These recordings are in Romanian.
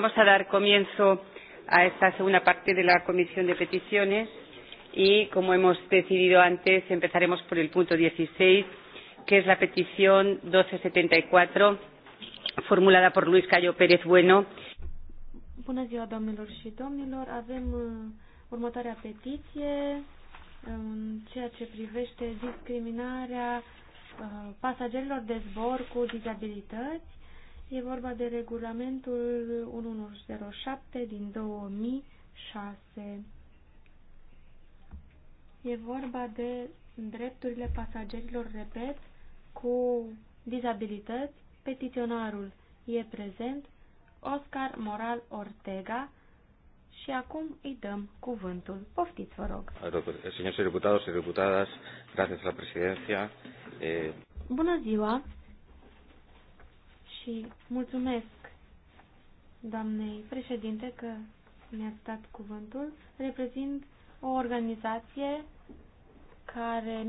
Vamos a dar comienzo a esta segunda parte de la Comisión de Peticiones y, como hemos decidido antes, empezaremos por el punto 16, que es la petición 1274, formulada por Luis Cayo Pérez Bueno. Bună ziua, doamnelor și domnilor. Avem uh, următoarea petiție în ceea ce privește discriminarea uh, pasagerilor de zbor cu dizabilități E vorba de regulamentul 1107 din 2006. E vorba de drepturile pasagerilor, repet, cu dizabilități. Petiționarul e prezent, Oscar Moral Ortega, și acum îi dăm cuvântul. Poftiți, vă rog. la eh, Bună ziua, și mulțumesc doamnei președinte că mi a dat cuvântul. Reprezint o organizație care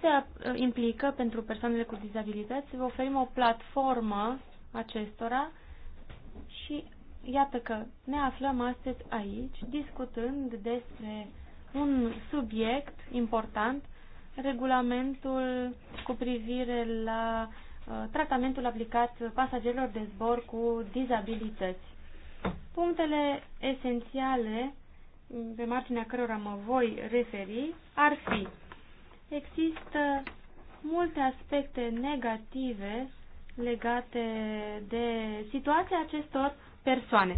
se implică pentru persoanele cu dizabilități. Vă oferim o platformă acestora și iată că ne aflăm astăzi aici discutând despre un subiect important, regulamentul cu privire la Uh, tratamentul aplicat pasagerilor de zbor cu dizabilități. Punctele esențiale pe marginea cărora mă voi referi ar fi există multe aspecte negative legate de situația acestor persoane.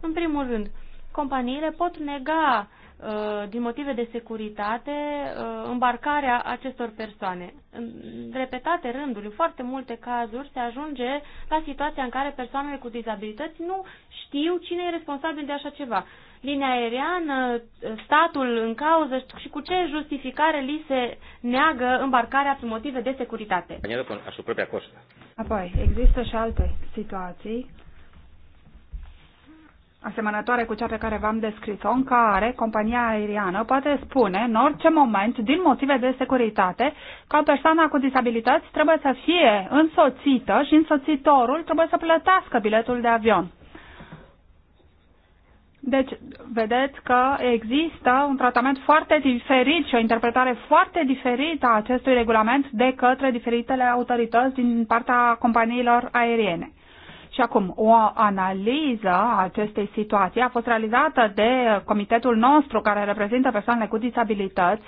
În primul rând, companiile pot nega Uh, din motive de securitate uh, îmbarcarea acestor persoane. În repetate rânduri, în foarte multe cazuri, se ajunge la situația în care persoanele cu dizabilități nu știu cine e responsabil de așa ceva. Linia aeriană, statul în cauză și cu ce justificare li se neagă îmbarcarea prin motive de securitate. Apoi, există și alte situații asemănătoare cu cea pe care v-am descris-o, în care compania aeriană poate spune în orice moment, din motive de securitate, că o persoană cu disabilități trebuie să fie însoțită și însoțitorul trebuie să plătească biletul de avion. Deci, vedeți că există un tratament foarte diferit și o interpretare foarte diferită a acestui regulament de către diferitele autorități din partea companiilor aeriene. Și acum, o analiză a acestei situații a fost realizată de comitetul nostru care reprezintă persoanele cu disabilități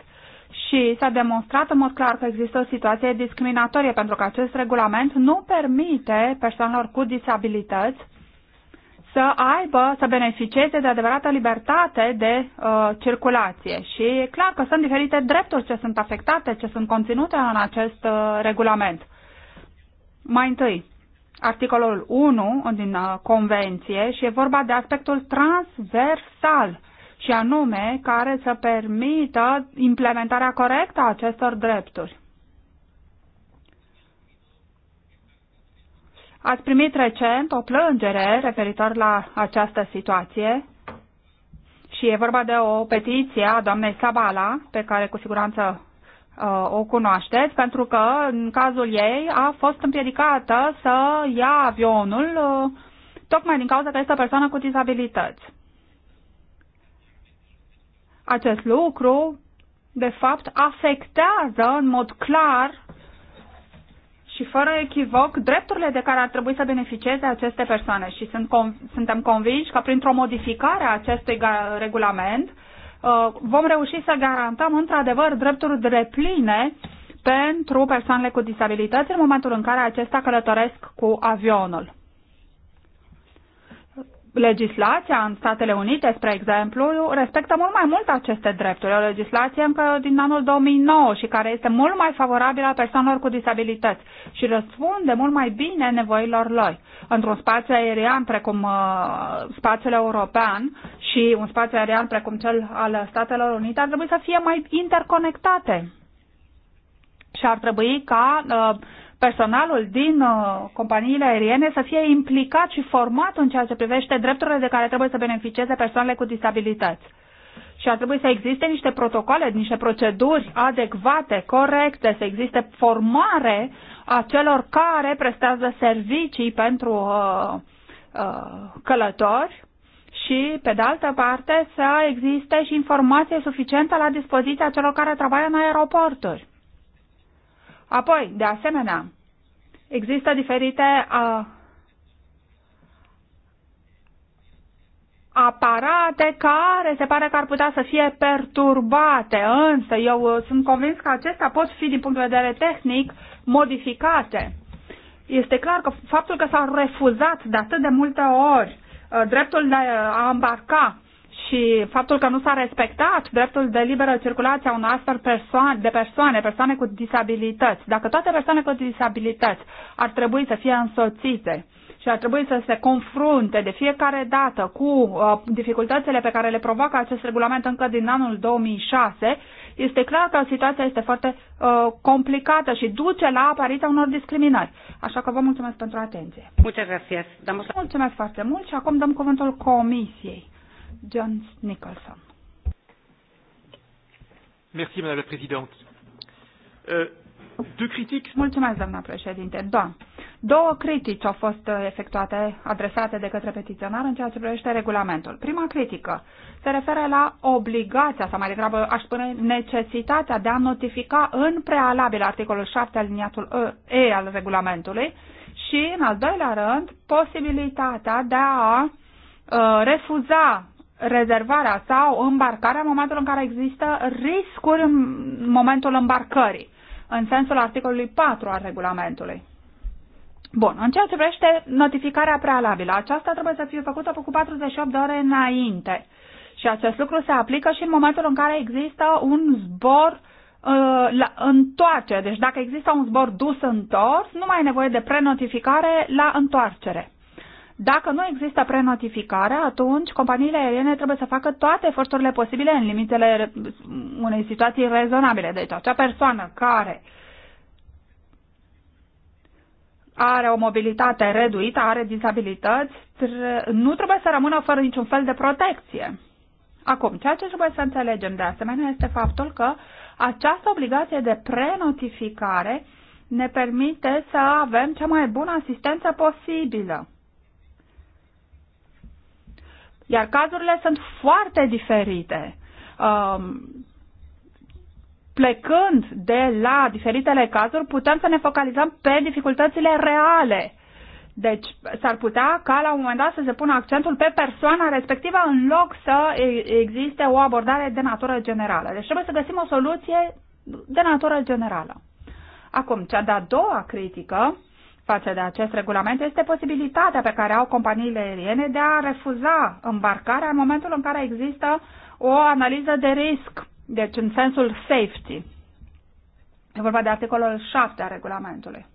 și s-a demonstrat în mod clar că există o situație discriminatorie pentru că acest regulament nu permite persoanelor cu disabilități să aibă, să beneficieze de adevărată libertate de uh, circulație. Și e clar că sunt diferite drepturi ce sunt afectate, ce sunt conținute în acest uh, regulament. Mai întâi, articolul 1 din uh, Convenție și e vorba de aspectul transversal și anume care să permită implementarea corectă a acestor drepturi. Ați primit recent o plângere referitor la această situație și e vorba de o petiție a doamnei Sabala, pe care cu siguranță Uh, o cunoașteți, pentru că în cazul ei a fost împiedicată să ia avionul uh, tocmai din cauza că este o persoană cu dizabilități. Acest lucru, de fapt, afectează în mod clar și fără echivoc drepturile de care ar trebui să beneficieze aceste persoane și sunt, suntem convinși că printr-o modificare a acestui regulament, uh, Uh, vom reuși să garantăm într-adevăr drepturi pline pentru persoanele cu disabilități în momentul în care acestea călătoresc cu avionul legislația în Statele Unite, spre exemplu, respectă mult mai mult aceste drepturi. O legislație încă din anul 2009 și care este mult mai favorabilă a persoanelor cu disabilități și răspunde mult mai bine nevoilor lor. Într-un spațiu aerian precum uh, spațiul european și un spațiu aerian precum cel al Statelor Unite ar trebui să fie mai interconectate. Și ar trebui ca uh, personalul din uh, companiile aeriene să fie implicat și format în ceea ce privește drepturile de care trebuie să beneficieze persoanele cu disabilități. Și ar trebui să existe niște protocoale, niște proceduri adecvate, corecte, să existe formare a celor care prestează servicii pentru uh, uh, călători și, pe de altă parte, să existe și informație suficientă la dispoziția celor care trabaie în aeroporturi. Apoi, de asemenea, există diferite uh, aparate care se pare că ar putea să fie perturbate, însă eu uh, sunt convins că acestea pot fi, din punct de vedere tehnic, modificate. Este clar că faptul că s-au refuzat de atât de multe ori uh, dreptul de a îmbarca și faptul că nu s-a respectat dreptul de liberă circulație a unor astfel persoane, de persoane, persoane cu disabilități. Dacă toate persoane cu disabilități ar trebui să fie însoțite și ar trebui să se confrunte de fiecare dată cu uh, dificultățile pe care le provoacă acest regulament încă din anul 2006, este clar că situația este foarte uh, complicată și duce la apariția unor discriminări. Așa că vă mulțumesc pentru atenție. Mulțumesc foarte mult și acum dăm cuvântul Comisiei. John Nicholson. Merci, Madame la Présidente. Uh, critiques. Mulțumesc, doamna președinte. Da. Două critici au fost uh, efectuate, adresate de către petiționar în ceea ce privește regulamentul. Prima critică se referă la obligația, sau mai degrabă aș spune necesitatea de a notifica în prealabil articolul 7 aliniatul uh, E al regulamentului și, în al doilea rând, posibilitatea de a uh, refuza rezervarea sau îmbarcarea în momentul în care există riscuri în momentul îmbarcării, în sensul articolului 4 al regulamentului. Bun, în ceea ce privește notificarea prealabilă, aceasta trebuie să fie făcută cu 48 de ore înainte. Și acest lucru se aplică și în momentul în care există un zbor uh, la întoarcere. Deci dacă există un zbor dus întors, nu mai e nevoie de prenotificare la întoarcere. Dacă nu există prenotificare, atunci companiile aeriene trebuie să facă toate eforturile posibile în limitele unei situații rezonabile. Deci acea persoană care are o mobilitate reduită, are dizabilități, nu trebuie să rămână fără niciun fel de protecție. Acum, ceea ce trebuie să înțelegem de asemenea este faptul că această obligație de prenotificare ne permite să avem cea mai bună asistență posibilă. Iar cazurile sunt foarte diferite. Um, plecând de la diferitele cazuri, putem să ne focalizăm pe dificultățile reale. Deci s-ar putea ca la un moment dat să se pună accentul pe persoana respectivă în loc să existe o abordare de natură generală. Deci trebuie să găsim o soluție de natură generală. Acum, cea de-a doua critică față de acest regulament este posibilitatea pe care au companiile aeriene de a refuza îmbarcarea în momentul în care există o analiză de risc, deci în sensul safety. E vorba de articolul 7 a regulamentului.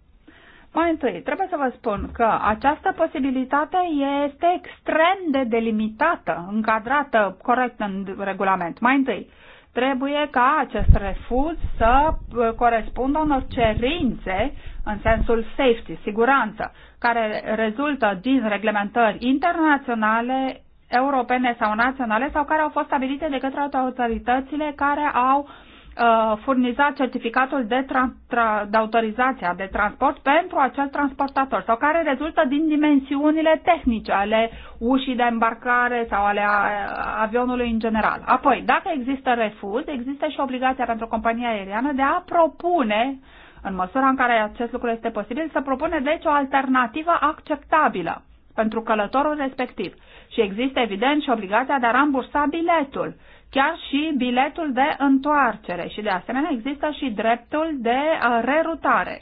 Mai întâi, trebuie să vă spun că această posibilitate este extrem de delimitată, încadrată corect în regulament. Mai întâi, trebuie ca acest refuz să uh, corespundă unor cerințe în sensul safety, siguranță, care rezultă din reglementări internaționale, europene sau naționale sau care au fost stabilite de către autoritățile care au uh, furnizat certificatul de, tra- tra- de autorizația de transport pentru acel transportator sau care rezultă din dimensiunile tehnice ale ușii de embarcare sau ale uh, avionului în general. Apoi, dacă există refuz, există și obligația pentru compania aeriană de a propune uh, în măsura în care acest lucru este posibil, să propune deci o alternativă acceptabilă pentru călătorul respectiv. Și există evident și obligația de a rambursa biletul, chiar și biletul de întoarcere și de asemenea există și dreptul de uh, rerutare.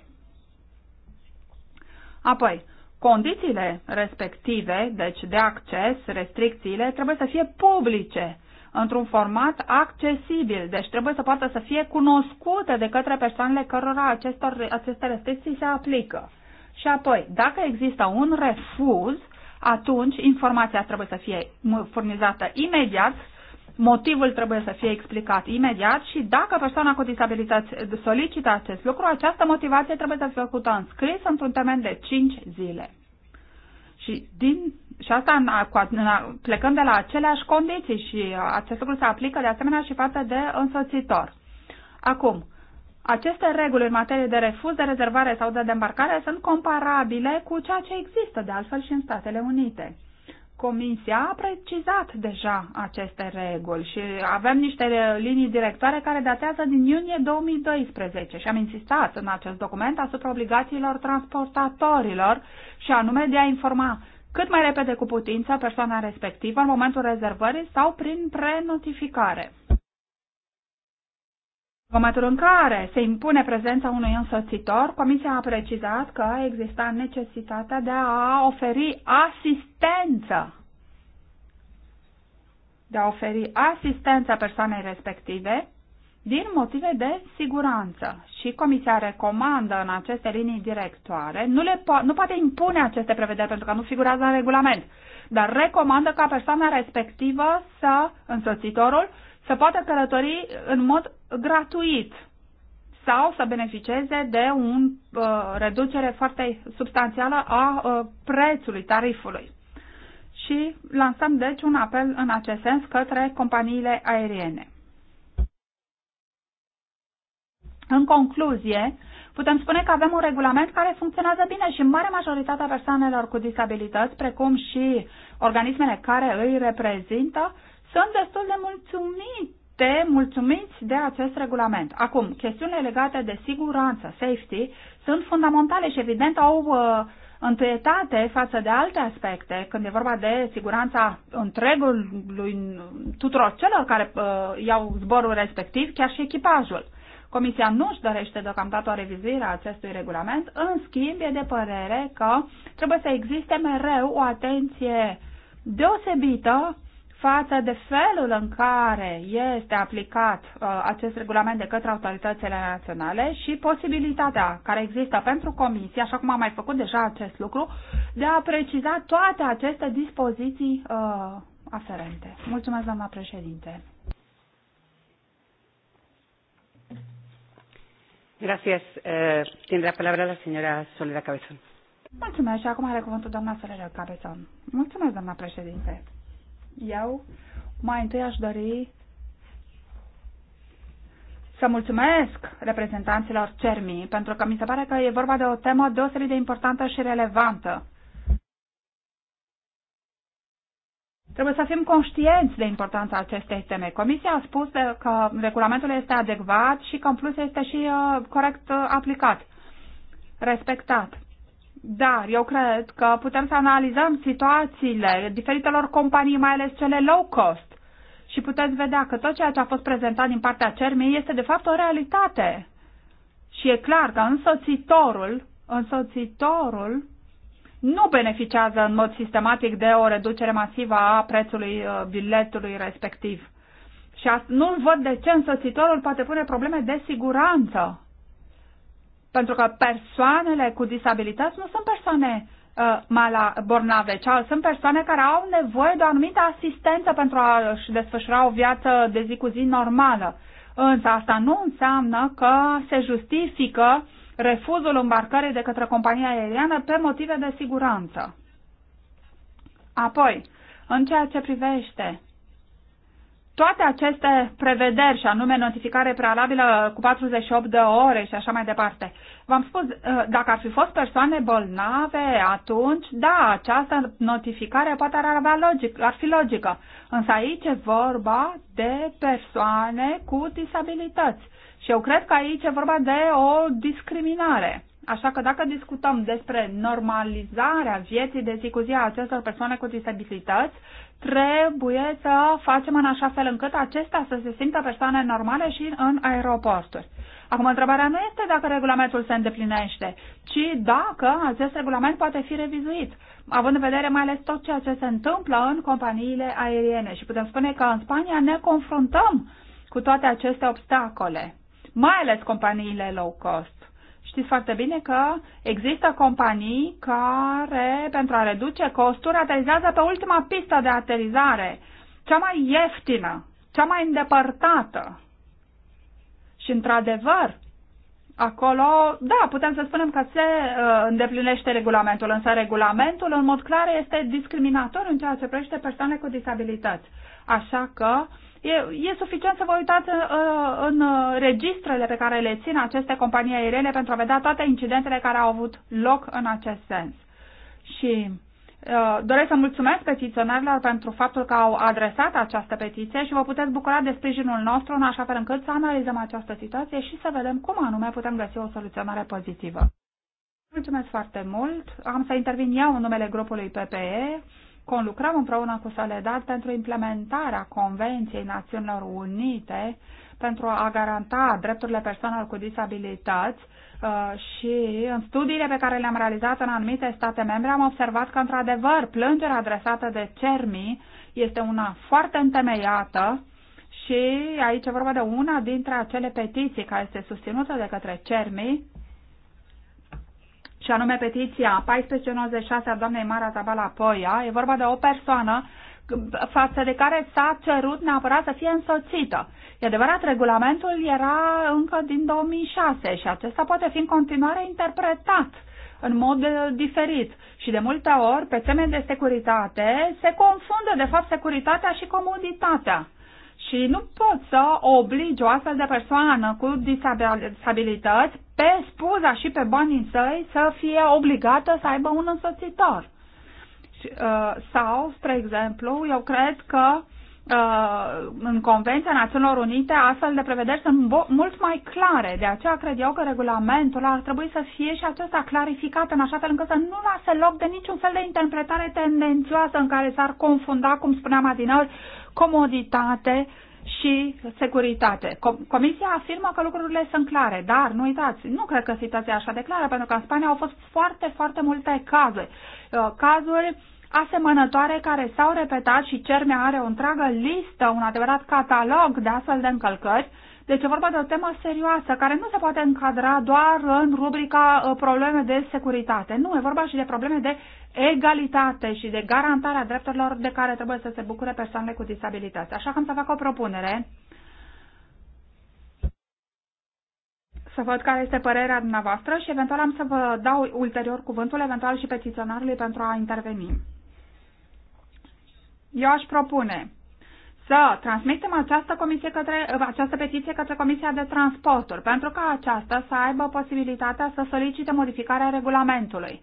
Apoi, condițiile respective, deci de acces, restricțiile, trebuie să fie publice într-un format accesibil. Deci trebuie să poată să fie cunoscute de către persoanele cărora acestor, aceste restricții se aplică. Și apoi, dacă există un refuz, atunci informația trebuie să fie furnizată imediat, motivul trebuie să fie explicat imediat și dacă persoana cu disabilități solicită acest lucru, această motivație trebuie să fie făcută în scris într-un termen de 5 zile. Și din și asta în, în, plecând de la aceleași condiții și uh, acest lucru se aplică de asemenea și față de însoțitor. Acum, aceste reguli în materie de refuz, de rezervare sau de debarcare sunt comparabile cu ceea ce există de altfel și în Statele Unite. Comisia a precizat deja aceste reguli și avem niște linii directoare care datează din iunie 2012 și am insistat în acest document asupra obligațiilor transportatorilor și anume de a informa cât mai repede cu putință persoana respectivă în momentul rezervării sau prin prenotificare. În momentul în care se impune prezența unui însoțitor, Comisia a precizat că exista necesitatea de a oferi asistență de a oferi asistență persoanei respective din motive de siguranță și Comisia recomandă în aceste linii directoare, nu, le po- nu poate impune aceste prevederi pentru că nu figurează în regulament, dar recomandă ca persoana respectivă să, însoțitorul, să poată călători în mod gratuit sau să beneficieze de o uh, reducere foarte substanțială a uh, prețului, tarifului. Și lansăm deci un apel în acest sens către companiile aeriene. În concluzie, putem spune că avem un regulament care funcționează bine și mare majoritatea persoanelor cu disabilități, precum și organismele care îi reprezintă, sunt destul de mulțumite, mulțumiți de acest regulament. Acum, chestiunile legate de siguranță, safety, sunt fundamentale și evident au uh, întâietate față de alte aspecte, când e vorba de siguranța întregului tuturor celor care uh, iau zborul respectiv, chiar și echipajul. Comisia nu își dorește deocamdată o revizuire a acestui regulament, în schimb e de părere că trebuie să existe mereu o atenție deosebită față de felul în care este aplicat uh, acest regulament de către autoritățile naționale și posibilitatea care există pentru comisie, așa cum am mai făcut deja acest lucru, de a preciza toate aceste dispoziții uh, aferente. Mulțumesc, doamna președinte. Gracias. Eh, tiene la palabra la señora Soledad Cabezón. Mulțumesc și acum are cuvântul doamna Soledad Cabezon. Mulțumesc, doamna președinte. Eu mai întâi aș dori să mulțumesc reprezentanților CERMI, pentru că mi se pare că e vorba de o temă deosebit de importantă și relevantă. Trebuie să fim conștienți de importanța acestei teme. Comisia a spus că regulamentul este adecvat și că în plus este și uh, corect uh, aplicat, respectat. Dar eu cred că putem să analizăm situațiile diferitelor companii, mai ales cele low cost, și puteți vedea că tot ceea ce a fost prezentat din partea CERMI este de fapt o realitate. Și e clar că însoțitorul, însoțitorul nu beneficiază în mod sistematic de o reducere masivă a prețului uh, biletului respectiv. Și nu văd de ce însățitorul poate pune probleme de siguranță. Pentru că persoanele cu disabilități nu sunt persoane uh, mala, bornave, ci sunt persoane care au nevoie de o anumită asistență pentru a-și desfășura o viață de zi cu zi normală. Însă asta nu înseamnă că se justifică uh, refuzul îmbarcării de către compania aeriană pe motive de siguranță. Apoi, în ceea ce privește toate aceste prevederi, și anume notificare prealabilă cu 48 de ore și așa mai departe, v-am spus, uh, dacă ar fi fost persoane bolnave, atunci, da, această notificare poate ar, avea logic, ar fi logică. Însă aici e vorba de persoane cu disabilități și eu cred că aici e vorba de o discriminare. Așa că dacă discutăm despre normalizarea vieții de zi cu zi a acestor persoane cu disabilități, trebuie să facem în așa fel încât acestea să se simtă persoane normale și în aeroporturi. Acum, întrebarea nu este dacă regulamentul se îndeplinește, ci dacă acest regulament poate fi revizuit, având în vedere mai ales tot ceea ce se întâmplă în companiile aeriene. Și putem spune că în Spania ne confruntăm cu toate aceste obstacole mai ales companiile low cost. Știți foarte bine că există companii care, pentru a reduce costuri, aterizează pe ultima pistă de aterizare, cea mai ieftină, cea mai îndepărtată. Și, într-adevăr, acolo, da, putem să spunem că se uh, îndeplinește regulamentul, însă regulamentul, în mod clar, este discriminator în ceea ce privește persoane cu disabilități. Așa că uh, E, e suficient să vă uitați uh, în, în uh, registrele pe care le țin aceste companii aeriene pentru a vedea toate incidentele care au avut loc în acest sens. Și uh, doresc să mulțumesc petiționarilor pentru faptul că au adresat această petiție și vă puteți bucura de sprijinul nostru în așa fel încât să analizăm această situație și să vedem cum anume putem găsi o soluționare pozitivă. Mulțumesc foarte mult. Am să intervin eu în numele grupului PPE conlucrăm împreună cu Soledad pentru implementarea Convenției Națiunilor Unite pentru a garanta drepturile persoanelor cu disabilități uh, și în studiile pe care le-am realizat în anumite state membre am observat că, într-adevăr, plângerea adresată de CERMI este una foarte întemeiată și aici e vorba de una dintre acele petiții care este susținută de către CERMI și anume petiția 1496 a doamnei Mara Zabala Poia. E vorba de o persoană față de care s-a cerut neapărat să fie însoțită. E adevărat, regulamentul era încă din 2006 și acesta poate fi în continuare interpretat în mod uh, diferit și de multe ori pe teme de securitate se confundă de fapt securitatea și comoditatea și nu poți să obligi o astfel de persoană cu disabilități pe spuza și pe banii săi să fie obligată să aibă un însoțitor. Uh, sau, spre exemplu, eu cred că uh, în Convenția Națiunilor Unite astfel de prevederi sunt mult mai clare. De aceea cred eu că regulamentul ar trebui să fie și acesta clarificat în așa fel încât să nu lase loc de niciun fel de interpretare tendențioasă în care s-ar confunda, cum spuneam adinauri, comoditate și securitate. Comisia afirmă că lucrurile sunt clare, dar nu uitați, nu cred că situația e așa de clară, pentru că în Spania au fost foarte, foarte multe cazuri. Uh, cazuri asemănătoare care s-au repetat și CERMEA are o întreagă listă, un adevărat catalog de astfel de încălcări deci e vorba de o temă serioasă care nu se poate încadra doar în rubrica uh, probleme de securitate. Nu, e vorba și de probleme de egalitate și de garantarea drepturilor de care trebuie să se bucure persoanele cu disabilități. Așa că am să fac o propunere. Să văd care este părerea dumneavoastră și eventual am să vă dau ulterior cuvântul, eventual și petiționarului pentru a interveni. Eu aș propune să transmitem această, comisie către, această petiție către Comisia de Transporturi, pentru ca aceasta să aibă posibilitatea să solicite modificarea regulamentului.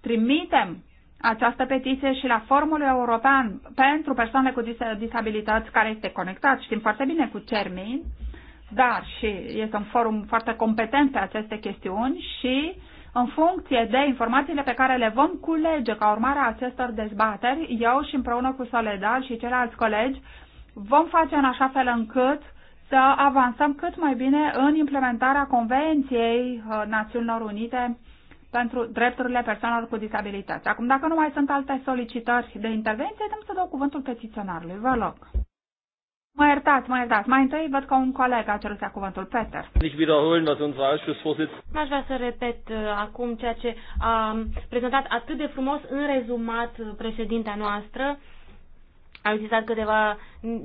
Trimitem această petiție și la Forumul European pentru persoane cu disabilități care este conectat, știm foarte bine cu Cermin, dar și este un forum foarte competent pe aceste chestiuni și în funcție de informațiile pe care le vom culege ca urmare a acestor dezbateri, eu și împreună cu Soledad și ceilalți colegi vom face în așa fel încât să avansăm cât mai bine în implementarea Convenției uh, Națiunilor Unite pentru drepturile persoanelor cu disabilități. Acum, dacă nu mai sunt alte solicitări de intervenție, dăm să dau cuvântul petiționarului. Vă rog. Mă iertați, mă iertați. Mai întâi văd că un coleg a cerut cuvântul, Peter. N-aș vrea să repet uh, acum ceea ce a prezentat atât de frumos în rezumat uh, președintea noastră. Au existat câteva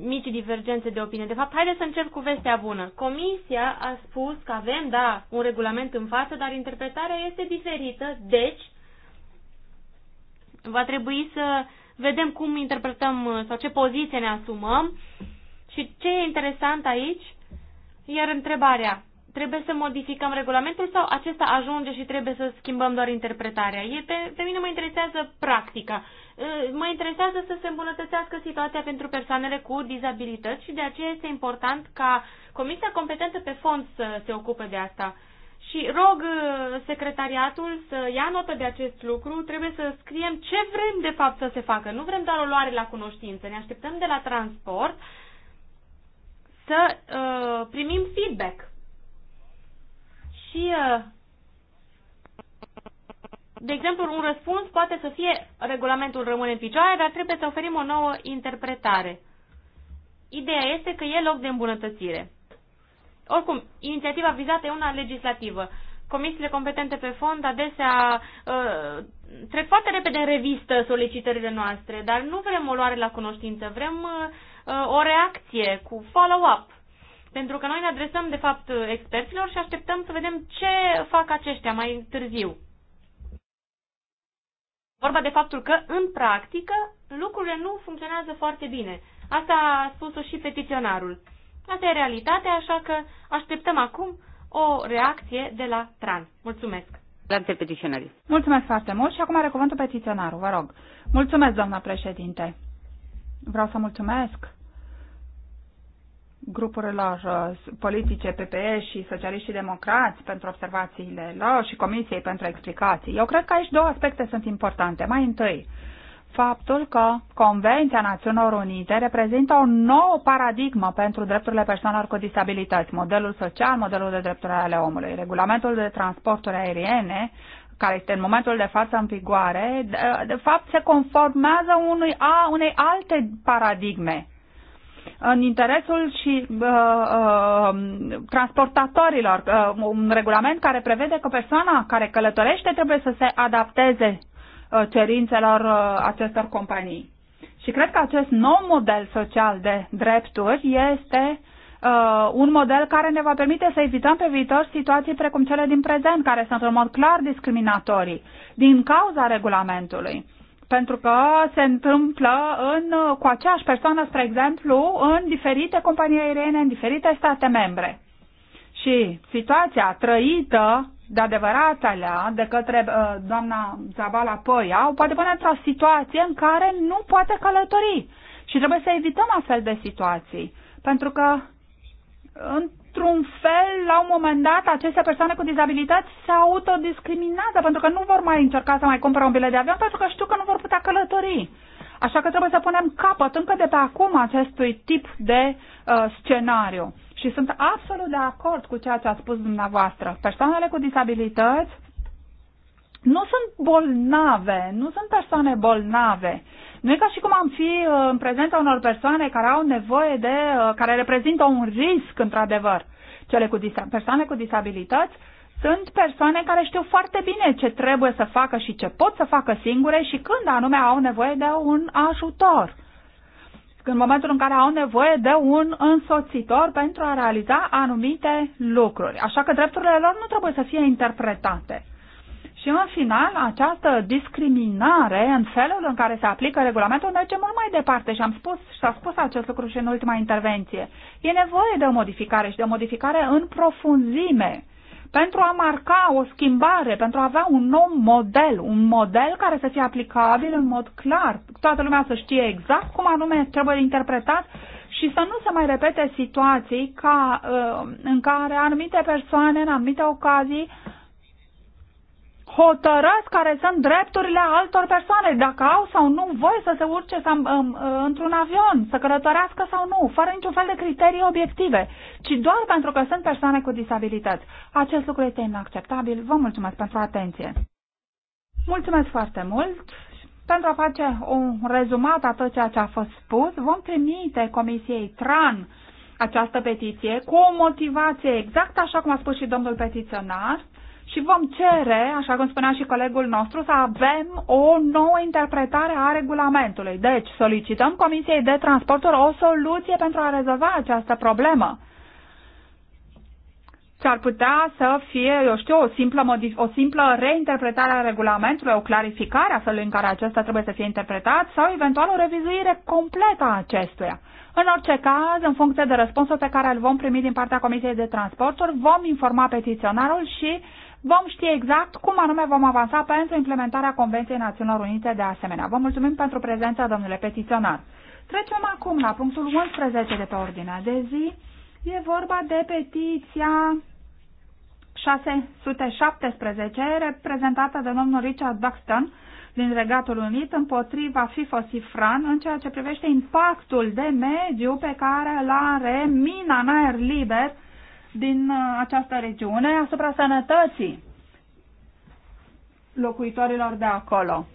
mici divergențe de opinie. De fapt, haideți să încep cu vestea bună. Comisia a spus că avem, da, un regulament în față, dar interpretarea este diferită, deci va trebui să vedem cum interpretăm uh, sau ce poziție ne asumăm. Și ce e interesant aici, iar întrebarea, trebuie să modificăm regulamentul sau acesta ajunge și trebuie să schimbăm doar interpretarea? E pe, pe mine mă interesează practica. Ă, mă interesează să se îmbunătățească situația pentru persoanele cu dizabilități și de aceea este important ca Comisia competentă pe fond să se ocupe de asta. Și rog ă, secretariatul să ia notă de acest lucru, trebuie să scriem ce vrem de fapt să se facă. Nu vrem doar o luare la cunoștință, ne așteptăm de la transport să uh, primim feedback. Și uh, de exemplu, un răspuns poate să fie regulamentul rămâne în picioare, dar trebuie să oferim o nouă interpretare. Ideea este că e loc de îmbunătățire. Oricum, inițiativa vizată e una legislativă. Comisiile competente pe fond adesea uh, trec foarte repede în revistă solicitările noastre, dar nu vrem o luare la cunoștință, vrem uh, o reacție cu follow-up. Pentru că noi ne adresăm, de fapt, experților și așteptăm să vedem ce fac aceștia mai târziu vorba de faptul că, în practică, lucrurile nu funcționează foarte bine. Asta a spus-o și petiționarul. Asta e realitatea, așa că așteptăm acum o reacție de la TRAN. Mulțumesc! Mulțumesc foarte mult și acum are cuvântul petiționarul, vă rog. Mulțumesc, doamna președinte. Vreau să mulțumesc grupurilor uh, politice PPE și socialiștii democrați pentru observațiile lor și Comisiei pentru explicații. Eu cred că aici două aspecte sunt importante. Mai întâi, faptul că Convenția Națiunilor Unite reprezintă o nouă paradigmă pentru drepturile persoanelor cu disabilități, modelul social, modelul de drepturi ale omului. Regulamentul de transporturi aeriene, care este în momentul de față în vigoare, de, de fapt se conformează unui, a, unei alte paradigme în interesul și uh, uh, transportatorilor, uh, un regulament care prevede că persoana care călătorește trebuie să se adapteze uh, cerințelor uh, acestor companii. Și cred că acest nou model social de drepturi este uh, un model care ne va permite să evităm pe viitor situații precum cele din prezent, care sunt în mod clar discriminatorii, din cauza regulamentului pentru că se întâmplă în, cu aceeași persoană, spre exemplu, în diferite companii aeriene, în diferite state membre. Și situația trăită de adevărat alea de către uh, doamna Zabala Poia o poate pune într-o situație în care nu poate călători. Și trebuie să evităm astfel de situații. Pentru că în într-un fel, la un moment dat, aceste persoane cu dizabilități se autodiscriminează pentru că nu vor mai încerca să mai cumpere un bilet de avion pentru că știu că nu vor putea călători. Așa că trebuie să punem capăt încă de pe acum acestui tip de uh, scenariu. Și sunt absolut de acord cu ceea ce a spus dumneavoastră. Persoanele cu dizabilități nu sunt bolnave, nu sunt persoane bolnave. Nu e ca și cum am fi uh, în prezența unor persoane care au nevoie de, uh, care reprezintă un risc, într-adevăr. Cele cu persoane cu disabilități sunt persoane care știu foarte bine ce trebuie să facă și ce pot să facă singure și când anume au nevoie de un ajutor. În momentul în care au nevoie de un însoțitor pentru a realiza anumite lucruri. Așa că drepturile lor nu trebuie să fie interpretate. Și în final, această discriminare în felul în care se aplică regulamentul merge mult mai departe și am spus și s-a spus acest lucru și în ultima intervenție. E nevoie de o modificare și de o modificare în profunzime pentru a marca o schimbare, pentru a avea un nou model, un model care să fie aplicabil în mod clar. Toată lumea să știe exact cum anume trebuie interpretat și să nu se mai repete situații ca, uh, în care anumite persoane, în anumite ocazii, hotărăsc care sunt drepturile altor persoane, dacă au sau nu voie să se urce sau, um, um, într-un avion, să călătorească sau nu, fără niciun fel de criterii obiective, ci doar pentru că sunt persoane cu disabilități. Acest lucru este inacceptabil. Vă mulțumesc pentru atenție. Mulțumesc foarte mult. Pentru a face un rezumat a tot ceea ce a fost spus, vom trimite Comisiei TRAN această petiție cu o motivație exact așa cum a spus și domnul petiționar, și vom cere, așa cum spunea și colegul nostru, să avem o nouă interpretare a regulamentului. Deci, solicităm Comisiei de Transporturi o soluție pentru a rezolva această problemă. Ce ar putea să fie, eu știu, o simplă, o simplă reinterpretare a regulamentului, o clarificare a felului în care acesta trebuie să fie interpretat sau eventual o revizuire completă a acestuia. În orice caz, în funcție de răspunsul pe care îl vom primi din partea Comisiei de Transporturi, vom informa petiționarul și uh, vom ști exact cum anume vom avansa pentru implementarea Convenției Națiunilor Unite de asemenea. Vă mulțumim pentru prezența, domnule petiționar. Trecem acum la punctul 11 de pe ordinea de zi. E vorba de petiția 617, reprezentată de domnul Richard Buxton din Regatul Unit împotriva Sifran în ceea ce privește impactul de mediu pe care îl are mina în aer liber din uh, această regiune asupra sănătății locuitorilor de acolo.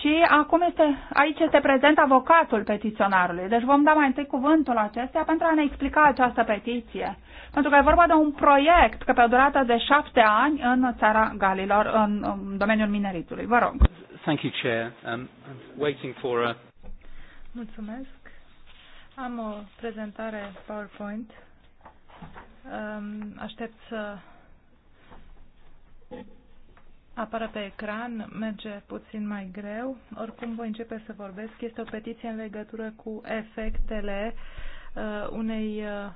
Și acum este, aici este prezent avocatul petiționarului. Deci vom da mai întâi cuvântul acestea pentru a ne explica această petiție. Pentru că e vorba de un proiect că pe o durată de șapte ani în țara Galilor, în, în domeniul mineritului. Vă rog. Thank you, Chair. Um, I'm waiting for a... Mulțumesc. Am o prezentare PowerPoint Aștept să apară pe ecran, merge puțin mai greu. Oricum voi începe să vorbesc. Este o petiție în legătură cu efectele uh, unei uh,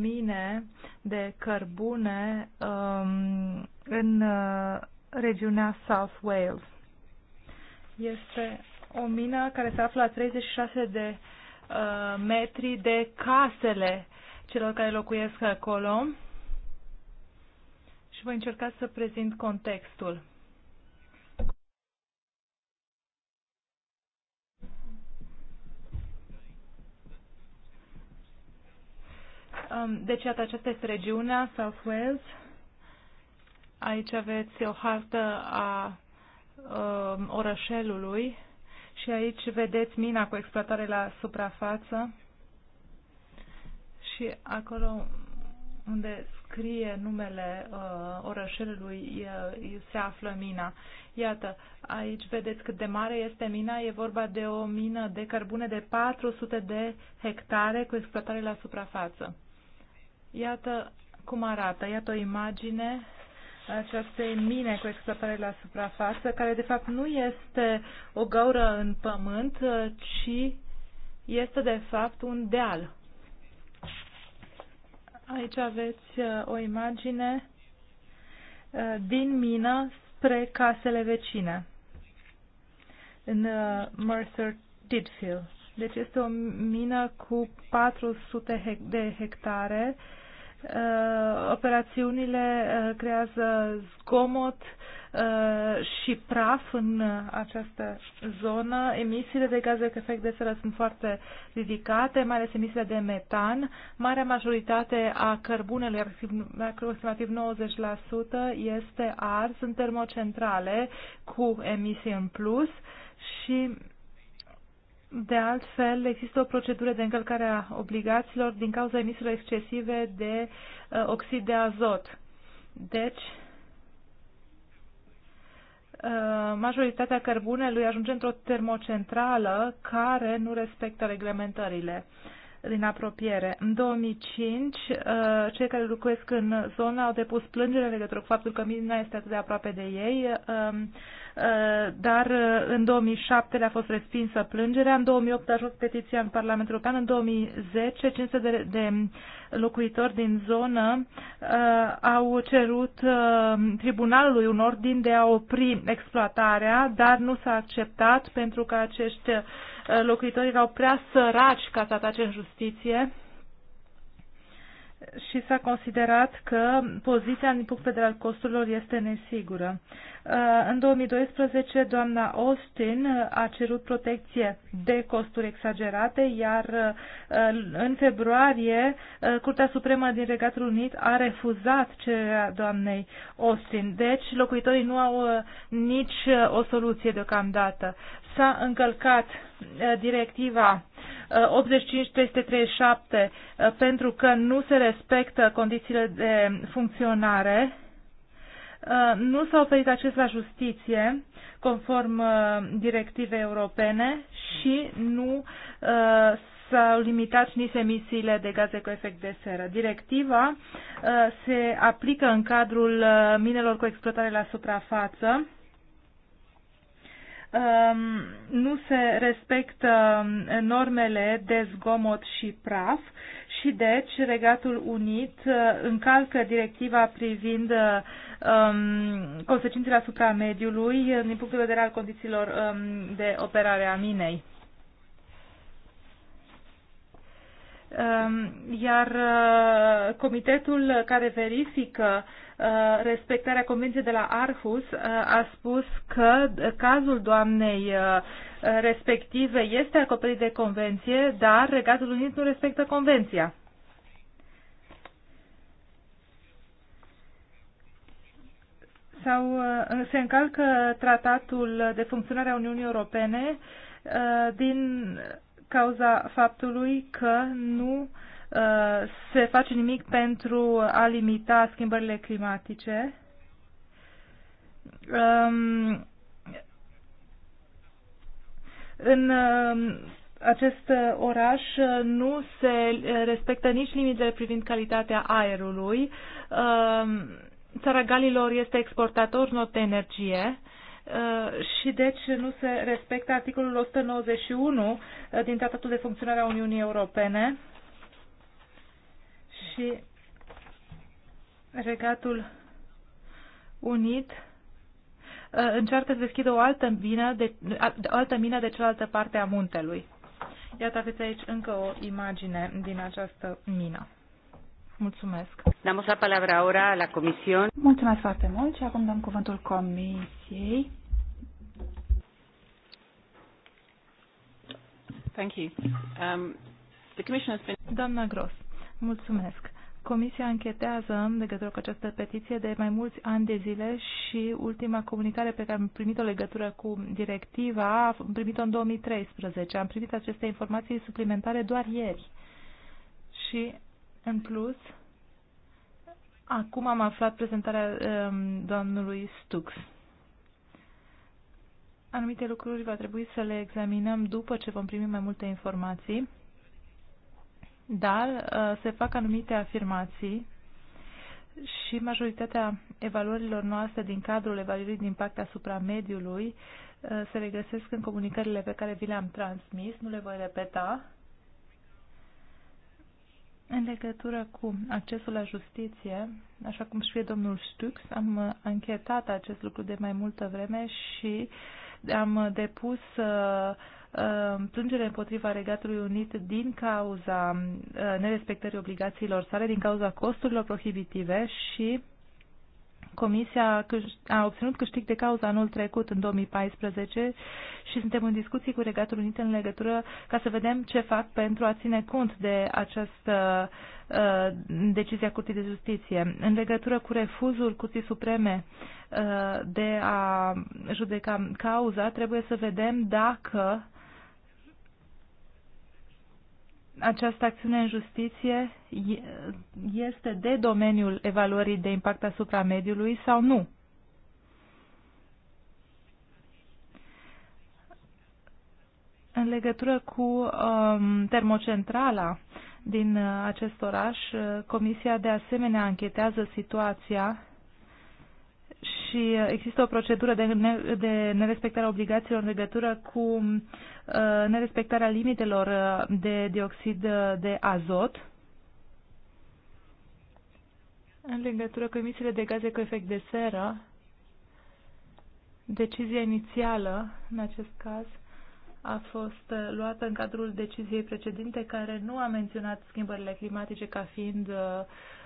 mine de cărbune um, în uh, regiunea South Wales. Este o mină care se află la 36 de uh, metri de casele uh, celor care locuiesc acolo și voi încerca să prezint contextul. Deci, iată, aceasta este regiunea South Wales. Aici aveți o hartă a um, orășelului și aici vedeți mina cu exploatare la suprafață și acolo unde scrie numele uh, orășelului se află mina. Iată, aici vedeți cât de mare este mina. E vorba de o mină de cărbune de 400 de hectare cu exploatare la suprafață. Iată cum arată. Iată o imagine acestei mine cu exploatare la suprafață, care de fapt nu este o gaură în pământ, uh, ci este de fapt un deal Aici aveți uh, o imagine uh, din mină spre casele vecine în uh, Mercer Tidfield. Deci este o mină cu 400 de hectare. Operațiunile creează zgomot, Uh, și praf în această zonă. Emisiile de gaze cu efect de seră sunt foarte ridicate, mai ales emisiile de metan. Marea majoritate a cărbunelui, aproximativ 90%, este ars în termocentrale cu emisii în plus și de altfel, există o procedură de încălcare a obligațiilor din cauza emisiilor excesive de uh, oxid de azot. Deci, Uh, majoritatea cărbunelui ajunge într-o termocentrală care nu respectă reglementările din apropiere. În 2005, uh, cei care locuiesc în zonă au depus plângere în legătură cu faptul că mina este atât de aproape de ei, um, uh, dar uh, în 2007 le-a fost respinsă plângerea, în 2008 a ajuns petiția în Parlamentul European, în 2010 500 de, de locuitori din zonă au cerut tribunalului un ordin de a opri exploatarea, dar nu s-a acceptat pentru că acești Eh, locuitorii erau prea săraci ca să atace justiție și s-a considerat că poziția din punct de vedere al costurilor este nesigură. Eh, în 2012, doamna Austin eh, a cerut protecție de costuri exagerate, iar în februarie Curtea Supremă din Regatul Unit a refuzat cererea doamnei Austin. Deci, locuitorii nu au nici o soluție deocamdată s-a încălcat uh, directiva 85-337 uh, uh, pentru că nu se respectă condițiile de funcționare, nu s-a oferit acces la justiție conform directivei europene și nu s-au limitat nici emisiile de gaze cu efect de seră. Directiva se aplică în cadrul minelor cu exploatare la suprafață Ehm, nu se respectă ehm, normele de zgomot și praf și deci Regatul Unit ehm, încalcă directiva privind um, consecințele asupra mediului din punct de vedere al condițiilor um, de operare a minei. Um, iar uh, comitetul care verifică uh, respectarea convenției de la Arhus uh, a spus că cazul doamnei respective este acoperit de convenție, dar Regatul Unit nu respectă convenția. sau se încalcă tratatul de funcționare a Uniunii Europene din cauza faptului că nu uh, se face nimic pentru a limita schimbările climatice. Um, în um, acest oraș nu se respectă nici limitele privind calitatea aerului. Um, Țara Galilor este exportator not de energie Uh, și deci nu se respectă articolul 191 uh, din Tratatul de Funcționare a Uniunii Europene și Regatul Unit uh, încearcă să deschidă o altă mină de, o altă mină de cealaltă parte a muntelui. Iată, aveți aici încă o imagine din această mină. Mulțumesc. Damos la palabra ahora la comisión. Mulțumesc foarte mult și acum dăm cuvântul comisiei. Thank you. Um, the commission has been... Doamna Gros, mulțumesc. Comisia închetează în legătură cu această petiție de mai mulți ani de zile și ultima comunicare pe care am primit-o legătură cu directiva am primit-o în 2013. Am primit aceste informații suplimentare doar ieri și în plus, acum am aflat prezentarea um, domnului Stux. Anumite lucruri va trebui să le examinăm după ce vom primi mai multe informații, dar uh, se fac anumite afirmații și majoritatea evaluărilor noastre din cadrul evaluării de impact asupra mediului uh, se regăsesc în comunicările pe care vi le-am transmis, nu le voi repeta, în legătură cu accesul la justiție, așa cum știe domnul Stux, am anchetat acest lucru de mai multă vreme și am depus uh, uh, plângere împotriva Regatului Unit din cauza uh, nerespectării obligațiilor sale, din cauza costurilor prohibitive și Comisia a obținut câștig de cauză anul trecut, în 2014, și suntem în discuții cu Regatul Unit în legătură ca să vedem ce fac pentru a ține cont de această uh, decizia decizie a Curții de Justiție. În legătură cu refuzul Curții Supreme uh, de a judeca cauza, trebuie să vedem dacă această acțiune în justiție este de domeniul evaluării de impact asupra mediului sau nu? În legătură cu um, termocentrala din uh, acest oraș, uh, Comisia de asemenea anchetează situația și există o procedură de, ne, de a obligațiilor în legătură cu uh, nerespectarea limitelor uh, de dioxid uh, de azot în legătură cu emisiile de gaze cu efect de seră. Decizia inițială, în acest caz, a fost uh, luată în cadrul deciziei precedente care nu a menționat schimbările climatice ca fiind uh,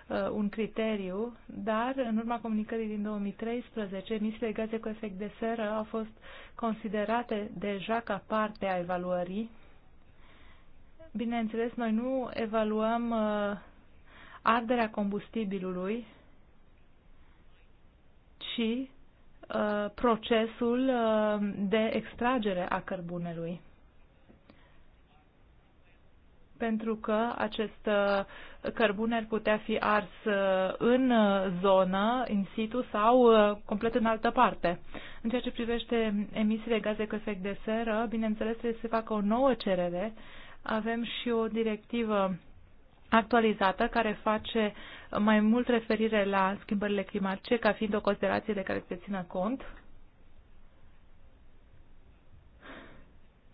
Uh, un criteriu, dar în urma comunicării din 2013, emisiile gaze cu efect de seră au fost considerate deja ca parte a evaluării. Bineînțeles, noi nu evaluăm uh, arderea combustibilului, ci uh, procesul de extragere a cărbunelui pentru că acest uh, cărbune ar putea fi ars uh, în uh, zonă, in situ sau complet în altă parte. În ceea ce privește emisiile gaze cu efect de seră, bineînțeles trebuie să se facă o nouă cerere. Avem și o directivă actualizată care face mai mult referire la schimbările climatice ca fiind o considerație de care se țină cont.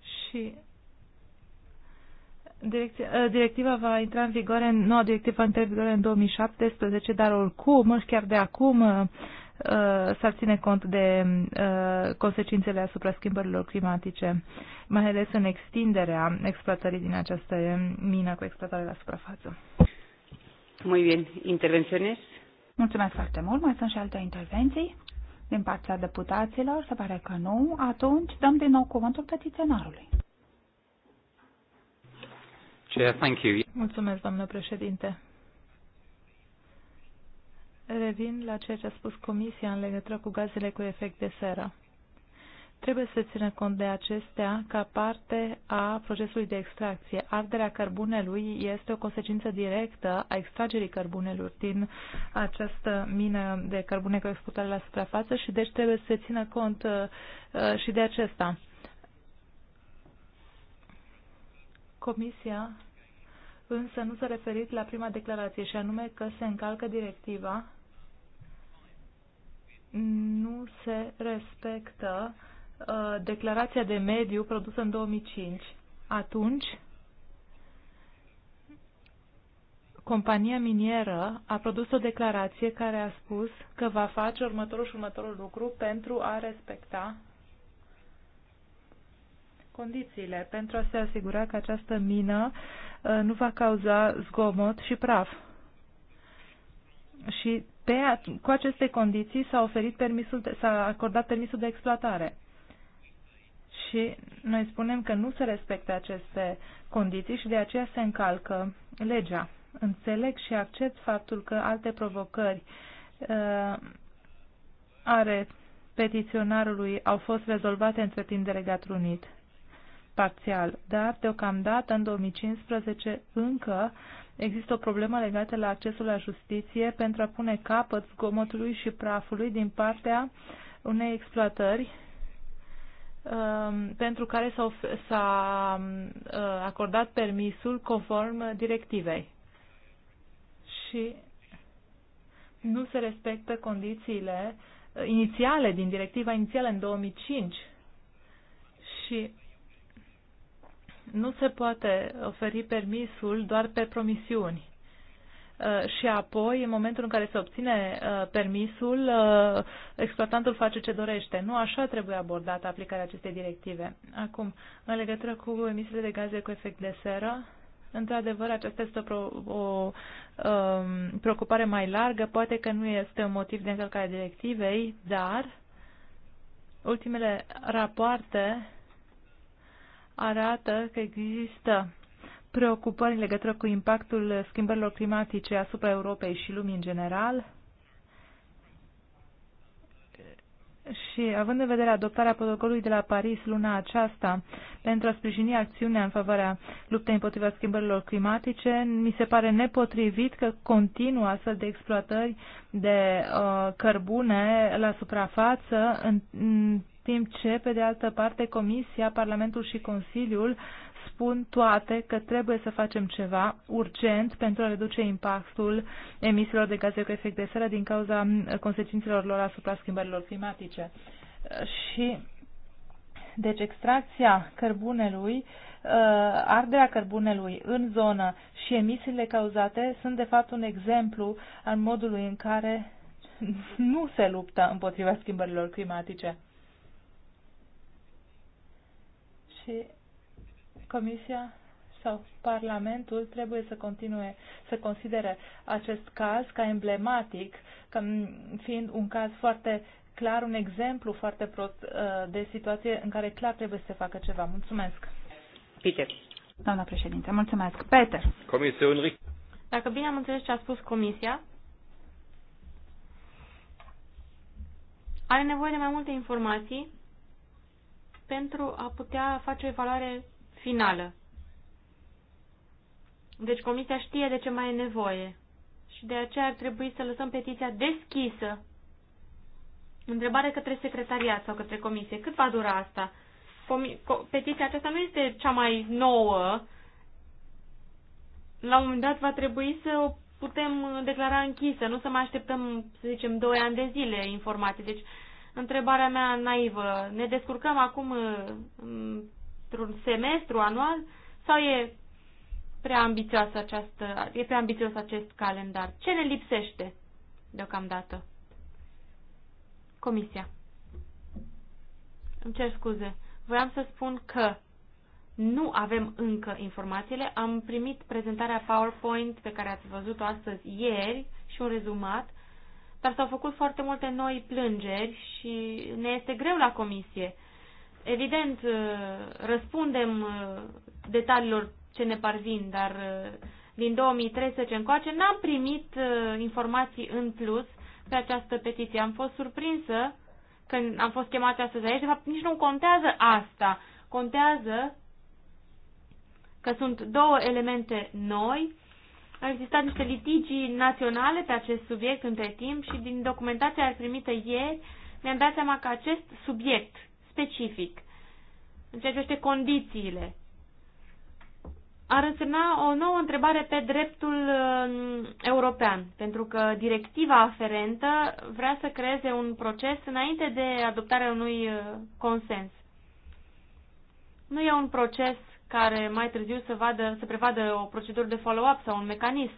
Și Ă, directiva va intra în vigoare, noua directivă va intra în vigoare în 2017, dar oricum, chiar de acum, ă, ă, s-ar ține cont de consecințele asupra schimbărilor climatice, mai ales în extinderea exploatării din această mină cu exploatare la suprafață. Muy bien. Intervenționez? Mulțumesc foarte mult. Mai sunt și alte intervenții din partea deputaților? Se pare că nu. Atunci dăm din nou cuvântul petiționarului. Chair, thank you. Mulțumesc, doamnă președinte. Revin la ceea ce a spus Comisia în legătură cu gazele cu efect de seră. Trebuie să țină cont de acestea ca parte a procesului de extracție. Arderea cărbunelui este o consecință directă a extragerii cărbunelor din această mină de cărbune cu exportare la suprafață și deci trebuie să țină cont uh, uh, și de acesta. Comisia însă nu s-a referit la prima declarație și anume că se încalcă directiva, nu se respectă uh, declarația de mediu produsă în 2005. Atunci, compania minieră a produs o declarație care a spus că va face următorul și următorul lucru pentru a respecta condițiile pentru a se asigura că această mină uh, nu va cauza zgomot și praf. Și pe, cu aceste condiții s-a oferit permisul, s-a acordat permisul de exploatare. Și noi spunem că nu se respectă aceste condiții și de aceea se încalcă legea. Înțeleg și accept faptul că alte provocări uh, are petiționarului au fost rezolvate între timp delegatul unit parțial, dar deocamdată în 2015 încă există o problemă legată la accesul la justiție pentru a pune capăt zgomotului și prafului din partea unei exploatări um, pentru care s-a um, uh, acordat permisul conform directivei. Și nu se respectă condițiile uh, inițiale din directiva inițială în 2005 și nu se poate oferi permisul doar pe promisiuni. Uh, și apoi, în momentul în care se obține uh, permisul, uh, exploatantul face ce dorește. Nu așa trebuie abordată aplicarea acestei directive. Acum, în legătură cu emisiile de gaze cu efect de seră, Într-adevăr, aceasta este o, o um, preocupare mai largă. Poate că nu este un motiv de încălcare a directivei, dar ultimele rapoarte arată că există preocupări în legătură cu impactul schimbărilor climatice asupra Europei și lumii în general. Și având în vedere adoptarea protocolului de la Paris luna aceasta pentru a sprijini acțiunea în favoarea luptei împotriva schimbărilor climatice, mi se pare nepotrivit că continuă astfel de exploatări de uh, cărbune la suprafață în, în timp ce, pe de altă parte, Comisia, Parlamentul și Consiliul spun toate că trebuie să facem ceva urgent pentru a reduce impactul emisiilor de gaze cu efect de seră din cauza consecințelor lor asupra schimbărilor climatice. Și deci extracția cărbunelui, ă, arderea cărbunelui în zonă și emisiile cauzate sunt de fapt un exemplu al modului în care nu se luptă împotriva schimbărilor climatice. și Comisia sau Parlamentul trebuie să continue să considere acest caz ca emblematic, ca fiind un caz foarte clar, un exemplu foarte prost uh, de situație în care clar trebuie să se facă ceva. Mulțumesc. Peter. Doamna președinte, mulțumesc. Peter. Comisie Unric. Dacă bine am înțeles ce a spus Comisia, are nevoie de mai multe informații pentru a putea face o evaluare finală. Deci comisia știe de ce mai e nevoie și de aceea ar trebui să lăsăm petiția deschisă. Întrebare către secretariat sau către comisie. Cât va dura asta? Petiția aceasta nu este cea mai nouă. La un moment dat va trebui să o putem declara închisă, nu să mai așteptăm, să zicem, 2 ani de zile informații. Deci Întrebarea mea naivă, ne descurcăm acum uh, într-un semestru anual sau e prea ambițios, această, e prea ambițios acest calendar? Ce ne lipsește deocamdată? Comisia. Îmi cer scuze. Voiam să spun că nu avem încă informațiile. Am primit prezentarea PowerPoint pe care ați văzut-o astăzi ieri și un rezumat dar s-au făcut foarte multe noi plângeri și ne este greu la comisie. Evident, uh, răspundem uh, detaliilor ce ne parvin, dar uh, din 2013 încoace n-am primit informații în plus pe această petiție. Am fost surprinsă când am fost chemați astăzi aici. De fapt, nici nu contează asta. Contează că sunt două elemente noi au existat niște litigii naționale pe acest subiect între timp și din documentația primită ieri mi-am dat seama că acest subiect specific, în ceea ce este condițiile, ar însemna o nouă întrebare pe dreptul um, european, pentru că directiva aferentă vrea să creeze un proces înainte de adoptarea unui uh, consens. Nu e un proces care mai târziu să, vadă, să prevadă o procedură de follow-up sau un mecanism.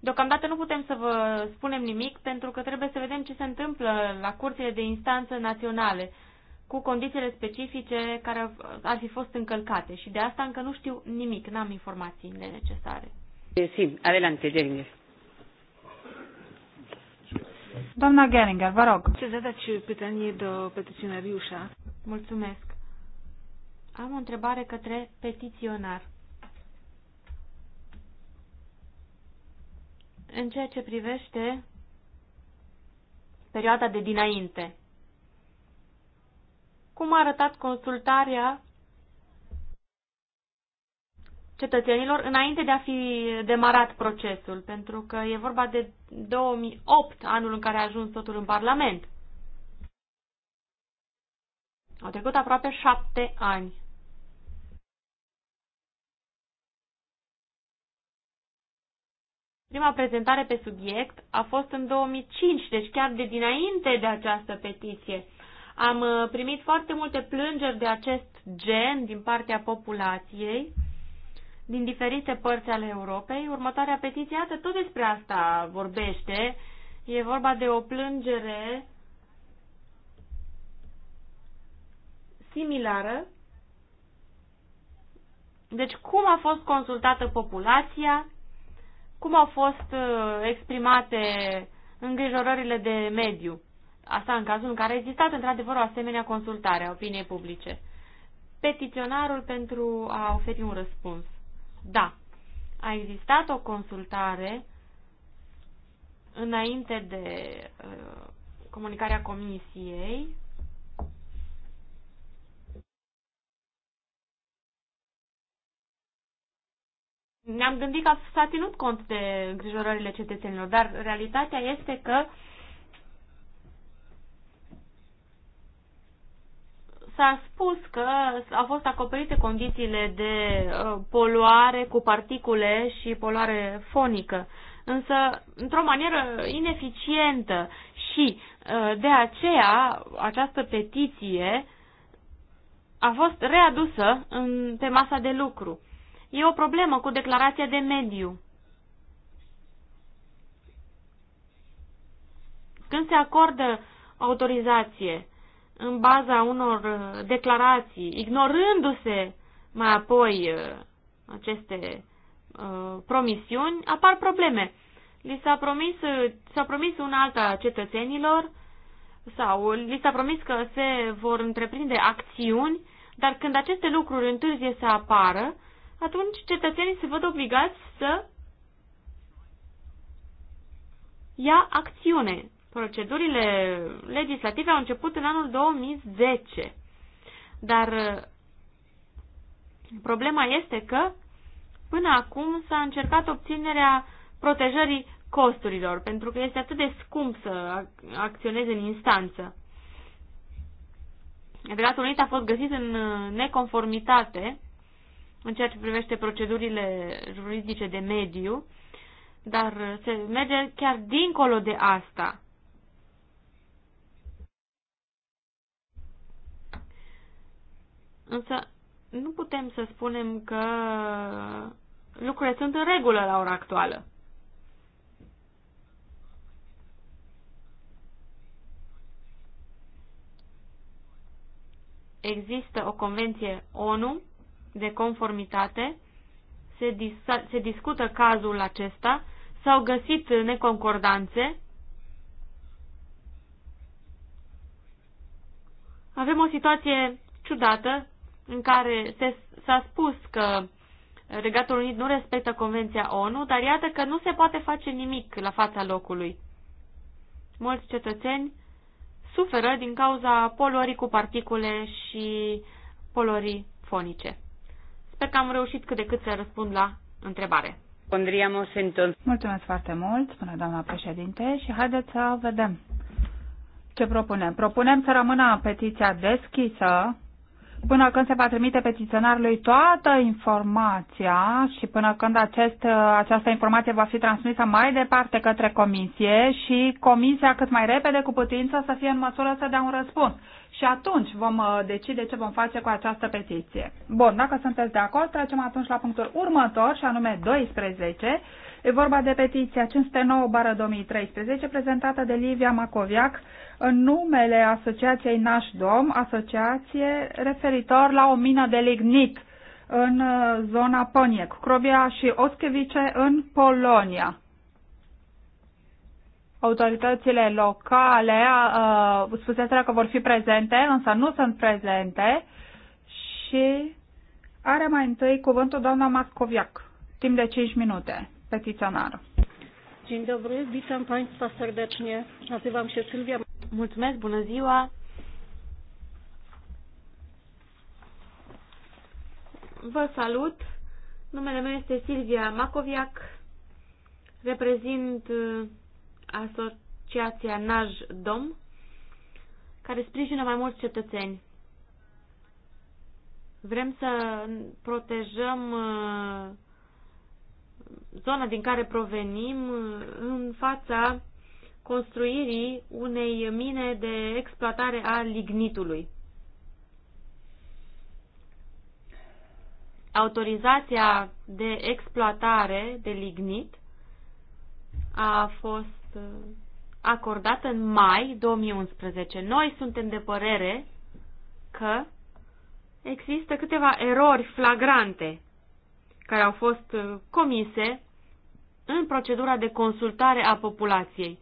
Deocamdată nu putem să vă spunem nimic pentru că trebuie să vedem ce se întâmplă la curțile de instanță naționale cu condițiile specifice care ar fi fost încălcate și de asta încă nu știu nimic, n-am informațiile necesare. Eh, Sim, adelante, Geringer. Doamna Geringer, vă rog. Ce zadați pytanie do petiționariusza? Mulțumesc. Am o întrebare către petiționar. În ceea ce privește perioada de dinainte, cum a arătat consultarea cetățenilor înainte de a fi demarat procesul, pentru că e vorba de 2008, anul în care a ajuns totul în Parlament. Au trecut aproape șapte ani. Prima prezentare pe subiect a fost în 2005, deci chiar de dinainte de această petiție. Am uh, primit foarte multe plângeri de acest gen din partea populației din diferite părți ale Europei. Următoarea petiție, iată, tot despre asta vorbește. E vorba de o plângere similară. Deci cum a fost consultată populația, cum au fost uh, exprimate îngrijorările de mediu. Asta în cazul în care a existat într-adevăr o asemenea consultare a opiniei publice. Petiționarul pentru a oferi un răspuns. Da, a existat o consultare înainte de uh, comunicarea comisiei ne-am gândit că s-a ținut cont de îngrijorările cetățenilor, dar realitatea este că s-a spus că au fost acoperite condițiile de uh, poluare cu particule și poluare fonică, însă într-o manieră ineficientă și uh, de aceea această petiție a fost readusă în, pe masa de lucru. E o problemă cu declarația de mediu. Când se acordă autorizație în baza unor uh, declarații, ignorându-se mai apoi uh, aceste uh, promisiuni, apar probleme. Li s-a promis, s-a promis una alta cetățenilor sau li s-a promis că se vor întreprinde acțiuni, dar când aceste lucruri întârzie să apară, atunci cetățenii se văd obligați să ia acțiune. Procedurile legislative au început în anul 2010, dar uh, problema este că până acum s-a încercat obținerea protejării costurilor, pentru că este atât de scump să acționeze în instanță. Regatul Unit a fost găsit în uh, neconformitate în ceea ce privește procedurile juridice de mediu, dar se merge chiar dincolo de asta. Însă nu putem să spunem că lucrurile sunt în regulă la ora actuală. Există o convenție ONU de conformitate, se, dis se discută cazul acesta, s-au găsit neconcordanțe, avem o situație ciudată în care s-a spus că Regatul Unit nu respectă Convenția ONU, dar iată că nu se poate face nimic la fața locului. Mulți cetățeni suferă din cauza poluării cu particule și poluării fonice. Sper că am reușit cât de cât să răspund la întrebare. Mulțumesc foarte mult, spune doamna președinte, și haideți să vedem ce propunem. Propunem să rămână petiția deschisă până când se va trimite petiționarului toată informația și până când acest, această informație va fi transmisă mai departe către comisie și comisia cât mai repede cu putință să fie în măsură să dea un răspuns. Și atunci vom uh, decide ce vom face cu această petiție. Bun, dacă sunteți de acord, trecem atunci la punctul următor și anume 12. E vorba de petiția 509-2013 prezentată de Livia Macoviac în numele Asociației Nașdom, asociație referitor la o mină de lignit în uh, zona Păniec, Crobia și Oschevice în Polonia. Autoritățile locale uh, spuseseră că vor fi prezente, însă nu sunt prezente și are mai întâi cuvântul doamna Mascoviac, timp de 5 minute, petiționar. Dzień dobry, witam Państwa serdecznie. Nazywam się Sylwia. Mulțumesc, bună ziua! Vă salut! Numele meu este Silvia Macoviac, reprezint uh, asociația NAJ DOM, care sprijină mai mulți cetățeni. Vrem să protejăm uh, zona din care provenim uh, în fața construirii unei mine de exploatare a lignitului. Autorizația de exploatare de lignit a fost uh, acordată în mai 2011. Noi suntem de părere că există câteva erori flagrante care au fost uh, comise în procedura de consultare a populației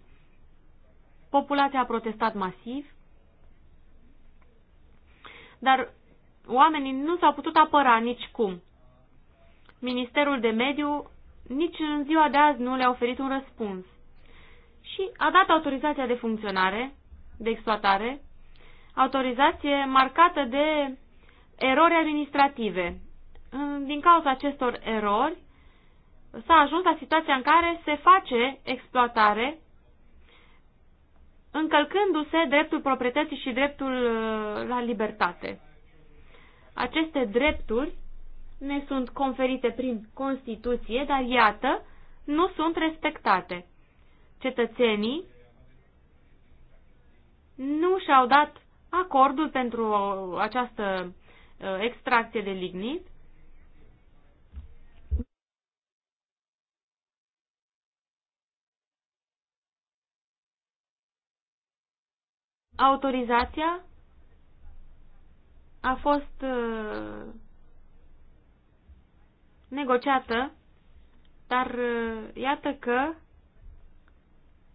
populația a protestat masiv, dar oamenii nu s-au putut apăra nici cum. Ministerul de Mediu nici în ziua de azi nu le-a oferit un răspuns și a dat autorizația de funcționare, de exploatare, autorizație marcată de erori administrative. Din cauza acestor erori s-a ajuns la situația în care se face exploatare încălcându-se dreptul proprietății și dreptul uh, la libertate. Aceste drepturi ne sunt conferite prin Constituție, dar iată, nu sunt respectate. Cetățenii nu și-au dat acordul pentru această uh, extracție de lignit autorizația a fost uh, negociată, dar uh, iată că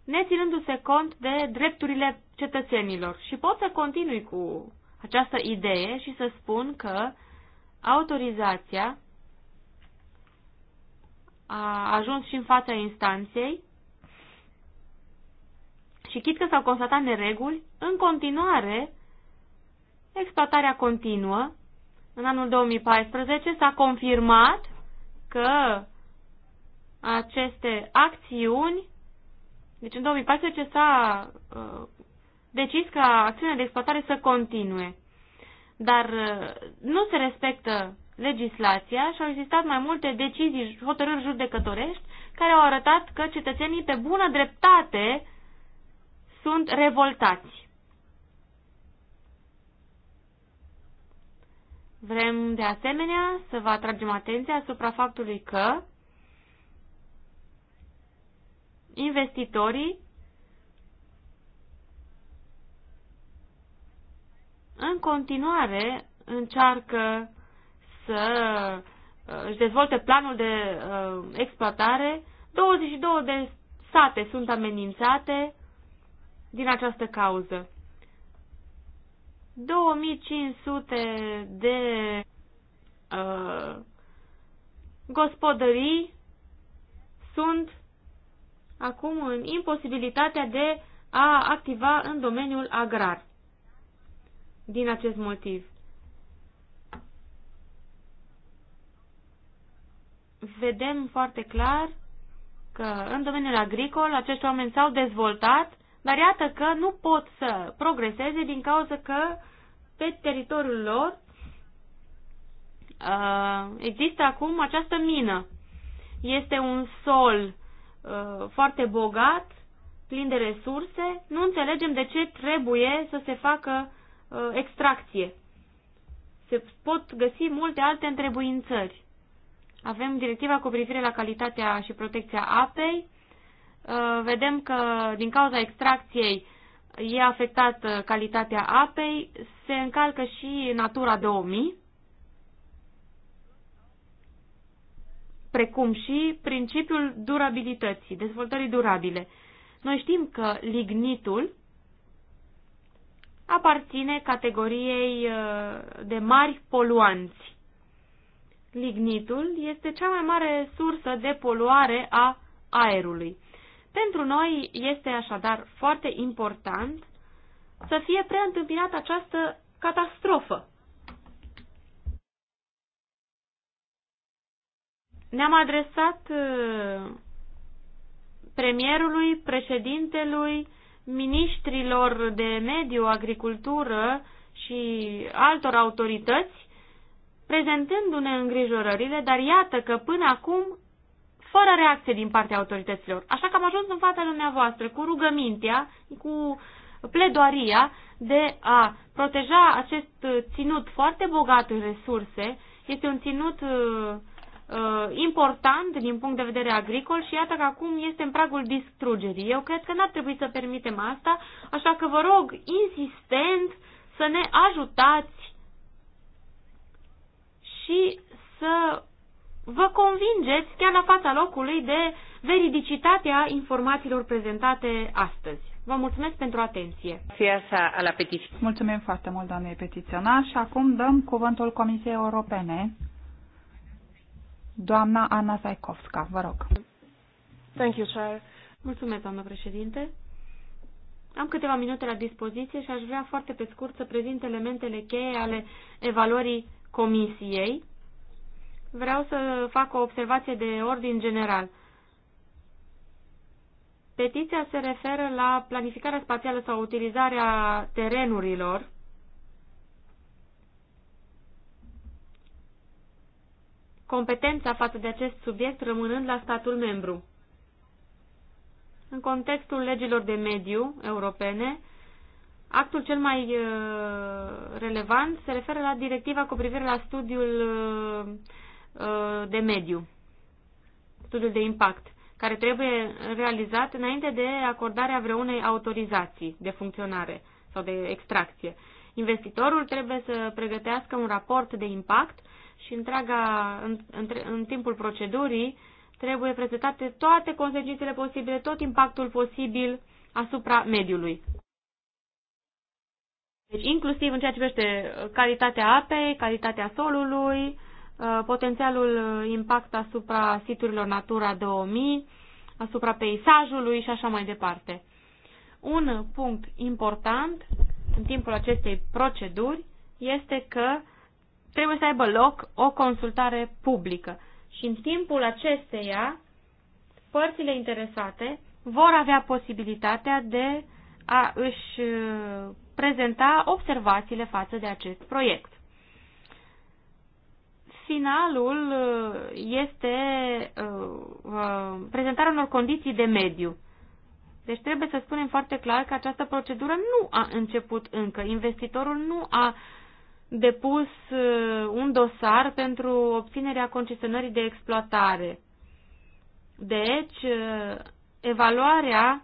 neținându-se cont de drepturile cetățenilor. Și pot să continui cu această idee și să spun că autorizația a ajuns și în fața instanței și chit că s-au constatat nereguli, în continuare, exploatarea continuă. În anul 2014 s-a confirmat că aceste acțiuni, deci în 2014 s-a uh, decis ca acțiunea de exploatare să continue, dar uh, nu se respectă legislația și au existat mai multe decizii, hotărâri judecătorești care au arătat că cetățenii pe bună dreptate sunt revoltați. Vrem de asemenea să vă atragem atenția asupra faptului că investitorii în continuare încearcă să uh, își dezvolte planul de uh, exploatare. 22 de sate sunt amenințate, din această cauză. 2500 de uh, gospodării sunt acum în imposibilitatea de a activa în domeniul agrar din acest motiv. Vedem foarte clar că în domeniul agricol acești oameni s-au dezvoltat dar iată că nu pot să progreseze din cauza că pe teritoriul lor uh, există acum această mină. Este un sol uh, foarte bogat, plin de resurse, nu înțelegem de ce trebuie să se facă uh, extracție. Se pot găsi multe alte întrebuințări. Avem directiva cu privire la calitatea și protecția apei, Uh, vedem că din cauza extracției e afectat calitatea apei, se încalcă și natura 2000, precum și principiul durabilității, dezvoltării durabile. Noi știm că lignitul aparține categoriei uh, de mari poluanți. Lignitul este cea mai mare sursă de poluare a aerului. Pentru noi este așadar foarte important să fie preîntâmpinată această catastrofă. Ne-am adresat uh, premierului, președintelui, ministrilor de mediu, agricultură și altor autorități, prezentându-ne îngrijorările, dar iată că până acum fără reacție din partea autorităților. Așa că am ajuns în fața dumneavoastră cu rugămintea, cu pledoaria de a proteja acest ținut foarte bogat în resurse. Este un ținut uh, uh, important din punct de vedere agricol și iată că acum este în pragul distrugerii. Eu cred că n-ar trebui să permitem asta, așa că vă rog insistent să ne ajutați și să vă convingeți chiar la fața locului de veridicitatea informațiilor prezentate astăzi. Vă mulțumesc pentru atenție. Fiasa la petiție. Mulțumim foarte mult, doamne petiționar, și acum dăm cuvântul Comisiei Europene. Doamna Anna Zaikovska, vă rog. Thank you, sir. Mulțumesc, doamnă președinte. Am câteva minute la dispoziție și aș vrea foarte pe scurt să prezint elementele cheie ale evaluării Comisiei vreau să fac o observație de ordin general. Petiția se referă la planificarea spațială sau utilizarea terenurilor. Competența față de acest subiect rămânând la statul membru. În contextul legilor de mediu europene, actul cel mai uh, relevant se referă la directiva cu privire la studiul uh, Uh, de mediu, studiul de impact, care trebuie realizat înainte de acordarea vreunei autorizații de funcționare sau de extracție. Investitorul trebuie să pregătească un raport de impact și întreaga, în, în, în timpul procedurii trebuie prezentate toate consecințele posibile, tot impactul posibil asupra mediului. Deci inclusiv în ceea ce privește calitatea apei, calitatea solului, Uh, potențialul uh, impact asupra siturilor Natura 2000, asupra peisajului și așa mai departe. Un punct important în timpul acestei proceduri este că trebuie să aibă loc o consultare publică și în timpul acesteia părțile interesate vor avea posibilitatea de a își uh, prezenta observațiile față de acest proiect finalul uh, este uh, uh, prezentarea unor condiții de mediu. Deci trebuie să spunem foarte clar că această procedură nu a început încă. Investitorul nu a depus un dosar pentru obținerea concesionării de exploatare. Deci, evaluarea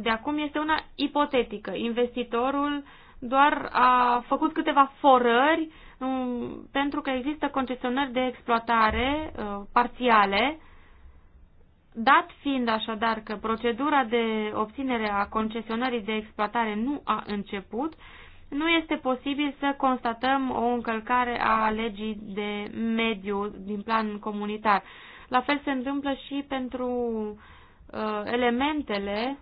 de acum este una ipotetică. Investitorul doar a făcut câteva forări pentru că există concesionări de exploatare uh, parțiale, dat fiind așadar că procedura de obținere a concesionării de exploatare nu a început, nu este posibil să constatăm o încălcare a legii de mediu din plan comunitar. La fel se întâmplă și pentru uh, elementele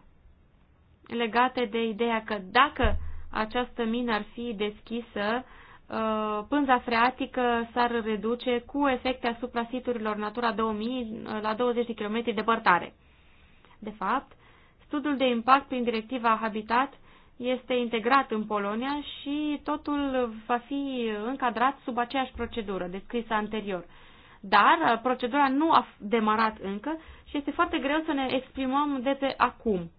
legate de ideea că dacă această mină ar fi deschisă, Uh, pânza freatică s-ar reduce cu efecte asupra siturilor Natura 2000 uh, la 20 de km departare. De fapt, studiul de impact prin directiva Habitat este integrat în Polonia și totul va fi încadrat sub aceeași procedură descrisă anterior. Dar uh, procedura nu a demarat încă și este foarte greu să ne exprimăm de pe acum.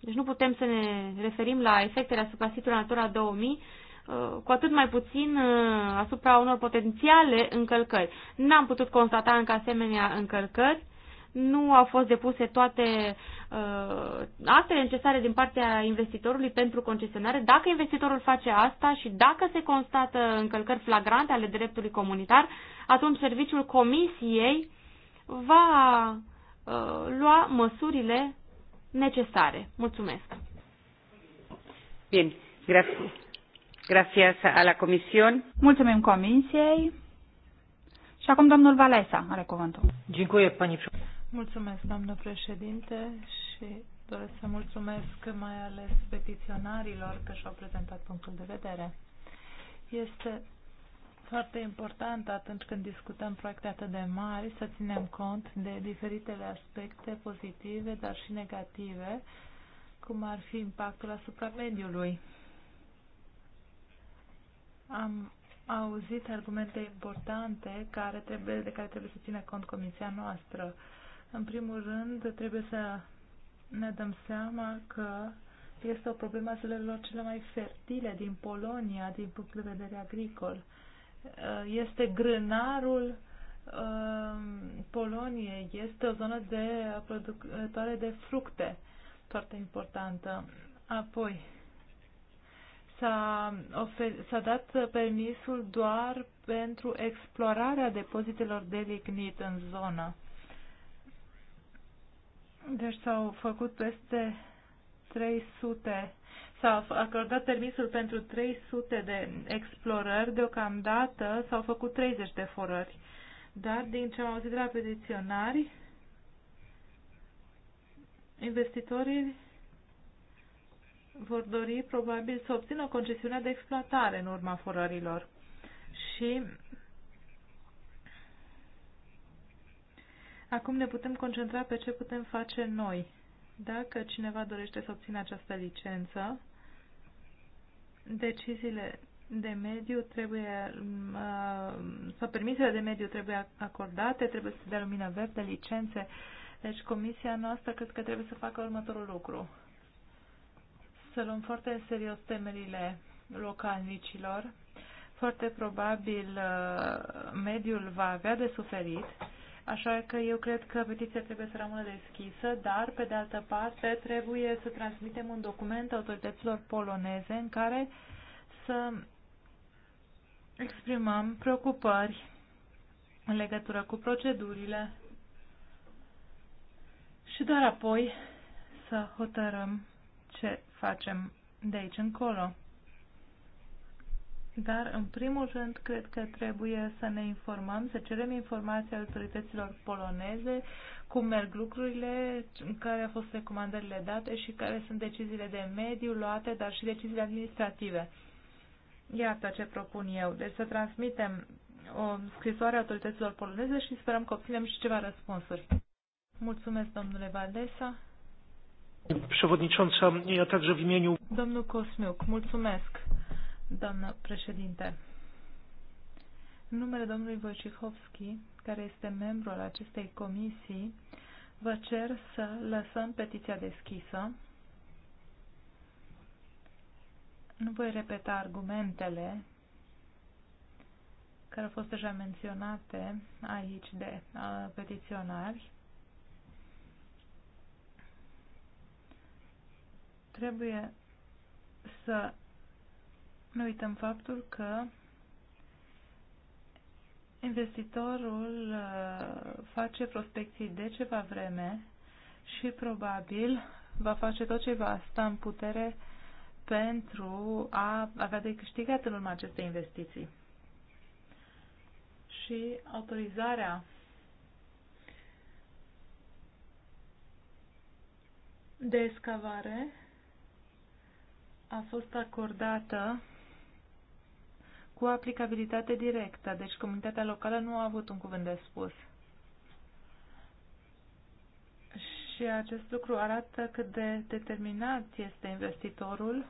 Deci nu putem să ne referim la efectele asupra siturilor Natura 2000 Uh, cu atât mai puțin uh, asupra unor potențiale încălcări. N-am putut constata încă asemenea încălcări, nu au fost depuse toate uh, actele necesare din partea investitorului pentru concesionare. Dacă investitorul face asta și dacă se constată încălcări flagrante ale dreptului comunitar, atunci serviciul comisiei va uh, lua măsurile necesare. Mulțumesc. Bine, grazie. Gracias a la Comisión. Mulțumim Comisiei. Și acum domnul Valesa are cuvântul. Dziękuję, pani Mulțumesc, doamnă președinte, și doresc să mulțumesc mai ales petiționarilor că și-au prezentat punctul de vedere. Este foarte important atunci când discutăm proiecte atât de mari să ținem cont de diferitele aspecte pozitive, dar și negative, cum ar fi impactul asupra mediului. Am auzit argumente importante care trebuie, de care trebuie să țină cont comisia noastră. În primul rând, trebuie să ne dăm seama că este o problemă a zilelor cele mai fertile din Polonia, din punct de vedere agricol. Uh, este grânarul uh, Poloniei, este o zonă de producătoare de fructe foarte importantă. Apoi, s-a, s-a dat permisul doar pentru explorarea depozitelor de lignit în zonă. Deci s-au făcut peste 300, s-a acordat permisul pentru 300 de explorări, deocamdată s-au făcut 30 de forări. Dar din ce am auzit de la petiționari, investitorii vor dori probabil să obțină concesiunea de exploatare în urma furărilor. Și acum ne putem concentra pe ce putem face noi. Dacă cineva dorește să obțină această licență, deciziile de mediu trebuie uh, sau permisele de mediu trebuie acordate, trebuie să dea lumină verde, licențe. Deci comisia noastră cred că trebuie să facă următorul lucru să luăm foarte în serios temerile localnicilor. Foarte probabil uh, mediul va avea de suferit, așa că eu cred că petiția trebuie să rămână deschisă, dar, pe de altă parte, trebuie să transmitem un document autorităților poloneze în care să exprimăm preocupări în legătură cu procedurile și doar apoi să hotărâm ce facem de aici încolo. Dar, în primul rând, cred că trebuie să ne informăm, să cerem informații autorităților poloneze, cum merg lucrurile, în care au fost recomandările date și care sunt deciziile de mediu luate, dar și deciziile administrative. Iată ce propun eu. Deci să transmitem o scrisoare autorităților poloneze și sperăm că obținem și ceva răspunsuri. Mulțumesc, domnule Valdesa. Przewodnicząca, ja także w imieniu... Domnul Cosmiuc, mulțumesc, doamnă președinte. În numele domnului Wojciechowski, care este membru al acestei comisii, vă cer să lăsăm petiția deschisă. Nu voi repeta argumentele care au fost deja menționate aici de uh, petiționari. Trebuie să nu uităm faptul că investitorul uh, face prospecții de ceva vreme și probabil va face tot ce va sta în putere pentru a avea de câștigat în urma acestei investiții. Și autorizarea de escavare a fost acordată cu aplicabilitate directă, deci comunitatea locală nu a avut un cuvânt de spus. Și acest lucru arată cât de determinat este investitorul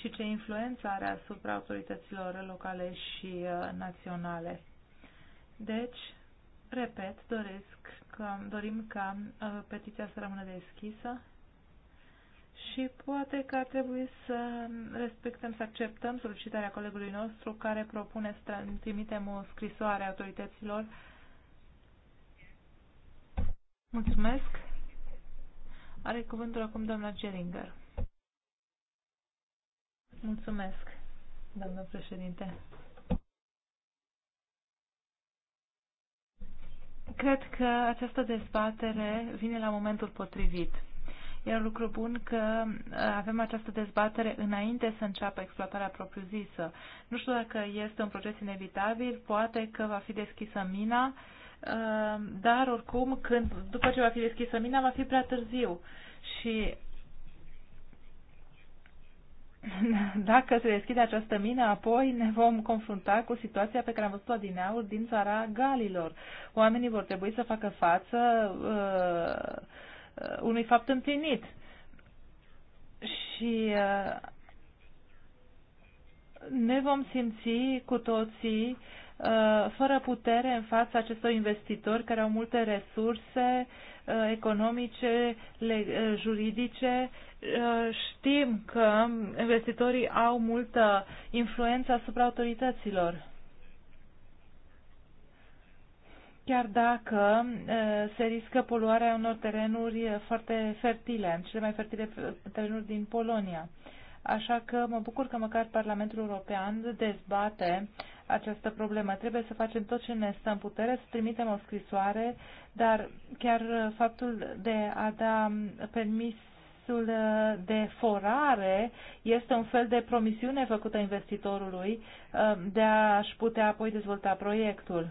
și ce influență are asupra autorităților locale și uh, naționale. Deci, repet, doresc că, dorim ca uh, petiția să rămână deschisă și poate că ar trebui să respectăm, să acceptăm solicitarea colegului nostru care propune să trimitem o scrisoare autorităților. Mulțumesc. Are cuvântul acum doamna Geringer. Mulțumesc, doamna președinte. Cred că această dezbatere vine la momentul potrivit. E un lucru bun că uh, avem această dezbatere înainte să înceapă exploatarea propriu-zisă. Nu știu dacă este un proces inevitabil, poate că va fi deschisă mina, uh, dar oricum, când, după ce va fi deschisă mina, va fi prea târziu. Și dacă se deschide această mină, apoi ne vom confrunta cu situația pe care am văzut-o din aur din țara Galilor. Oamenii vor trebui să facă față uh, Uh, unui fapt împlinit. Și uh, ne vom simți cu toții uh, fără putere în fața acestor investitori care au multe resurse economice, juridice. Știm că investitorii au multă influență asupra autorităților. chiar dacă se riscă poluarea unor terenuri foarte fertile, cele mai fertile terenuri din Polonia. Așa că mă bucur că măcar Parlamentul European dezbate această problemă. Trebuie să facem tot ce ne stă în putere, să trimitem o scrisoare, dar chiar faptul de a da permis de forare este un fel de promisiune făcută investitorului de a-și putea apoi dezvolta proiectul.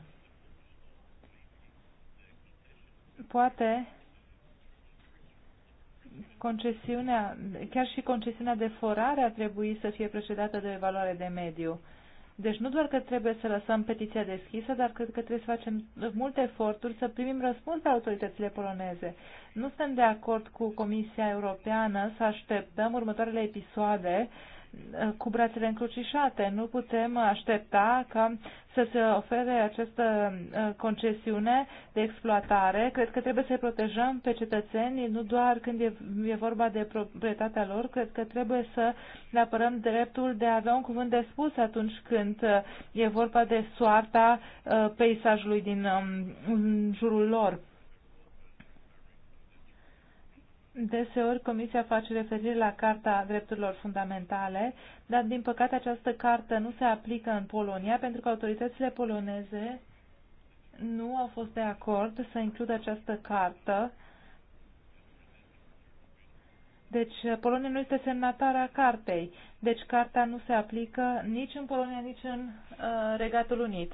poate concesiunea, chiar și concesiunea de forare a trebuit să fie precedată de evaluare de mediu. Deci nu doar că trebuie să lăsăm petiția deschisă, dar cred că trebuie să facem multe eforturi să primim răspuns de autoritățile poloneze. Nu suntem de acord cu Comisia Europeană să așteptăm următoarele episoade uh, cu brațele încrucișate. Nu putem aștepta ca să se ofere această uh, concesiune de exploatare. Cred că trebuie să-i protejăm pe cetățeni, nu doar când e, e vorba de proprietatea lor, cred că trebuie să ne apărăm dreptul de a avea un cuvânt de spus atunci când uh, e vorba de soarta uh, peisajului din um, jurul lor. Deseori Comisia face referire la Carta Drepturilor Fundamentale, dar din păcate această carte nu se aplică în Polonia pentru că autoritățile poloneze nu au fost de acord să includă această cartă deci eh, Polonia nu este semnatarea cartei, deci cartea nu se aplică nici în Polonia, nici în uh, Regatul Unit.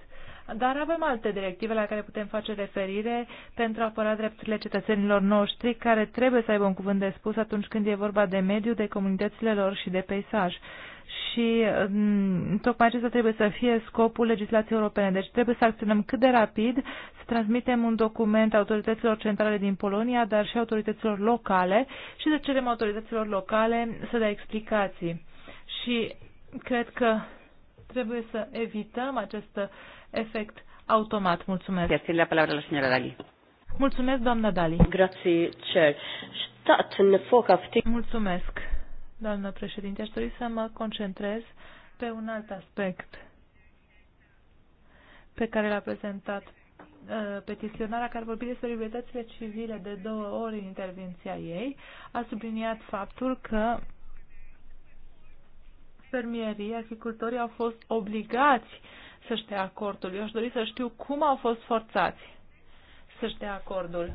Dar avem alte directive la care putem face referire pentru a apăra drepturile cetățenilor noștri care trebuie să aibă un cuvânt de spus atunci când e vorba de mediu, de comunitățile lor și de peisaj și tocmai acesta trebuie să fie scopul legislației europene. Deci trebuie să acționăm cât de rapid, să transmitem un document autorităților centrale din Polonia, dar și autorităților locale și să cerem autorităților locale să dea explicații. Și cred că trebuie să evităm acest efect automat. Mulțumesc. Grazie la palabra la signora Dali. Mulțumesc, doamna Dali. Grazie, foc, Mulțumesc doamnă președinte. Aș dori să mă concentrez pe un alt aspect pe care l-a prezentat uh, petiționarea care vorbi despre libertățile civile de două ori în intervenția ei, a subliniat faptul că fermierii, agricultorii au fost obligați să-și dea acordul. Eu aș dori să știu cum au fost forțați să-și dea acordul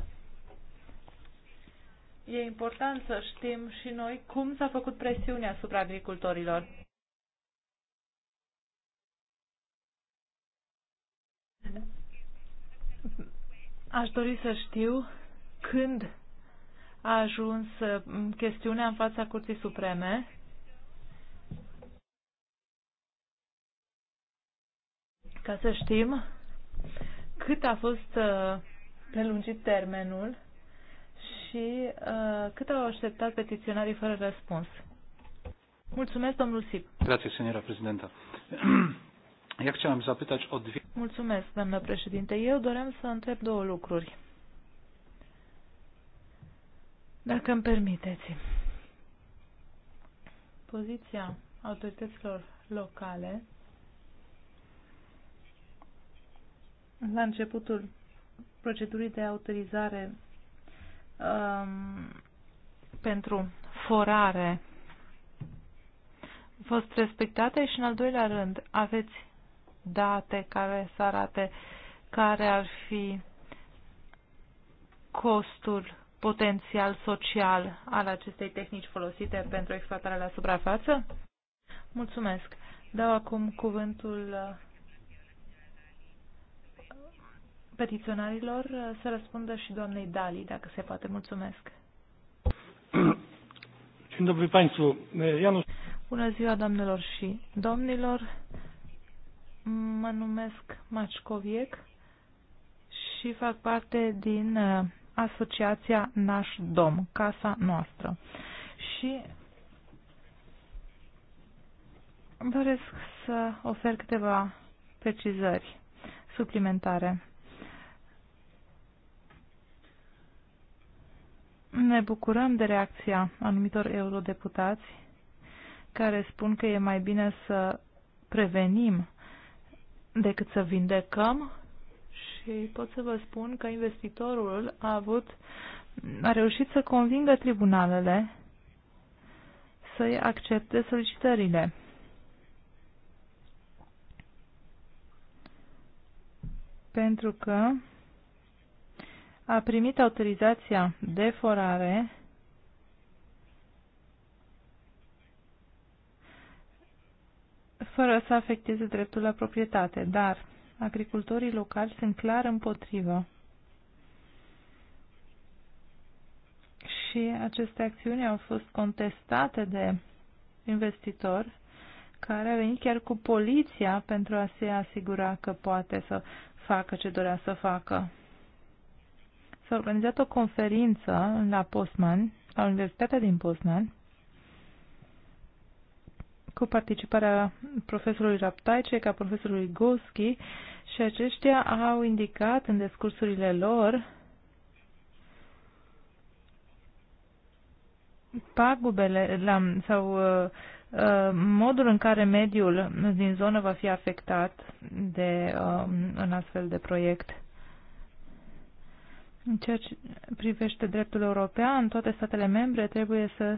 e important să știm și noi cum s-a făcut presiunea asupra agricultorilor. Aș dori să știu când a ajuns mm, chestiunea în fața Curții Supreme. Ca să știm cât a fost uh, prelungit termenul și uh, cât au așteptat petiționarii fără răspuns? Mulțumesc, domnul Sip. Grație, senora președintă. ce am zapytać o dvi... Mulțumesc, doamnă președinte. Eu doream să întreb două lucruri. Dacă îmi permiteți. Poziția autorităților locale la începutul procedurii de autorizare um, pentru forare fost respectate și în al doilea rând aveți date care să arate care ar fi costul potențial social al acestei tehnici folosite pentru exploatarea la suprafață? Mulțumesc. Dau acum cuvântul petiționarilor uh, să răspundă și doamnei Dali, dacă se poate. Mulțumesc. Bună ziua, doamnelor și domnilor. Mă numesc Macicoviec și fac parte din uh, asociația Naș Dom, casa noastră. Și doresc să ofer câteva precizări suplimentare. ne bucurăm de reacția anumitor eurodeputați care spun că e mai bine să prevenim decât să vindecăm și pot să vă spun că investitorul a avut a reușit să convingă tribunalele să-i accepte solicitările. Pentru că a primit autorizația de forare fără să afecteze dreptul la proprietate, dar agricultorii locali sunt clar împotrivă. Și aceste acțiuni au fost contestate de investitor care a venit chiar cu poliția pentru a se asigura că poate să facă ce dorea să facă s-a organizat o conferință la Postman, la Universitatea din Postman, cu participarea profesorului Raptaice ca profesorului Goski și aceștia au indicat în discursurile lor pagubele la, sau uh, uh, modul în care mediul din zonă va fi afectat de uh, un astfel de proiect. În ceea ce privește dreptul european, toate statele membre trebuie să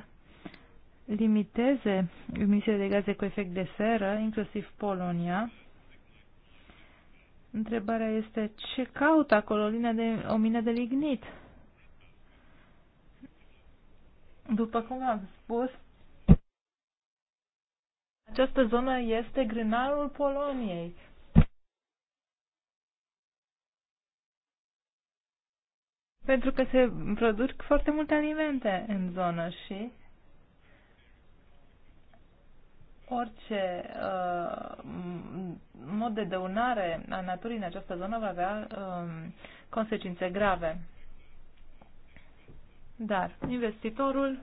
limiteze emisiile de gaze cu efect de seră, inclusiv Polonia. Întrebarea este ce caută acolo linea de, o mină de lignit? După cum am spus, această zonă este grânarul Poloniei. Pentru că se produc foarte multe alimente în zonă și orice uh, mod de dăunare a naturii în această zonă va avea uh, consecințe grave. Dar investitorul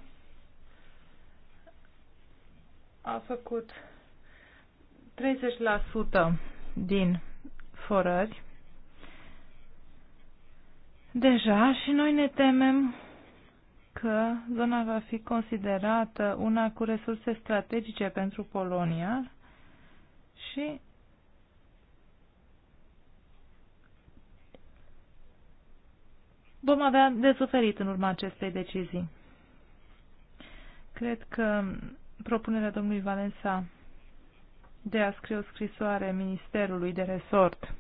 a făcut 30% din forări deja și noi ne temem că zona va fi considerată una cu resurse strategice pentru Polonia și vom avea de suferit în urma acestei decizii. Cred că propunerea domnului Valensa de a scrie o scrisoare Ministerului de Resort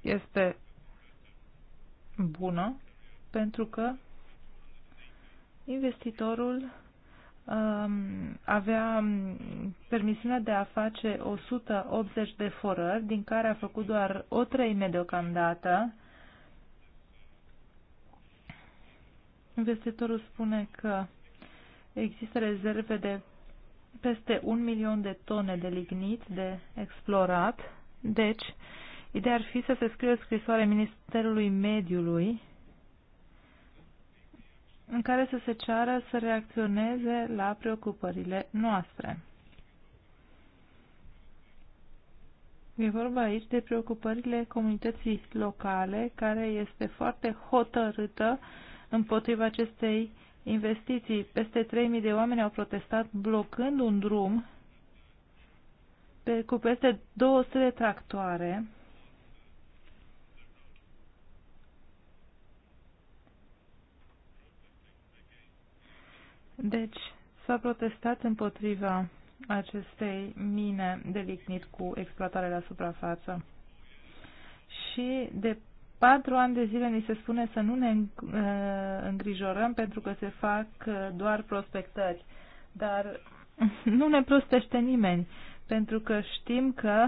este bună pentru că investitorul um, avea permisiunea de a face 180 de forări, din care a făcut doar o treime deocamdată. Investitorul spune că există rezerve de peste un milion de tone de lignit de explorat, deci Ideea ar fi să se scrie o scrisoare Ministerului Mediului în care să se ceară să reacționeze la preocupările noastre. E vorba aici de preocupările comunității locale, care este foarte hotărâtă împotriva acestei investiții. Peste 3.000 de oameni au protestat blocând un drum pe, cu peste 200 de tractoare Deci, s-a protestat împotriva acestei mine de lignit cu exploatare la suprafață. Și de patru ani de zile ni se spune să nu ne uh, îngrijorăm pentru că se fac uh, doar prospectări. Dar nu ne prostește nimeni, pentru că știm că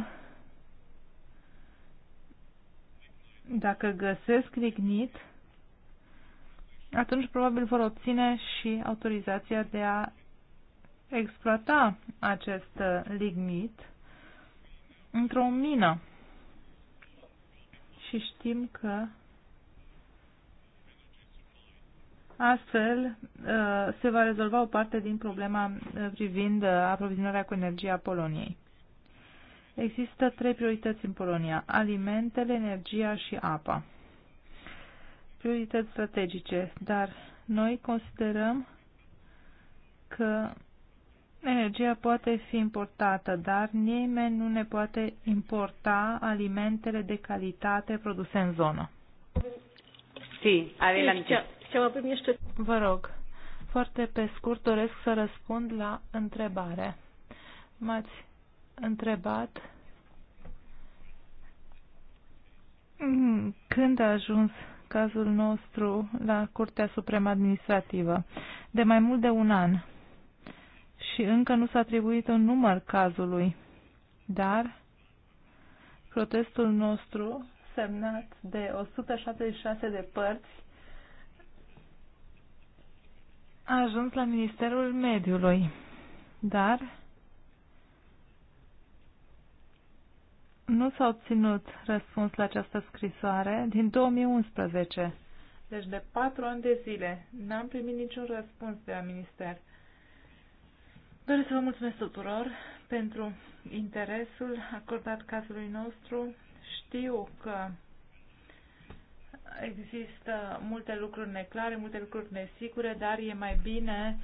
dacă găsesc lignit, atunci probabil vor obține și autorizația de a exploata acest uh, lignit într-o mină. Și știm că astfel uh, se va rezolva o parte din problema uh, privind aprovizionarea cu energie a Poloniei. Există trei priorități în Polonia, alimentele, energia și apa priorități strategice, dar noi considerăm că energia poate fi importată, dar nimeni nu ne poate importa alimentele de calitate produse în zonă. Si, adelante. Vă rog, foarte pe scurt doresc să răspund la întrebare. M-ați întrebat când a ajuns cazul nostru la Curtea Supremă Administrativă de mai mult de un an și încă nu s-a atribuit un număr cazului, dar protestul nostru, semnat de 176 de părți, a ajuns la Ministerul Mediului, dar Nu s-a obținut răspuns la această scrisoare din 2011. Deci de patru ani de zile n-am primit niciun răspuns de la minister. Doresc să vă mulțumesc tuturor pentru interesul acordat cazului nostru. Știu că există multe lucruri neclare, multe lucruri nesigure, dar e mai bine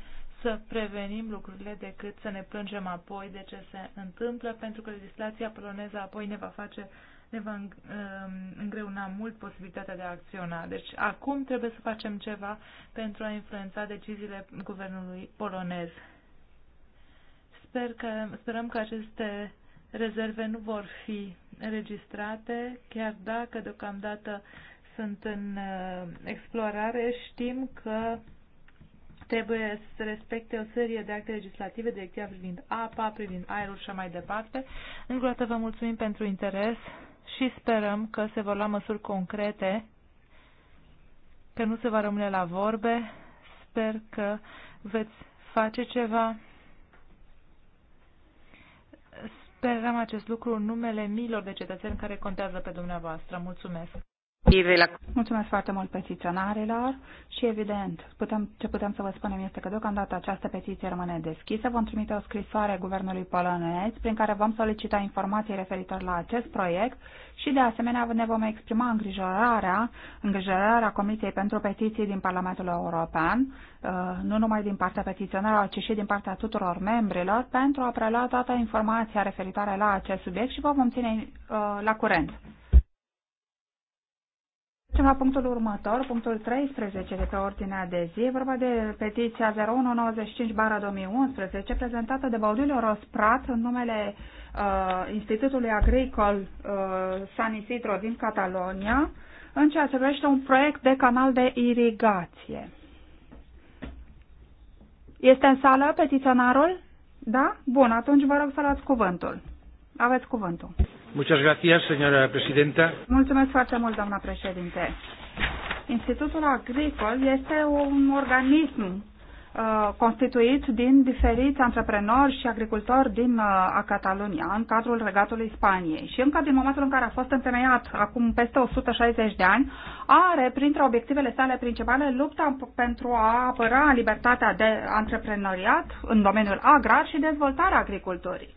să prevenim lucrurile decât să ne plângem apoi de ce se întâmplă, pentru că legislația poloneză apoi ne va face ne va um, îngreuna mult posibilitatea de a acționa. Deci acum trebuie să facem ceva pentru a influența deciziile guvernului polonez. Sper că, sperăm că aceste rezerve nu vor fi registrate, chiar dacă deocamdată sunt în uh, explorare. Știm că trebuie să respecte o serie de acte legislative, directiva privind apa, privind aerul și mai departe. Încă o dată vă mulțumim pentru interes și sperăm că se vor lua măsuri concrete, că nu se va rămâne la vorbe. Sper că veți face ceva. Sperăm acest lucru în numele miilor de cetățeni care contează pe dumneavoastră. Mulțumesc! Mulțumesc foarte mult petiționarilor și, evident, putem, ce putem să vă spunem este că deocamdată această petiție rămâne deschisă. Vom trimite o scrisoare Guvernului polonez prin care vom solicita informații referitor la acest proiect și, de asemenea, ne vom exprima îngrijorarea, îngrijorarea Comisiei pentru Petiții din Parlamentul European, uh, nu numai din partea petiționarilor, ci și din partea tuturor membrilor, pentru a prelua toată informația referitoare la acest subiect și vă vom ține uh, la curent. Trecem la punctul următor, punctul 13 de pe ordinea de zi, vorba de petiția 0195-2011 prezentată de Baudilio Rosprat în numele uh, Institutului Agricol uh, San Isidro din Catalonia în ceea ce privește un proiect de canal de irigație. Este în sală petiționarul? Da? Bun, atunci vă rog să luați cuvântul. Aveți cuvântul. Muchas gracias, señora presidenta. Mulțumesc foarte mult, doamna președinte. Institutul Agricol este un organism uh, constituit din diferiți antreprenori și agricultori din uh, Catalunia, în cadrul regatului Spaniei. Și încă din momentul în care a fost întemeiat, acum peste 160 de ani, are printre obiectivele sale principale lupta pentru a apăra libertatea de antreprenoriat în domeniul agrar și dezvoltarea agriculturii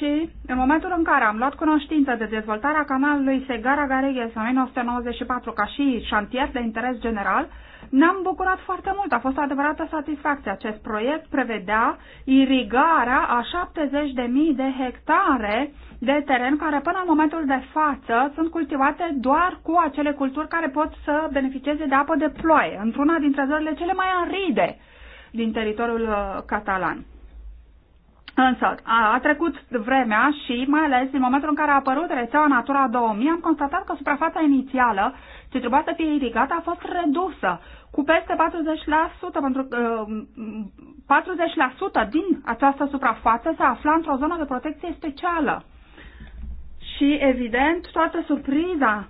și în momentul în care am luat cunoștință de dezvoltarea canalului Segara Gareghes în 1994 ca și șantier de interes general, ne-am bucurat foarte mult. A fost o adevărată satisfacție. Acest proiect prevedea irigarea a 70.000 de hectare de teren care până în momentul de față sunt cultivate doar cu acele culturi care pot să beneficieze de apă de ploaie, într-una dintre zonele cele mai aride din teritoriul uh, catalan. Însă a, a trecut vremea și, mai ales din momentul în care a apărut rețeaua Natura 2000, am constatat că suprafața inițială ce trebuia să fie irigată a fost redusă cu peste 40%, pentru că 40% din această suprafață se afla într-o zonă de protecție specială. Și, evident, toată surpriza,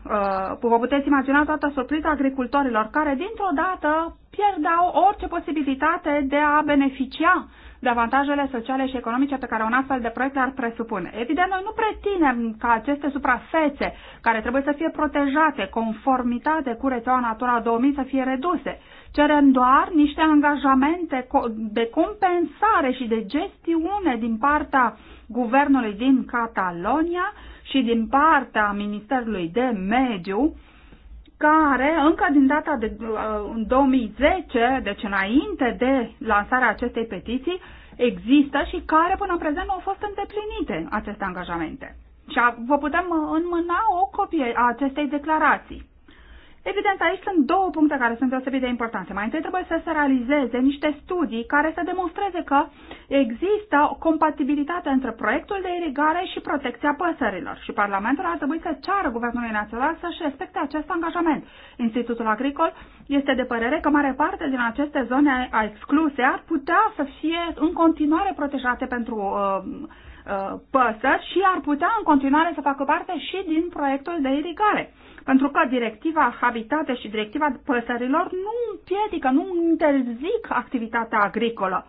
uh, vă puteți imagina toată surpriza agricultorilor care, dintr-o dată, pierdeau orice posibilitate de a beneficia de avantajele sociale și economice pe care un astfel de proiect ar presupune. Evident, noi nu pretinem ca aceste suprafețe, care trebuie să fie protejate conformitate cu rețeaua Natura 2000, să fie reduse. Cerem doar niște angajamente de compensare și de gestiune din partea guvernului din Catalonia și din partea Ministerului de Mediu, care încă din data de uh, în 2010, deci înainte de lansarea acestei petiții, există și care până în prezent nu au fost îndeplinite aceste angajamente. Și vă putem uh, înmâna o copie a acestei declarații. Evident, aici sunt două puncte care sunt deosebit de importante. Mai întâi trebuie să se realizeze niște studii care să demonstreze că există o compatibilitate între proiectul de irigare și protecția păsărilor și Parlamentul ar trebui să ceară Guvernului Național să-și respecte acest angajament. Institutul Agricol este de părere că mare parte din aceste zone a excluse ar putea să fie în continuare protejate pentru uh, uh, păsări și ar putea în continuare să facă parte și din proiectul de irigare. Pentru că directiva Habitate și directiva păsărilor nu împiedică, nu interzic activitatea agricolă,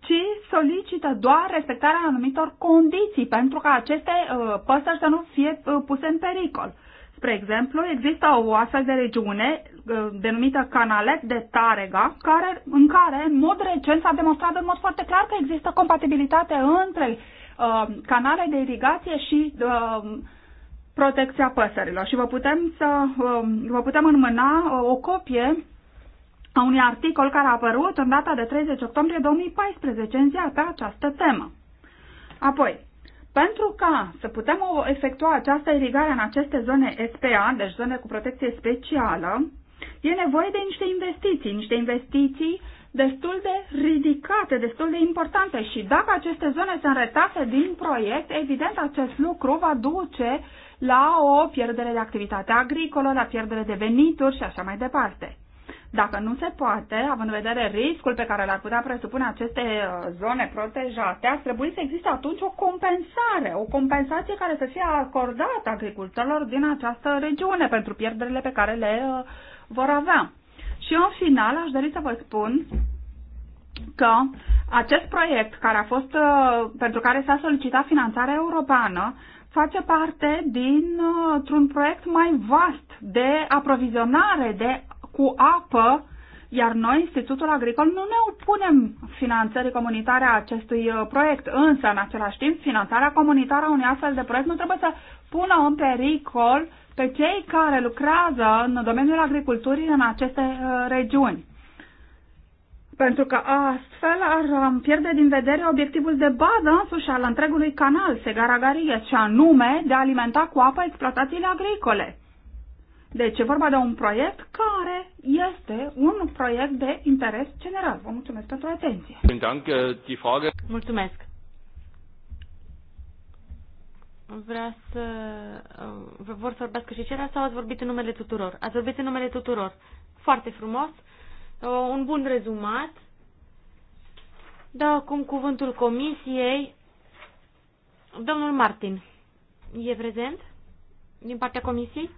ci solicită doar respectarea anumitor condiții pentru ca aceste uh, păsări să nu fie uh, puse în pericol. Spre exemplu, există o astfel de regiune uh, denumită Canalet de Tarega, care, în care, în mod recent, s-a demonstrat în mod foarte clar că există compatibilitate între uh, canale de irigație și uh, protecția păsărilor și vă putem, să, um, vă putem înmâna uh, o copie a unui articol care a apărut în data de 30 octombrie 2014 în ziua pe această temă. Apoi, pentru ca să putem efectua această irigare în aceste zone SPA, deci zone cu protecție specială, e nevoie de niște investiții, niște investiții destul de ridicate, destul de importante și dacă aceste zone sunt retase din proiect, evident acest lucru va duce la o pierdere de activitate agricolă, la pierdere de venituri și așa mai departe. Dacă nu se poate, având în vedere riscul pe care l-ar putea presupune aceste uh, zone protejate, ar trebui să existe atunci o compensare, o compensație care să fie acordată agricultorilor din această regiune pentru pierderile pe care le uh, vor avea. Și în final aș dori să vă spun că acest proiect care a fost, uh, pentru care s-a solicitat finanțarea europeană face parte dintr-un uh, proiect mai vast de aprovizionare de, cu apă, iar noi, Institutul Agricol, nu ne opunem finanțării comunitare a acestui uh, proiect, însă, în același timp, finanțarea comunitară a unui astfel de proiect nu trebuie să pună în pericol pe cei care lucrează în domeniul agriculturii în aceste uh, regiuni pentru că astfel ar pierde din vedere obiectivul de bază însuși al întregului canal Segaragarias, și anume de a alimenta cu apă exploatațiile agricole. Deci e vorba de un proiect care este un proiect de interes general. Vă mulțumesc pentru atenție. Mulțumesc. Vreau să... Vor să vorbească și ceilalți sau ați vorbit în numele tuturor? Ați vorbit în numele tuturor. Foarte frumos. Uh, un bun rezumat. Dau acum cuvântul comisiei. Domnul Martin, e prezent din partea comisiei?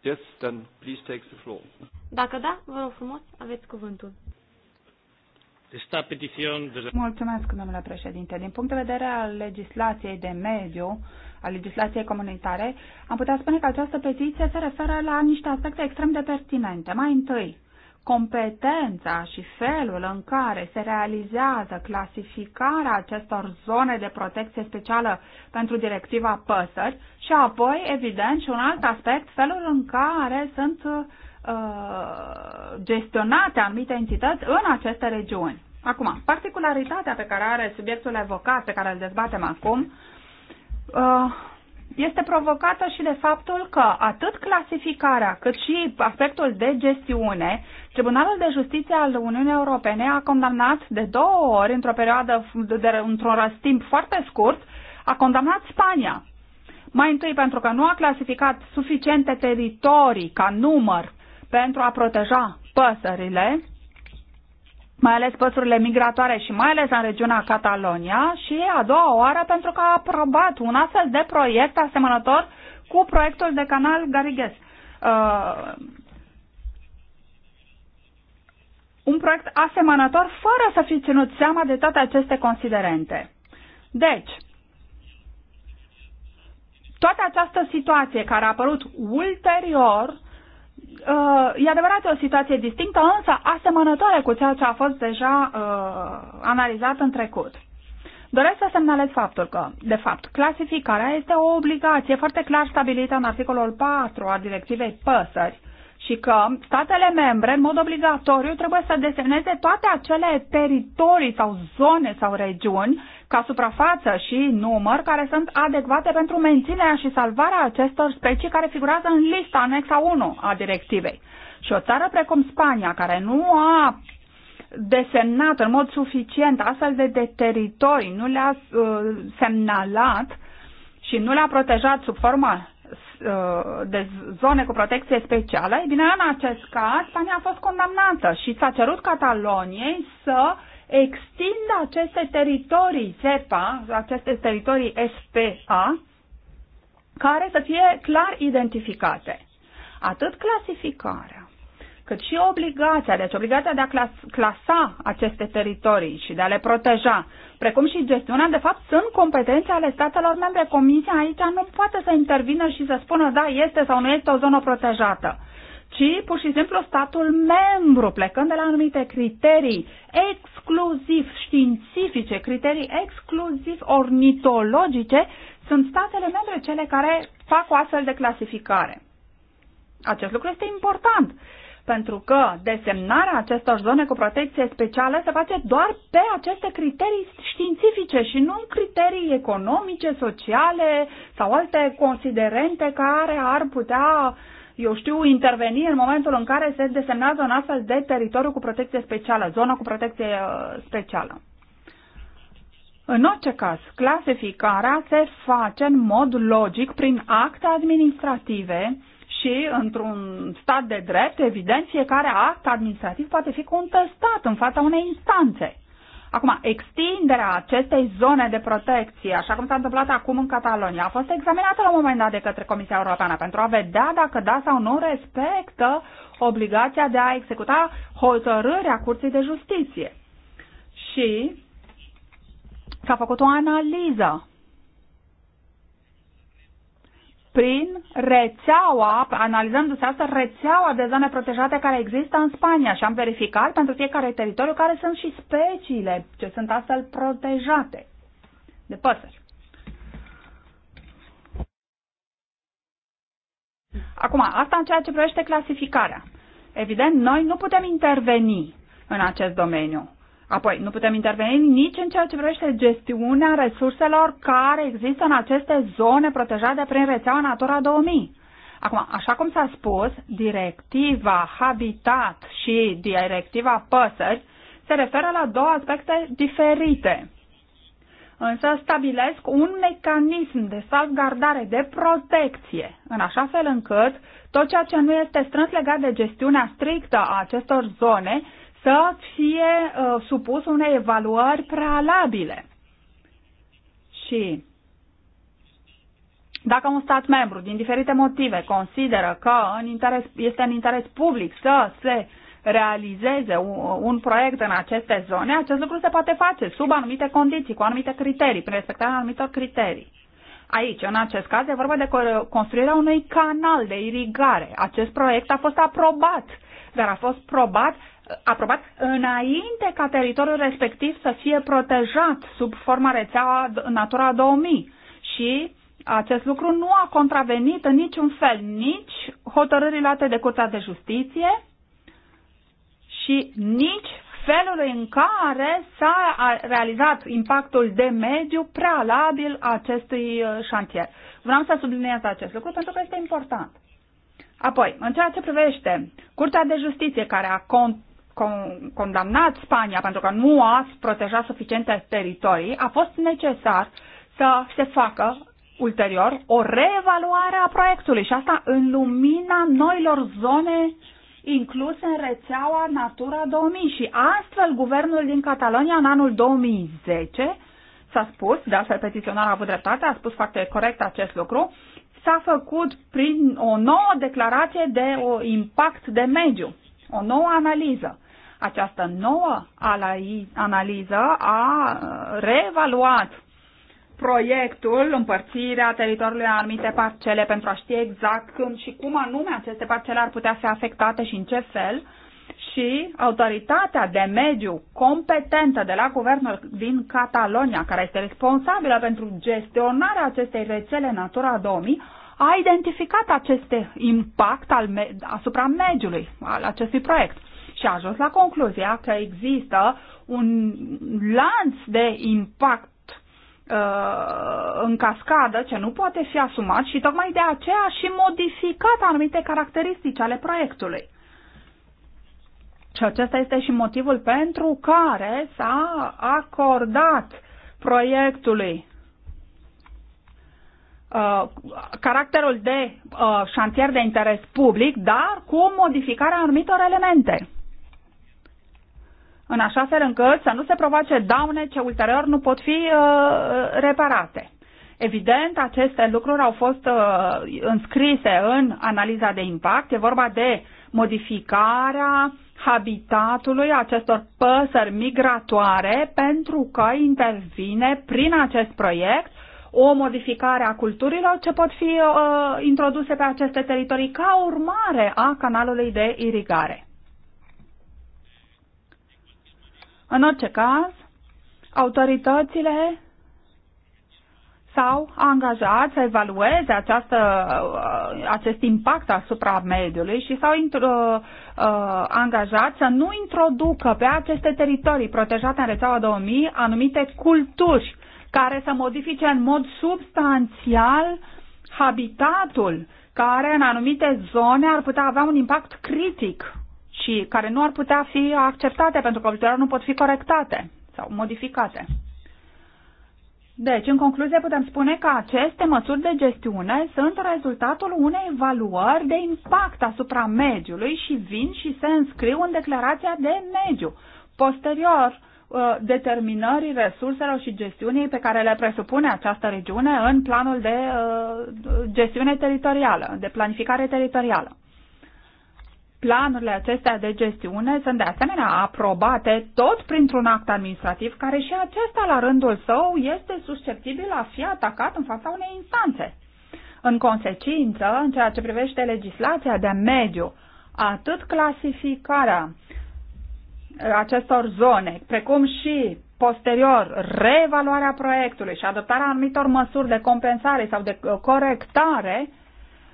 Yes, then please take the floor. Dacă da, vă rog frumos, aveți cuvântul. Mulțumesc, domnule președinte. Din punct de vedere al legislației de mediu, a legislației comunitare, am putea spune că această petiție se referă la niște aspecte extrem de pertinente. Mai întâi, competența și felul în care se realizează clasificarea acestor zone de protecție specială pentru directiva păsări și apoi, evident, și un alt aspect, felul în care sunt uh, gestionate anumite entități în aceste regiuni. Acum, particularitatea pe care are subiectul evocat, pe care îl dezbatem acum, uh, este provocată și de faptul că atât clasificarea cât și aspectul de gestiune, Tribunalul de Justiție al Uniunii Europene a condamnat de două ori, într-o perioadă, într-un timp foarte scurt, a condamnat Spania. Mai întâi pentru că nu a clasificat suficiente teritorii ca număr pentru a proteja păsările mai ales păsurile migratoare și mai ales în regiunea Catalonia și a doua oară pentru că a aprobat un astfel de proiect asemănător cu proiectul de canal Garigues, Uh, un proiect asemănător fără să fi ținut seama de toate aceste considerente. Deci, toată această situație care a apărut ulterior uh, e adevărat o situație distinctă, însă asemănătoare cu ceea ce a fost deja uh, analizat în trecut. Doresc să semnalez faptul că, de fapt, clasificarea este o obligație foarte clar stabilită în articolul 4 al directivei păsări și că statele membre, în mod obligatoriu, trebuie să deseneze toate acele teritorii sau zone sau regiuni ca suprafață și număr care sunt adecvate pentru menținerea și salvarea acestor specii care figurează în lista anexa 1 a directivei. Și o țară precum Spania, care nu a desemnat în mod suficient astfel de, de teritorii, nu le-a uh, semnalat și nu le-a protejat sub forma uh, de zone cu protecție specială, e bine, în acest caz, Spania a fost condamnată și s-a cerut Cataloniei să uh, extindă aceste teritorii SEPA, aceste teritorii SPA, care să fie clar identificate. Atât clasificarea, cât și obligația, deci obligația de a clas, clasa aceste teritorii și de a le proteja, precum și gestiunea, de fapt, sunt competențe ale statelor membre. Comisia aici nu poate să intervină și să spună, da, este sau nu este o zonă protejată ci pur și simplu statul membru, plecând de la anumite criterii exclusiv științifice, criterii exclusiv ornitologice, sunt statele membre cele care fac o astfel de clasificare. Acest lucru este important, pentru că desemnarea acestor zone cu protecție specială se face doar pe aceste criterii științifice și nu criterii economice, sociale sau alte considerente care ar putea uh, eu știu, interveni în momentul în care se desemnează un astfel de teritoriu cu protecție specială, zona cu protecție uh, specială. În orice caz, clasificarea se face în mod logic prin acte administrative și, într-un stat de drept, evident, fiecare act administrativ poate fi contestat în fața unei instanțe. Acum, extinderea acestei zone de protecție, așa cum s-a întâmplat acum în Catalonia, a fost examinată la un moment dat de către Comisia Europeană pentru a vedea dacă da sau nu respectă obligația de a executa hotărârea Curții de Justiție. Și s-a făcut o analiză prin rețeaua, analizându-se asta, rețeaua de zone protejate care există în Spania și am verificat pentru fiecare teritoriu care sunt și speciile ce sunt astfel protejate de păsări. Acum, asta în ceea ce privește clasificarea. Evident, noi nu putem interveni în acest domeniu. Apoi, nu putem interveni nici în ceea ce privește gestiunea resurselor care există în aceste zone protejate prin rețeaua Natura 2000. Acum, așa cum s-a spus, directiva Habitat și directiva Păsări se referă la două aspecte diferite. Însă stabilesc un mecanism de salvgardare, de protecție, în așa fel încât tot ceea ce nu este strâns legat de gestiunea strictă a acestor zone să fie uh, supus unei evaluări prealabile. Și dacă un stat membru, din diferite motive, consideră că în interes, este în interes public să se realizeze un, un proiect în aceste zone, acest lucru se poate face sub anumite condiții, cu anumite criterii, prin respectarea anumitor criterii. Aici, în acest caz, e vorba de construirea unui canal de irigare. Acest proiect a fost aprobat, dar a fost probat aprobat înainte ca teritoriul respectiv să fie protejat sub forma rețeaua Natura 2000 și acest lucru nu a contravenit în niciun fel nici hotărârii luate de Curtea de Justiție și nici felul în care s-a realizat impactul de mediu prealabil acestui uh, șantier. Vreau să subliniez acest lucru pentru că este important. Apoi, în ceea ce privește Curtea de Justiție, care a con- condamnat Spania pentru că nu a protejat suficiente teritorii, a fost necesar să se facă ulterior o reevaluare a proiectului și asta în lumina noilor zone incluse în rețeaua Natura 2000 și astfel guvernul din Catalonia în anul 2010 s-a spus, de astfel petiționar a avut dreptate, a spus foarte corect acest lucru, s-a făcut prin o nouă declarație de o impact de mediu, o nouă analiză. Această nouă analiză a uh, reevaluat proiectul, împărțirea teritoriului în anumite parcele pentru a ști exact când și cum anume aceste parcele ar putea fi afectate și în ce fel și autoritatea de mediu competentă de la guvernul din Catalonia, care este responsabilă pentru gestionarea acestei rețele Natura 2000, a identificat acest impact al me- asupra mediului al acestui proiect și a ajuns la concluzia că există un lanț de impact uh, în cascadă ce nu poate fi asumat și tocmai de aceea și modificat anumite caracteristici ale proiectului. Și acesta este și motivul pentru care s-a acordat proiectului uh, caracterul de uh, șantier de interes public, dar cu modificarea anumitor elemente în așa fel încât să nu se provoace daune ce ulterior nu pot fi uh, reparate. Evident, aceste lucruri au fost uh, înscrise în analiza de impact. E vorba de modificarea habitatului acestor păsări migratoare pentru că intervine prin acest proiect o modificare a culturilor ce pot fi uh, introduse pe aceste teritorii ca urmare a canalului de irigare. În orice caz, autoritățile sau angajați să evalueze această, uh, acest impact asupra mediului și s-au uh, uh, angajat să nu introducă pe aceste teritorii protejate în rețeaua 2000 anumite culturi care să modifice în mod substanțial habitatul care în anumite zone ar putea avea un impact critic și care nu ar putea fi acceptate pentru că ulterior nu pot fi corectate sau modificate. Deci, în concluzie, putem spune că aceste măsuri de gestiune sunt rezultatul unei evaluări de impact asupra mediului și vin și se înscriu în declarația de mediu. Posterior, uh, determinării resurselor și gestiunii pe care le presupune această regiune în planul de uh, gestiune teritorială, de planificare teritorială. Planurile acestea de gestiune sunt de asemenea aprobate tot printr-un act administrativ care și acesta la rândul său este susceptibil a fi atacat în fața unei instanțe. În consecință, în ceea ce privește legislația de mediu, atât clasificarea acestor zone, precum și posterior reevaluarea proiectului și adoptarea anumitor măsuri de compensare sau de corectare,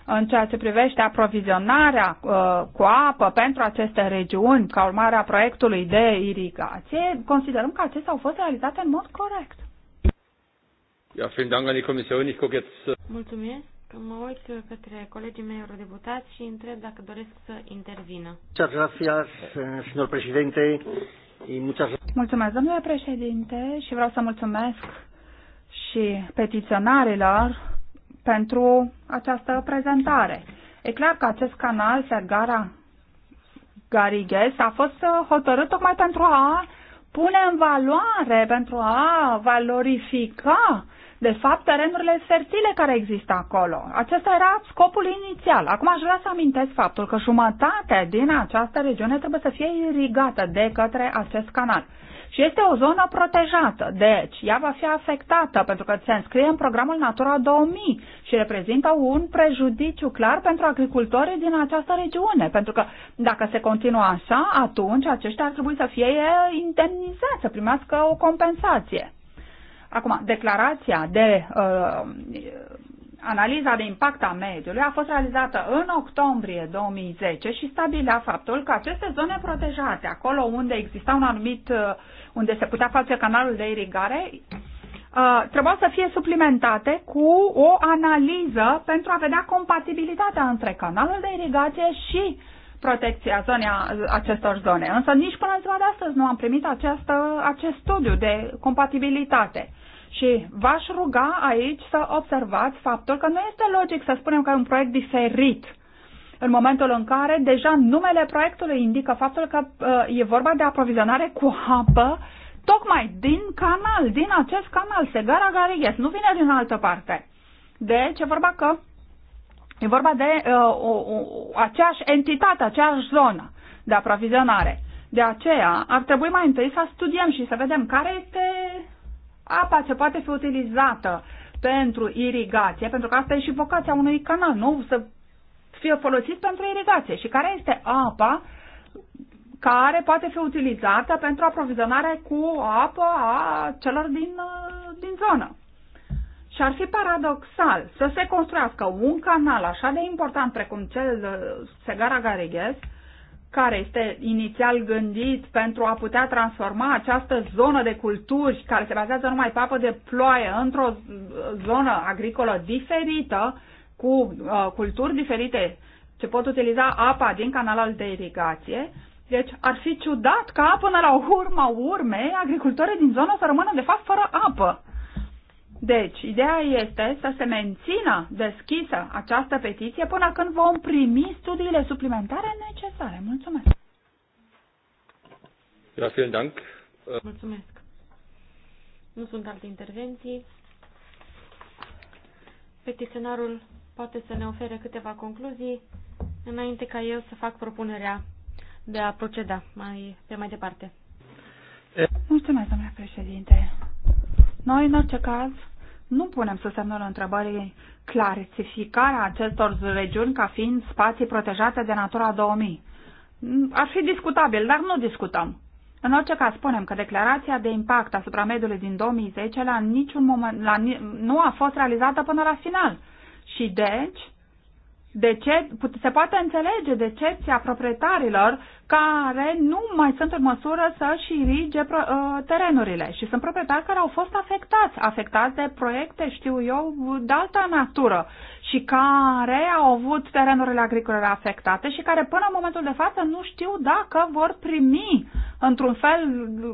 în ceea ce privește aprovizionarea uh, cu apă pentru aceste regiuni ca urmare a proiectului de irigație, considerăm că acestea au fost realizate în mod corect. Ja, vielen Dank an die Kommission. Ich gucke jetzt. Äh, mulțumesc. Mă uit către colegii mei eurodeputați și întreb dacă doresc să intervină. Eh, mulțumesc, domnule președinte, și vreau să mulțumesc și petiționarilor pentru această prezentare. E clar că acest canal, Sergara Garighes, a fost uh, hotărât tocmai pentru a pune în valoare, pentru a valorifica, de fapt, terenurile fertile care există acolo. Acesta era scopul inițial. Acum aș vrea să amintesc faptul că jumătate din această regiune trebuie să fie irigată de către acest canal și este o zonă protejată. Deci, ea va fi afectată pentru că se înscrie în programul Natura 2000 și reprezintă un prejudiciu clar pentru agricultorii din această regiune. Pentru că dacă se continuă așa, atunci aceștia ar trebui să fie indemnizați, să primească o compensație. Acum, declarația de uh, analiza de impact a mediului a fost realizată în octombrie 2010 și stabilea faptul că aceste zone protejate, acolo unde exista un anumit, uh, unde se putea face canalul de irigare, uh, trebuiau să fie suplimentate cu o analiză pentru a vedea compatibilitatea între canalul de irigație și protecția zonei, uh, acestor zone. Însă nici până în ziua de astăzi nu am primit această, acest studiu de compatibilitate. Și v-aș ruga aici să observați faptul că nu este logic să spunem că e un proiect diferit în momentul în care deja numele proiectului indică faptul că uh, e vorba de aprovizionare cu apă tocmai din canal, din acest canal, Segara Garighes, nu vine din altă parte. Deci e vorba că e vorba de uh, o, o, aceeași entitate, aceeași zonă de aprovizionare. De aceea ar trebui mai întâi să studiem și să vedem care este apa ce poate fi utilizată pentru irigație, pentru că asta e și vocația unui canal, nu? Să fie folosit pentru irigație. Și care este apa care poate fi utilizată pentru aprovizionare cu apă a celor din, uh, din zonă. Și ar fi paradoxal să se construiască un canal așa de important precum cel Segara Garighes, care este inițial gândit pentru a putea transforma această zonă de culturi care se bazează numai pe apă de ploaie într-o zonă agricolă diferită, cu uh, culturi diferite ce pot utiliza apa din canalul de irigație. Deci ar fi ciudat ca până la urma urmei agricultorii din zonă să rămână de fapt fără apă. Deci, ideea este să se mențină deschisă această petiție până când vom primi studiile suplimentare necesare. Mulțumesc! Ja, vielen Dank. Äh, Mulțumesc. Nu sunt alte intervenții. Petiționarul poate să ne ofere câteva concluzii înainte ca eu să fac propunerea de a proceda mai, pe mai departe. Mulțumesc, domnule președinte. Noi, în orice caz, nu punem sub semnul întrebării clarificarea acestor regiuni ca fiind spații protejate de Natura 2000. Ar fi discutabil, dar nu discutăm. În orice caz, spunem că declarația de impact asupra mediului din 2010 la niciun moment, la, nu a fost realizată până la final. Și deci, de ce, se poate înțelege decepția proprietarilor care nu mai sunt în măsură să-și irige uh, terenurile și sunt proprietari care au fost afectați, afectați de proiecte, știu eu, de altă natură și care au avut terenurile agricole afectate și care până în momentul de față nu știu dacă vor primi într-un fel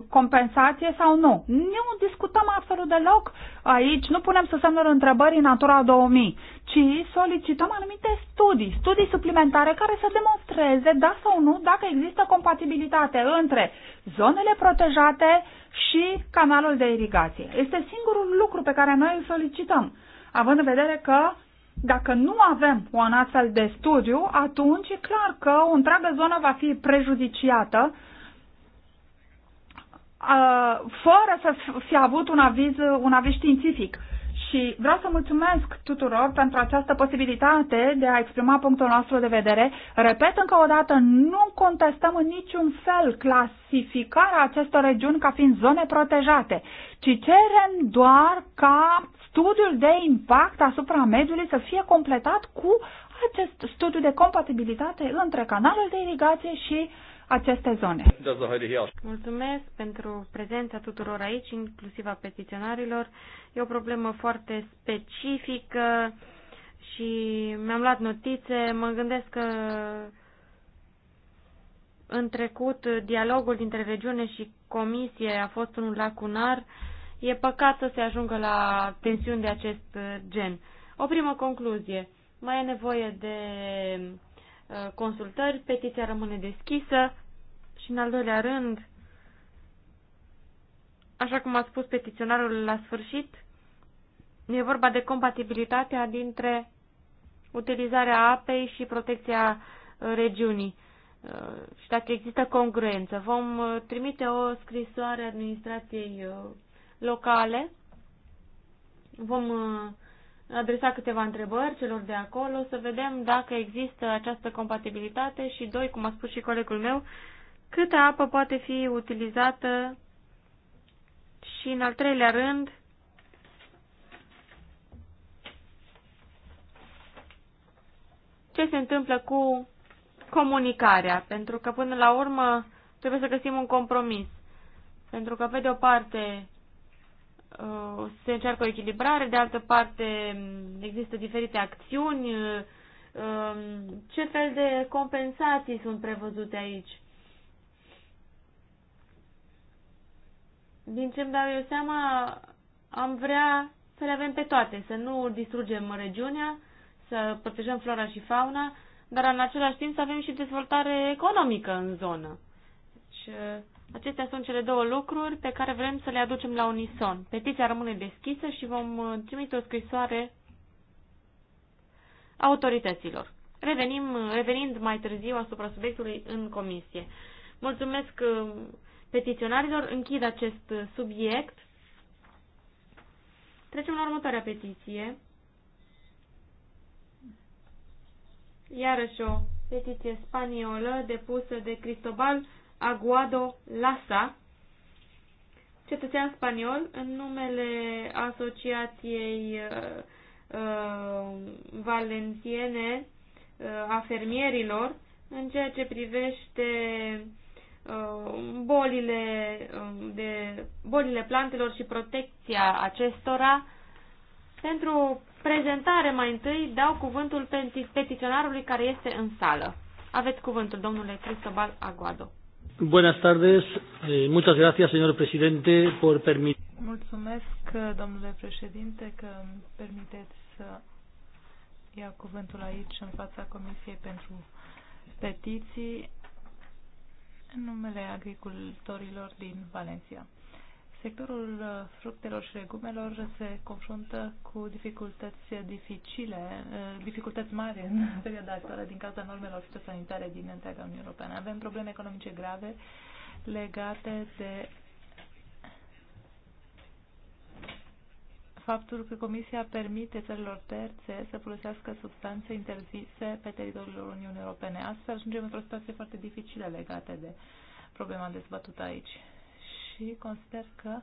compensație sau nu. Nu discutăm absolut deloc aici, nu punem să semnul întrebării Natura 2000, ci solicităm anumite studii, studii suplimentare care să demonstreze, da sau nu, dacă există compatibilitate între zonele protejate și canalul de irigație. Este singurul lucru pe care noi îl solicităm, având în vedere că dacă nu avem un astfel de studiu, atunci e clar că o întreagă zonă va fi prejudiciată uh, fără să fi avut un aviz, un aviz științific și vreau să mulțumesc tuturor pentru această posibilitate de a exprima punctul nostru de vedere. Repet încă o dată, nu contestăm în niciun fel clasificarea acestor regiuni ca fiind zone protejate, ci cerem doar ca studiul de impact asupra mediului să fie completat cu acest studiu de compatibilitate între canalul de irigație și uh, aceste zone. Mulțumesc pentru prezența tuturor aici, inclusiv a petiționarilor. E o problemă foarte specifică și mi-am luat notițe. Mă gândesc că în trecut dialogul dintre regiune și comisie a fost unul lacunar. E păcat să se ajungă la tensiuni de acest gen. O primă concluzie. Mai e nevoie de Uh, consultări, petiția rămâne deschisă și, în al doilea rând, așa cum a spus petiționarul la sfârșit, e vorba de compatibilitatea dintre utilizarea apei și protecția uh, regiunii uh, și dacă există congruență. Vom trimite o scrisoare administrației locale, vom adresa câteva întrebări celor de acolo, să vedem dacă există această compatibilitate și, doi, cum a spus și colegul meu, câtă apă poate fi utilizată și, în al treilea rând, ce se întâmplă cu comunicarea, pentru că, până la urmă, trebuie să găsim un compromis. Pentru că, pe de o parte, Uh, se încearcă o echilibrare, de altă parte există diferite acțiuni. Uh, um, ce fel de compensații sunt prevăzute aici? Din ce îmi dau eu seama, am vrea să le avem pe toate, să nu distrugem regiunea, să protejăm flora și fauna, dar în același timp să avem și dezvoltare economică în zonă. Deci, uh, Acestea sunt cele două lucruri pe care vrem să le aducem la unison. Petiția rămâne deschisă și vom uh, trimite o scrisoare autorităților. Revenim, uh, revenind mai târziu asupra subiectului în comisie. Mulțumesc uh, petiționarilor, închid acest subiect. Trecem la următoarea petiție. Iarăși o petiție spaniolă depusă de Cristobal Aguado Lasa, cetățean spaniol, în numele Asociației uh, uh, Valentiene uh, a fermierilor, în ceea ce privește uh, bolile, uh, de, bolile plantelor și protecția acestora. Pentru prezentare mai întâi dau cuvântul petiționarului care este în sală. Aveți cuvântul, domnule Cristobal Aguado. Buenas tardes. Eh, muchas gracias, señor presidente, por permitir. Mulțumesc, domnule președinte, că îmi permiteți să ia cuvântul aici în fața Comisiei pentru Petiții în numele agricultorilor din Valencia. Sectorul uh, fructelor și legumelor se confruntă cu dificultăți dificile, uh, dificultăți mari în perioada actuală din cauza normelor fitosanitare din întreaga Uniune Europeană. Avem probleme economice grave legate de faptul că Comisia permite țărilor terțe să folosească substanțe interzise pe teritoriul Uniunii Europene. Astfel ajungem într-o situație foarte dificilă legată de problema dezbătută aici și consider că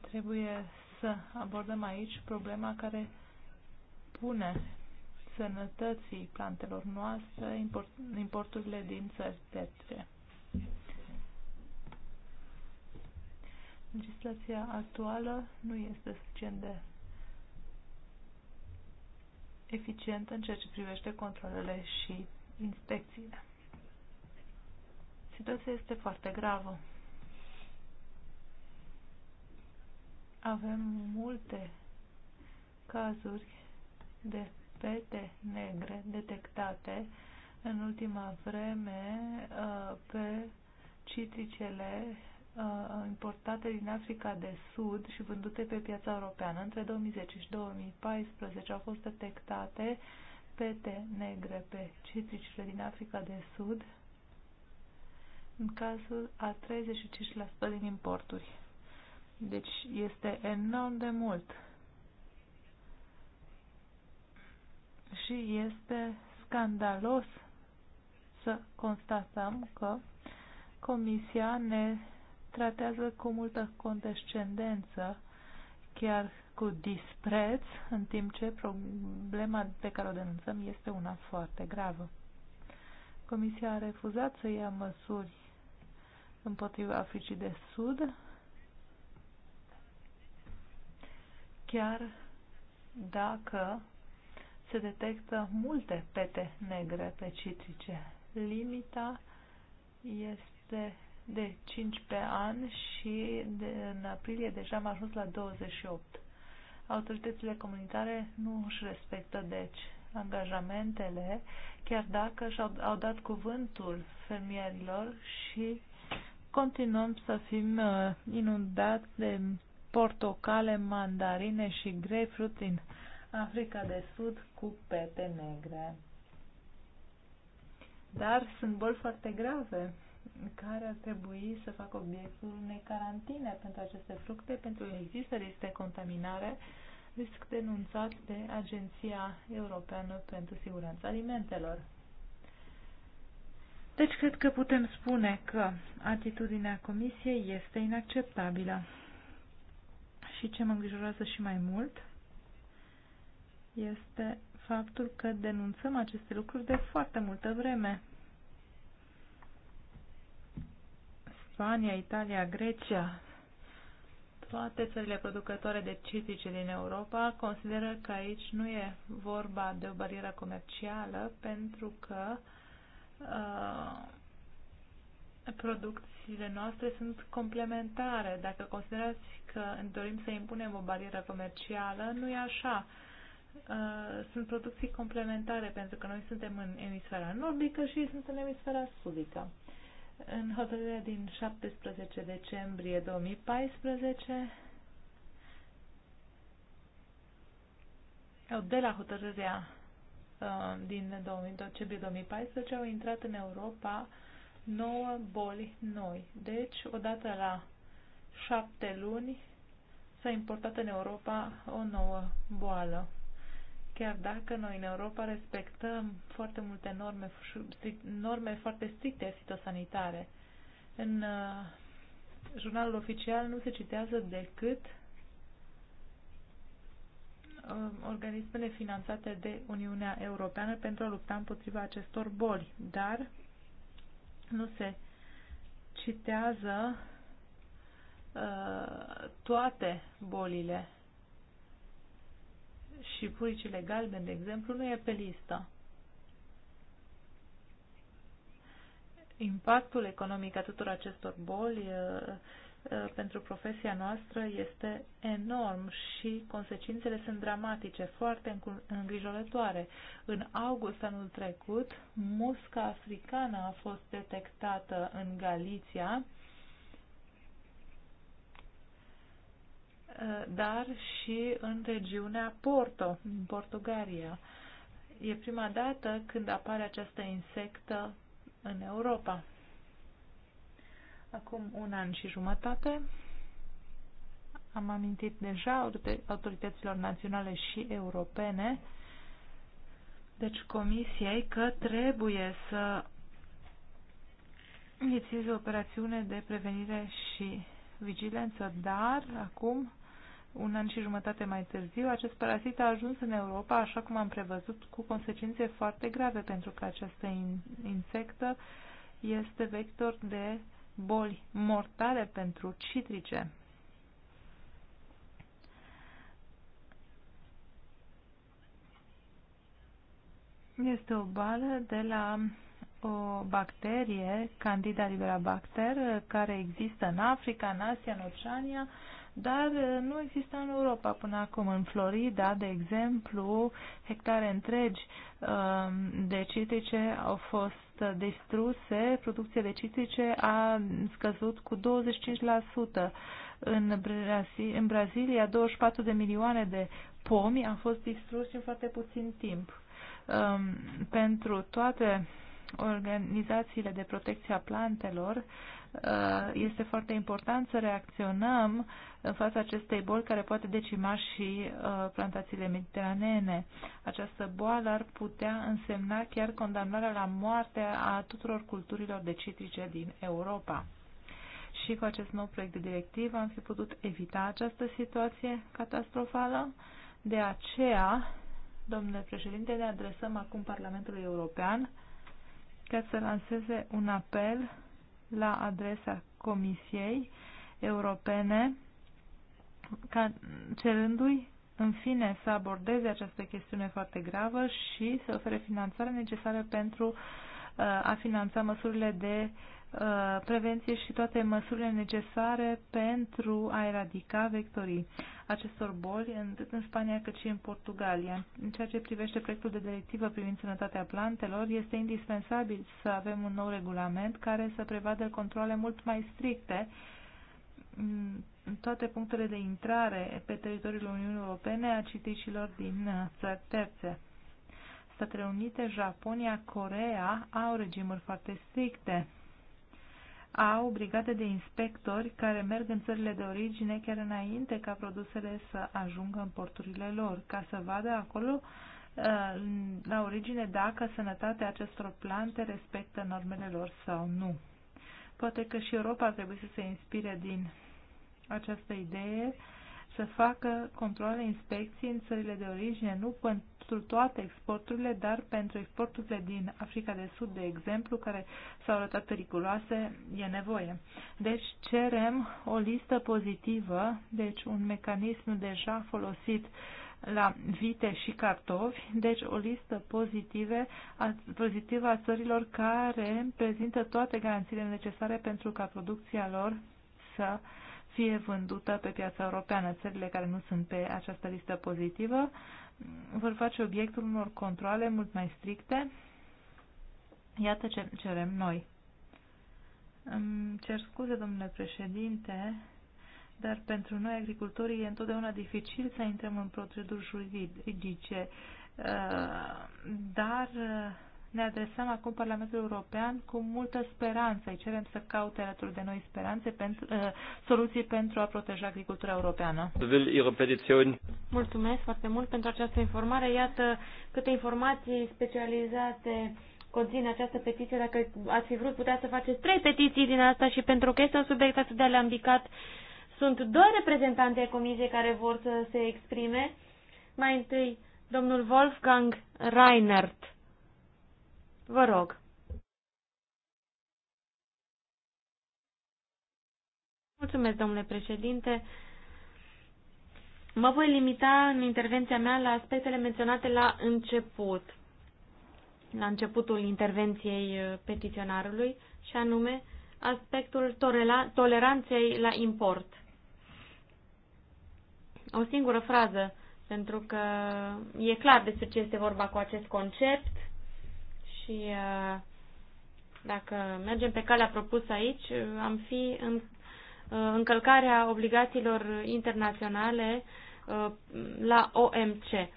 trebuie să abordăm aici problema care pune sănătății plantelor noastre import, importurile din țări terțe. Legislația actuală nu este suficient de eficientă în ceea ce privește controlele și inspecțiile. Situația este foarte gravă. Avem multe cazuri de pete negre detectate în ultima vreme uh, pe citricele uh, importate din Africa de Sud și vândute pe piața europeană. Între 2010 și 2014 au fost detectate pete negre pe citricile din Africa de Sud în cazul a 35% din importuri. Deci este enorm de mult. Și este scandalos să constatăm că Comisia ne tratează cu multă condescendență, chiar cu dispreț, în timp ce problema pe care o denunțăm este una foarte gravă. Comisia a refuzat să ia măsuri împotriva Africii de Sud, chiar dacă se detectă multe pete negre pe citrice. Limita este de 5 pe an și de, în aprilie deja am ajuns la 28. Autoritățile comunitare nu își respectă, deci, angajamentele, chiar dacă și-au au dat cuvântul fermierilor și continuăm să fim uh, inundați de portocale, mandarine și grapefruit din Africa de Sud cu pete negre. Dar sunt boli foarte grave care ar trebui să facă obiectul unei carantine pentru aceste fructe, pentru că există risc de contaminare, risc denunțat de Agenția Europeană pentru Siguranța Alimentelor. Deci cred că putem spune că atitudinea comisiei este inacceptabilă. Și ce mă îngrijorează și mai mult este faptul că denunțăm aceste lucruri de foarte multă vreme. Spania, Italia, Grecia, toate țările producătoare de citrice din Europa consideră că aici nu e vorba de o barieră comercială pentru că uh, Uh, producțiile noastre sunt complementare. Dacă considerați că dorim să impunem o barieră comercială, nu e așa. Uh, sunt producții complementare pentru că noi suntem în emisfera nordică și sunt în emisfera sudică. În hotărârea din 17 decembrie 2014, de la hotărârea Uh, din 2012 2014 au intrat în Europa 9 boli noi. Deci, odată la 7 luni s-a importat în Europa o nouă boală. Chiar dacă noi în Europa respectăm foarte multe norme, norme foarte stricte fitosanitare, în uh, jurnalul oficial nu se citează decât Uh, organismele finanțate de Uniunea Europeană pentru a lupta împotriva acestor boli, dar nu se citează uh, toate bolile și puricile galben, de exemplu, nu e pe listă. Impactul economic a tuturor acestor boli uh, Eh, pentru profesia noastră este enorm și consecințele sunt dramatice, foarte îngrijorătoare. În august anul trecut, musca africană a fost detectată în Galiția, eh, dar și în regiunea Porto, în Portugalia. E prima dată când apare această insectă în Europa. Acum un an și jumătate am amintit deja autorităților naționale și europene, deci comisiei, că trebuie să inițieze operațiune de prevenire și vigilență, dar acum, un an și jumătate mai târziu, acest parasit a ajuns în Europa, așa cum am prevăzut, cu consecințe foarte grave, pentru că această insectă este vector de boli mortale pentru citrice. Este o bală de la o bacterie, Candida liberabacter, care există în Africa, în Asia, în Oceania, dar nu există în Europa până acum. În Florida, de exemplu, hectare întregi uh, de citrice au fost distruse, producția de citrice a scăzut cu 25%. În, Brazi- în Brazilia, 24 de milioane de pomi au fost distruși în foarte puțin timp. Um, pentru toate organizațiile de protecție a plantelor, uh, este foarte important să reacționăm în fața acestei boli care poate decima și uh, plantațiile mediteraneene. Această boală ar putea însemna chiar condamnarea la moarte a tuturor culturilor de citrice din Europa. Și cu acest nou proiect de directivă am fi putut evita această situație catastrofală. De aceea, domnule președinte, ne adresăm acum Parlamentului European ca să lanseze un apel la adresa Comisiei Europene ca cerându-i în fine să abordeze această chestiune foarte gravă și să ofere finanțare necesară pentru uh, a finanța măsurile de uh, prevenție și toate măsurile necesare pentru a eradica vectorii acestor boli atât în Spania cât și în Portugalia. În ceea ce privește proiectul de directivă privind sănătatea plantelor, este indispensabil să avem un nou regulament care să prevadă controle mult mai stricte mm, toate punctele de intrare pe teritoriul Uniunii Europene a citicilor din uh, țări terțe. Statele Unite, Japonia, Corea au regimuri foarte stricte. Au brigade de inspectori care merg în țările de origine chiar înainte ca produsele să ajungă în porturile lor, ca să vadă acolo uh, la origine dacă sănătatea acestor plante respectă normele lor sau nu. Poate că și Europa ar trebui să se inspire din această idee să facă controle inspecții în țările de origine, nu pentru toate exporturile, dar pentru exporturile din Africa de Sud, de exemplu, care s-au arătat periculoase, e nevoie. Deci cerem o listă pozitivă, deci un mecanism deja folosit la vite și cartofi, deci o listă pozitive, a, pozitivă a țărilor care prezintă toate garanțiile necesare pentru ca producția lor să uh, fie vândută pe piața europeană. Țările care nu sunt pe această listă pozitivă vor face obiectul unor controle mult mai stricte. Iată ce cerem noi. Îmi cer scuze, domnule președinte, dar pentru noi, agricultorii, e întotdeauna dificil să intrăm în proceduri juridice. Uh, dar uh, ne adresăm acum Parlamentul European cu multă speranță. Îi cerem să caute alături de noi speranțe pentru, uh, soluții pentru a proteja agricultura europeană. Mulțumesc foarte mult pentru această informare. Iată câte informații specializate conține această petiție. Dacă ați fi vrut, putea să faceți trei petiții din asta și pentru că este un subiect atât de alambicat, sunt doi reprezentanți ai comisiei care vor să se exprime. Mai întâi, domnul Wolfgang Reinert Vă rog. Mulțumesc, domnule președinte. Mă voi limita în intervenția mea la aspectele menționate la început, la începutul intervenției uh, petiționarului, și anume aspectul toleranței la import. O singură frază, pentru că e clar despre ce este vorba cu acest concept și uh, dacă mergem pe calea propusă aici, am fi în uh, încălcarea obligațiilor internaționale uh, la OMC,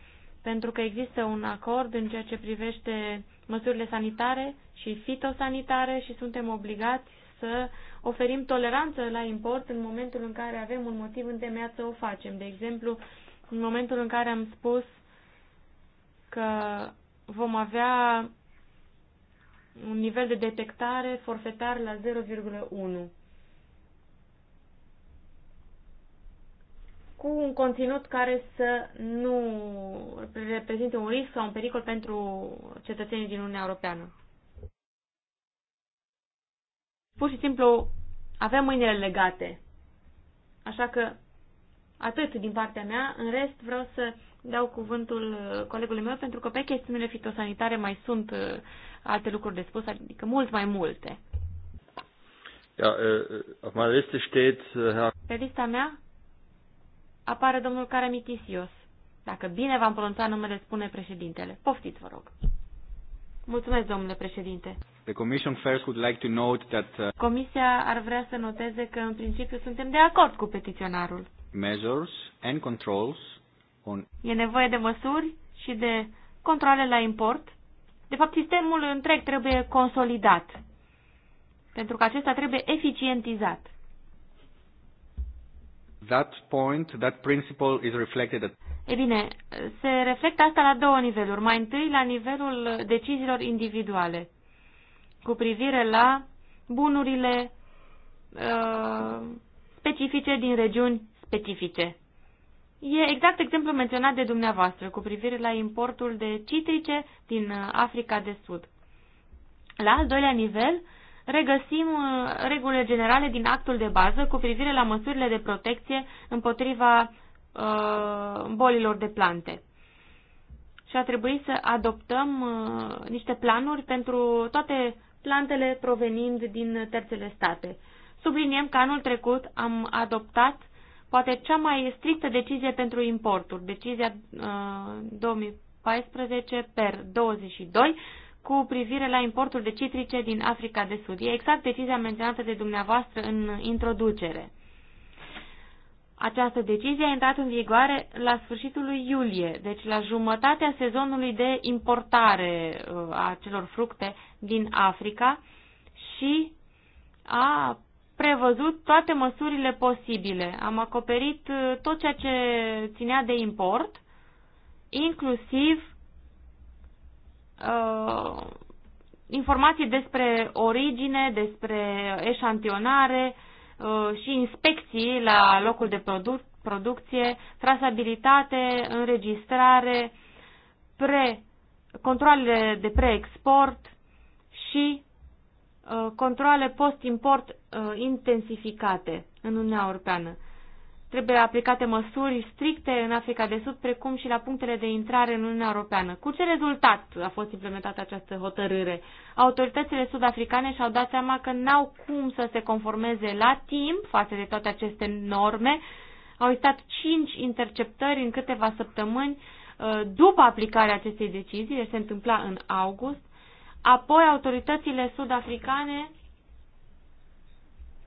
pentru că există un acord în ceea ce privește măsurile sanitare și fitosanitare și suntem obligați să oferim toleranță la import în momentul în care avem un motiv întemeiat să o facem. De exemplu, în momentul în care am spus că vom avea un nivel de detectare forfetar la 0,1. cu un conținut care să nu reprezinte un risc sau un pericol pentru cetățenii din Uniunea Europeană. Pur și simplu avem mâinile legate. Așa că atât din partea mea, în rest vreau să dau cuvântul colegului meu pentru că pe chestiunile fitosanitare mai sunt alte lucruri de spus, adică mult mai multe. Ja, äh, äh, auf meiner Liste steht, äh, Herr... Pe lista mea apare domnul Karamitisios. Dacă bine v-am pronunțat numele, spune președintele. Poftiți, vă rog. Mulțumesc, domnule președinte. The commission first would like to note that, uh, Comisia ar vrea să noteze că în principiu suntem de acord cu petiționarul. Measures and controls on... E nevoie de măsuri și de controle la import de fapt, sistemul întreg trebuie consolidat, pentru că acesta trebuie eficientizat. That point, that principle is reflected at... E bine, se reflectă asta la două niveluri. Mai întâi, la nivelul deciziilor individuale, cu privire la bunurile uh, specifice din regiuni specifice. E exact exemplul menționat de dumneavoastră cu privire la importul de citrice din uh, Africa de Sud. La al doilea nivel, regăsim uh, regulile generale din actul de bază cu privire la măsurile de protecție împotriva uh, bolilor de plante. Și a trebuit să adoptăm uh, niște planuri pentru toate plantele provenind din terțele state. Subliniem că anul trecut am adoptat poate cea mai strictă decizie pentru importuri, decizia uh, 2014 per 22 cu privire la importul de citrice din Africa de Sud. E exact decizia menționată de dumneavoastră în introducere. Această decizie a intrat în vigoare la sfârșitul lui iulie, deci la jumătatea sezonului de importare uh, a celor fructe din Africa și a prevăzut toate măsurile posibile. Am acoperit uh, tot ceea ce ținea de import, inclusiv uh, informații despre origine, despre eșantionare uh, și inspecții la locul de produc producție, trasabilitate, înregistrare, pre, controlele de pre-export și Uh, controle post-import uh, intensificate în Uniunea Europeană. Trebuie aplicate măsuri stricte în Africa de Sud, precum și la punctele de intrare în Uniunea Europeană. Cu ce rezultat a fost implementată această hotărâre? Autoritățile sud-africane și-au dat seama că n-au cum să se conformeze la timp față de toate aceste norme. Au existat cinci interceptări în câteva săptămâni uh, după aplicarea acestei decizii, se întâmpla în august, Apoi autoritățile sud-africane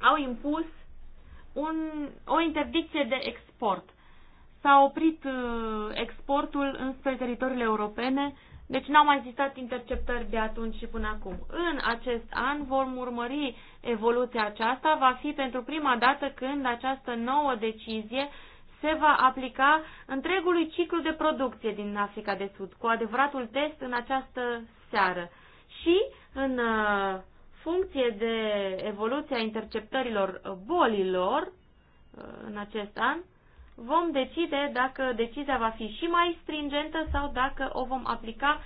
au impus un, o interdicție de export. S-a oprit uh, exportul înspre teritoriile europene, deci n-au mai existat interceptări de atunci și până acum. În acest an vom urmări evoluția aceasta, va fi pentru prima dată când această nouă decizie se va aplica întregului ciclu de producție din Africa de Sud, cu adevăratul test în această seară și în uh, funcție de evoluția interceptărilor uh, bolilor uh, în acest an, vom decide dacă decizia va fi și mai stringentă sau dacă o vom aplica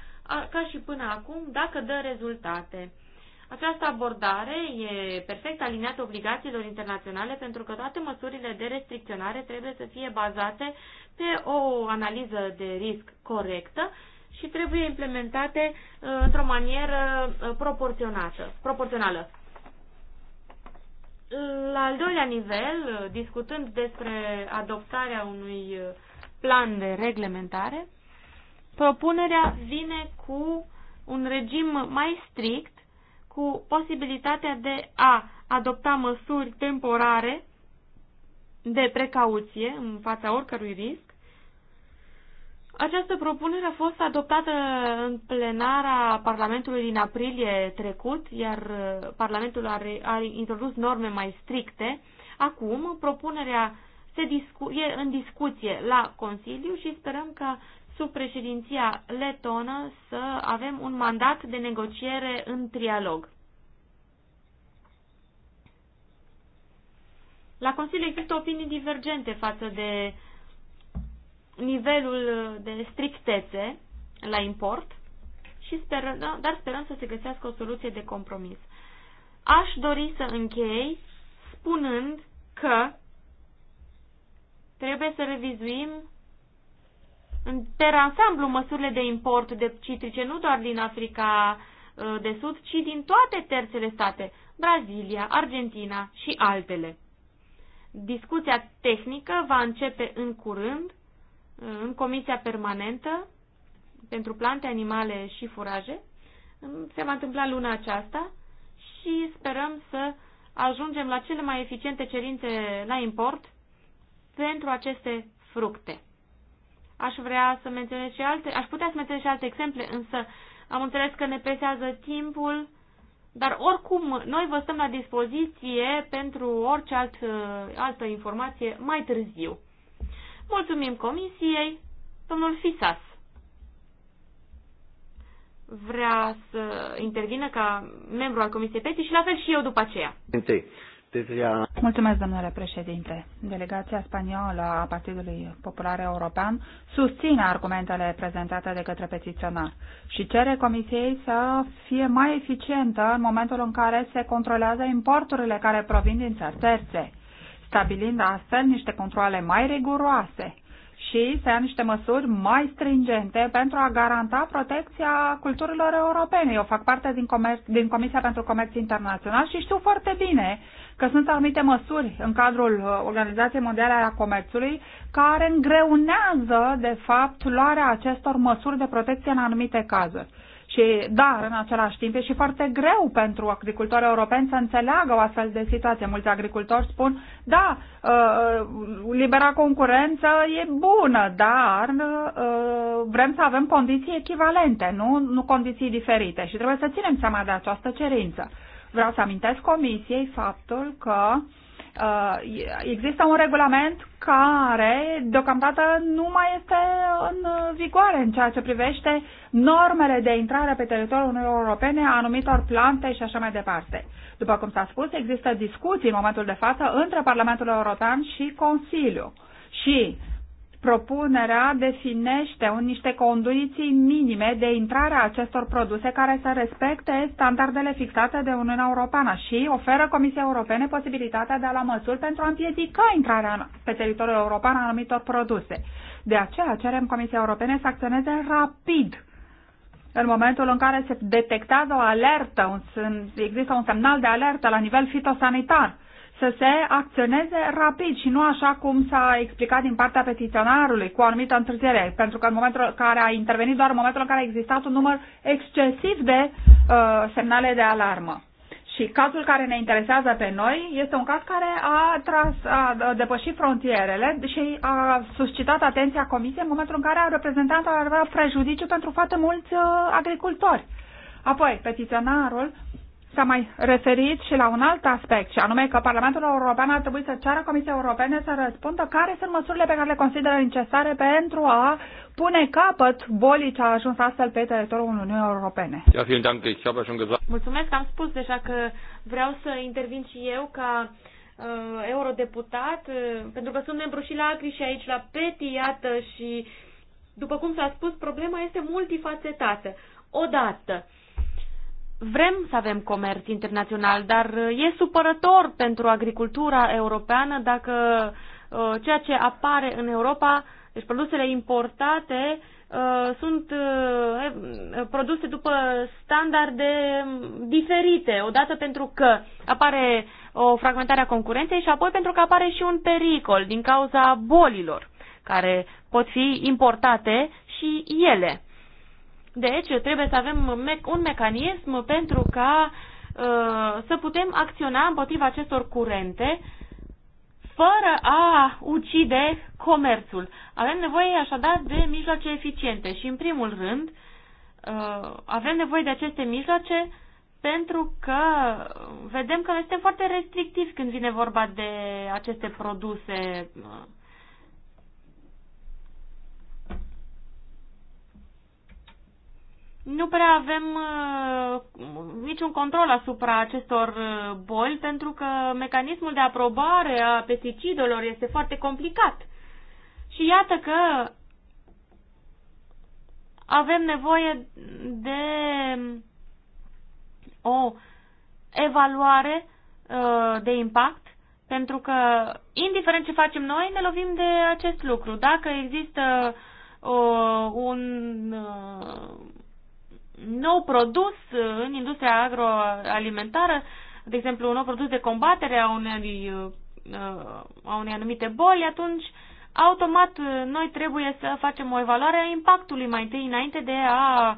ca și până acum, dacă dă rezultate. Această abordare e perfect aliniată obligațiilor internaționale pentru că toate măsurile de restricționare trebuie să fie bazate pe o analiză de risc corectă și trebuie implementate uh, într-o manieră uh, proporționată, proporțională. La al doilea nivel, uh, discutând despre adoptarea unui plan de reglementare, propunerea vine cu un regim mai strict, cu posibilitatea de a adopta măsuri temporare de precauție în fața oricărui risc, această propunere a fost adoptată în plenara Parlamentului din aprilie trecut, iar uh, Parlamentul re, a introdus norme mai stricte. Acum, propunerea se discu- e în discuție la Consiliu și sperăm că sub președinția letonă să avem un mandat de negociere în trialog. La Consiliu există opinii divergente față de uh, nivelul de strictețe la import, și sper, da, dar sperăm să se găsească o soluție de compromis. Aș dori să închei spunând că trebuie să revizuim per ansamblu măsurile de import de citrice, nu doar din Africa ă, de Sud, ci din toate terțele state, Brazilia, Argentina și altele. Discuția tehnică va începe în curând în comisia permanentă pentru plante, animale și furaje. Se va întâmpla luna aceasta și sperăm să ajungem la cele mai eficiente cerințe la import pentru aceste fructe. Aș vrea să menționez și alte, aș putea să menționez și alte exemple, însă am înțeles că ne presează timpul, dar oricum noi vă stăm la dispoziție pentru orice alt, altă informație mai târziu. Mulțumim comisiei. Domnul Fisas vrea să intervină ca membru al Comisiei Peti și la fel și eu după aceea. Mulțumesc, domnule președinte. Delegația spaniolă a Partidului Popular European susține argumentele prezentate de către petiționar și cere Comisiei să fie mai eficientă în momentul în care se controlează importurile care provin din țări terțe stabilind astfel niște controle mai riguroase și să ia niște măsuri mai stringente pentru a garanta protecția culturilor europene. Eu fac parte din, comerț, din Comisia pentru Comerț Internațional și știu foarte bine că sunt anumite măsuri în cadrul uh, Organizației Mondiale a Comerțului care îngreunează, de fapt, luarea acestor măsuri de protecție în anumite cazuri. Și, dar, în același timp, e și foarte greu pentru agricultori europeni să înțeleagă o astfel de situație. Mulți agricultori spun, da, uh, uh, libera concurență e bună, dar uh, vrem să avem condiții echivalente, nu, nu condiții diferite. Și trebuie să ținem seama de această cerință. Vreau să amintesc Comisiei faptul că uh, Uh, există un regulament care deocamdată nu mai este în vigoare în ceea ce privește normele de intrare pe teritoriul Uniunii Europene a anumitor plante și așa mai departe. După cum s-a spus, există discuții în momentul de față între Parlamentul European și Consiliu. Și propunerea definește niște condiții minime de intrare a acestor produse care să respecte standardele fixate de Uniunea Europeană și oferă Comisiei Europene posibilitatea de a lua măsuri pentru a împiedica intrarea pe teritoriul european a anumitor produse. De aceea cerem Comisiei Europene să acționeze rapid în momentul în care se detectează o alertă, un, există un semnal de alertă la nivel fitosanitar să se acționeze rapid și nu așa cum s-a explicat din partea petiționarului cu o anumită întârziere, pentru că în momentul în care a intervenit doar în momentul în care a existat un număr excesiv de uh, semnale de alarmă. Și cazul care ne interesează pe noi este un caz care a, tras, a depășit frontierele și a suscitat atenția Comisiei în momentul în care a reprezentat avea prejudiciu pentru foarte mulți uh, agricultori. Apoi, petiționarul s-a mai referit și la un alt aspect, și anume că Parlamentul European ar trebui să ceară Comisiei Europene să răspundă care sunt măsurile pe care le consideră necesare pentru a pune capăt bolii ce a ajuns astfel pe teritoriul Uniunii Europene. Mulțumesc, am spus deja că vreau să intervin și eu ca uh, eurodeputat, uh, pentru că sunt membru și la Acri și aici la PETI, iată, și după cum s-a spus, problema este multifacetată. Odată, Vrem să avem comerț internațional, dar e supărător pentru agricultura europeană dacă uh, ceea ce apare în Europa, deci produsele importate, uh, sunt uh, produse după standarde diferite. Odată pentru că apare o fragmentare a concurenței și apoi pentru că apare și un pericol din cauza bolilor care pot fi importate și ele. Deci, trebuie să avem un mecanism pentru ca ă, să putem acționa împotriva acestor curente fără a ucide comerțul. Avem nevoie așadar de mijloace eficiente și, în primul rând, ă, avem nevoie de aceste mijloace pentru că vedem că este foarte restrictiv când vine vorba de aceste produse ă, nu prea avem uh, niciun control asupra acestor uh, boli, pentru că mecanismul de aprobare a pesticidelor este foarte complicat. Și iată că avem nevoie de o evaluare uh, de impact, pentru că, indiferent ce facem noi, ne lovim de acest lucru. Dacă există uh, un. Uh, nou produs uh, în industria agroalimentară, de exemplu, un nou produs de combatere a unei, uh, a unei anumite boli, atunci automat uh, noi trebuie să facem o evaluare a impactului mai întâi înainte de a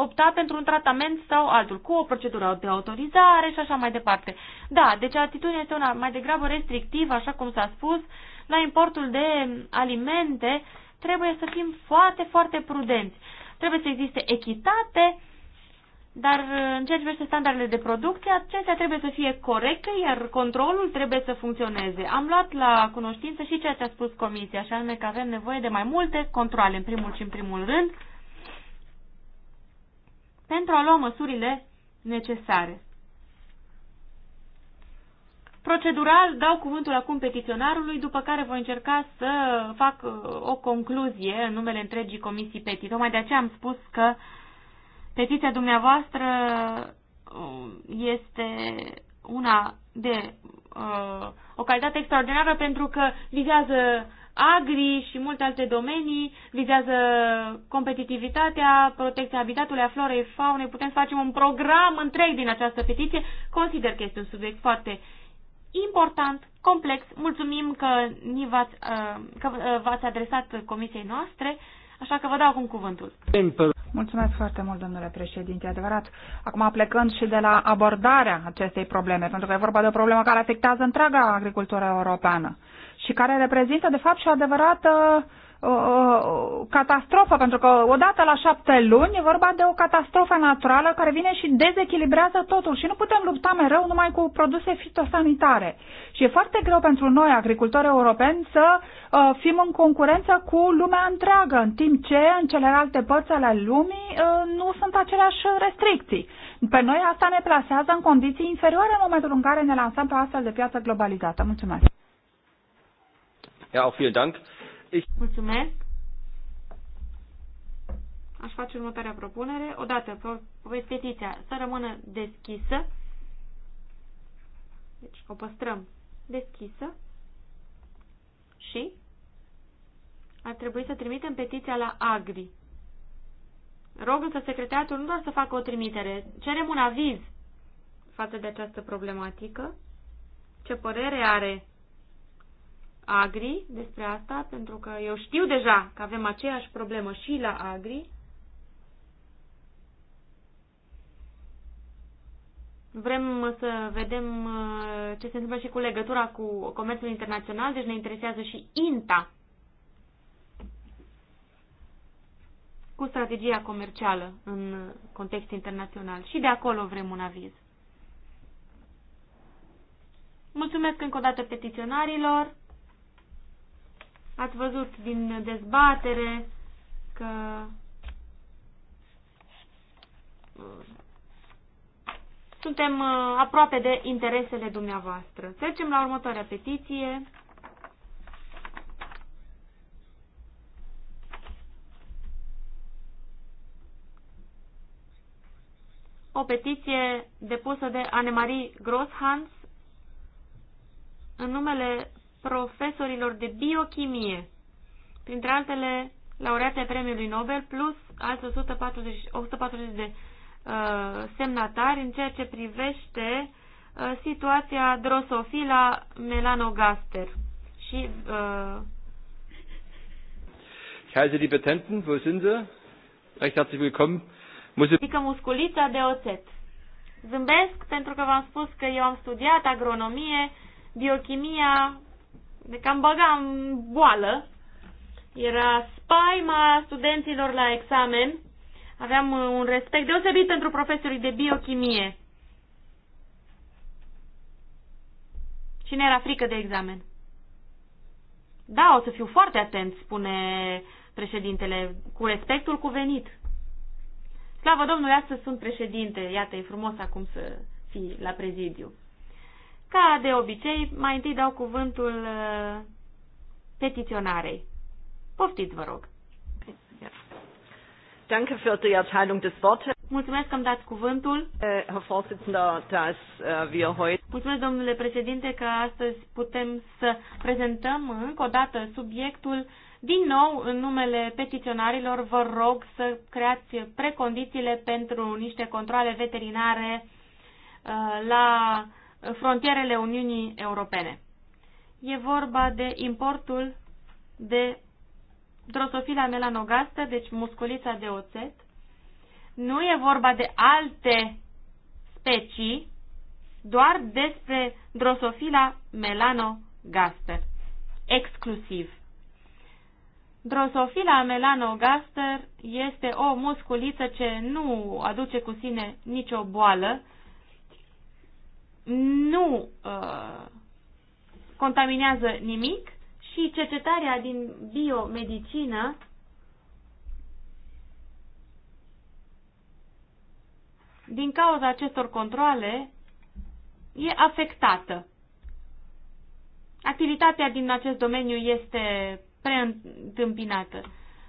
opta pentru un tratament sau altul, cu o procedură de autorizare și așa mai departe. Da, deci atitudinea este una mai degrabă restrictivă, așa cum s-a spus, la importul de alimente trebuie să fim foarte, foarte prudenți trebuie să existe echitate, dar uh, în ceea ce privește standardele de producție, acestea trebuie să fie corecte, iar controlul trebuie să funcționeze. Am luat la cunoștință și ceea ce a spus Comisia, așa anume că avem nevoie de mai multe controle, în primul și în primul rând, pentru a lua măsurile necesare. Procedural dau cuvântul acum petiționarului, după care voi încerca să fac uh, o concluzie în numele întregii comisii petii. Tocmai de aceea am spus că petiția dumneavoastră uh, este una de uh, o calitate extraordinară pentru că vizează agri și multe alte domenii, vizează competitivitatea, protecția habitatului, a florei, faunei, putem să facem un program întreg din această petiție. Consider că este un subiect foarte important, complex. Mulțumim că, v-ați, uh, că uh, adresat comisiei noastre, așa că vă dau acum cuvântul. Mulțumesc foarte mult, domnule președinte, adevărat. Acum plecând și de la abordarea acestei probleme, pentru că e vorba de o problemă care afectează întreaga agricultură europeană și care reprezintă, de fapt, și o adevărată uh, o catastrofă, pentru că odată la șapte luni e vorba de o catastrofă naturală care vine și dezechilibrează totul și nu putem lupta mereu numai cu produse fitosanitare. Și e foarte greu pentru noi, agricultori europeni, să uh, fim în concurență cu lumea întreagă, în timp ce în celelalte părți ale lumii uh, nu sunt aceleași restricții. Pe noi asta ne plasează în condiții inferioare în momentul în care ne lansăm pe astfel de piață globalizată. Mulțumesc! Ja, auch vielen Dank. Ich... Mulțumesc. Aș face următoarea propunere. Odată, petiția să rămână deschisă. Deci o păstrăm deschisă. Și ar trebui să trimitem petiția la Agri. Rog însă secretariatul nu doar să facă o trimitere, cerem un aviz față de această problematică. Ce părere are Agri despre asta, pentru că eu știu deja că avem aceeași problemă și la Agri. Vrem să vedem uh, ce se întâmplă și cu legătura cu comerțul internațional, deci ne interesează și INTA cu strategia comercială în context internațional. Și de acolo vrem un aviz. Mulțumesc încă o dată petiționarilor. Ați văzut din dezbatere că uh, suntem uh, aproape de interesele dumneavoastră. Trecem la următoarea petiție. O petiție depusă de Anemarie Grosshans în numele profesorilor de biochimie, printre altele laureate premiului Nobel, plus alți 140, 140 de uh, semnatari în ceea ce privește uh, situația drosofila melanogaster. Și uh, Kaiser, die Petenten, wo sind sie? Recht herzlich willkommen. Muzică musculița de oțet. Zâmbesc pentru că v-am spus că eu am studiat agronomie, biochimia ne cam băga în boală. Era spaima studenților la examen. Aveam uh, un respect deosebit pentru profesorii de biochimie. Și ne era frică de examen. Da, o să fiu foarte atent, spune președintele, cu respectul cuvenit. Slavă Domnului, astăzi sunt președinte. Iată, e frumos acum să fii la prezidiu. Ca de obicei, mai întâi dau cuvântul uh, petiționarei. Poftiți, vă rog. Danke für die Erteilung des Wortes. Mulțumesc că îmi dați cuvântul. Äh, äh, Mulțumesc, domnule președinte, că astăzi putem să prezentăm încă o dată subiectul. Din nou, în numele petiționarilor, vă rog să creați precondițiile pentru niște controle veterinare uh, la frontierele Uniunii Europene. E vorba de importul de drosofila melanogastă, deci musculița de oțet. Nu e vorba de alte specii, doar despre drosofila melanogaster, exclusiv. Drosofila melanogaster este o musculiță ce nu aduce cu sine nicio boală, nu uh, contaminează nimic și cercetarea din biomedicină din cauza acestor controle e afectată. Activitatea din acest domeniu este preîntâmpinată.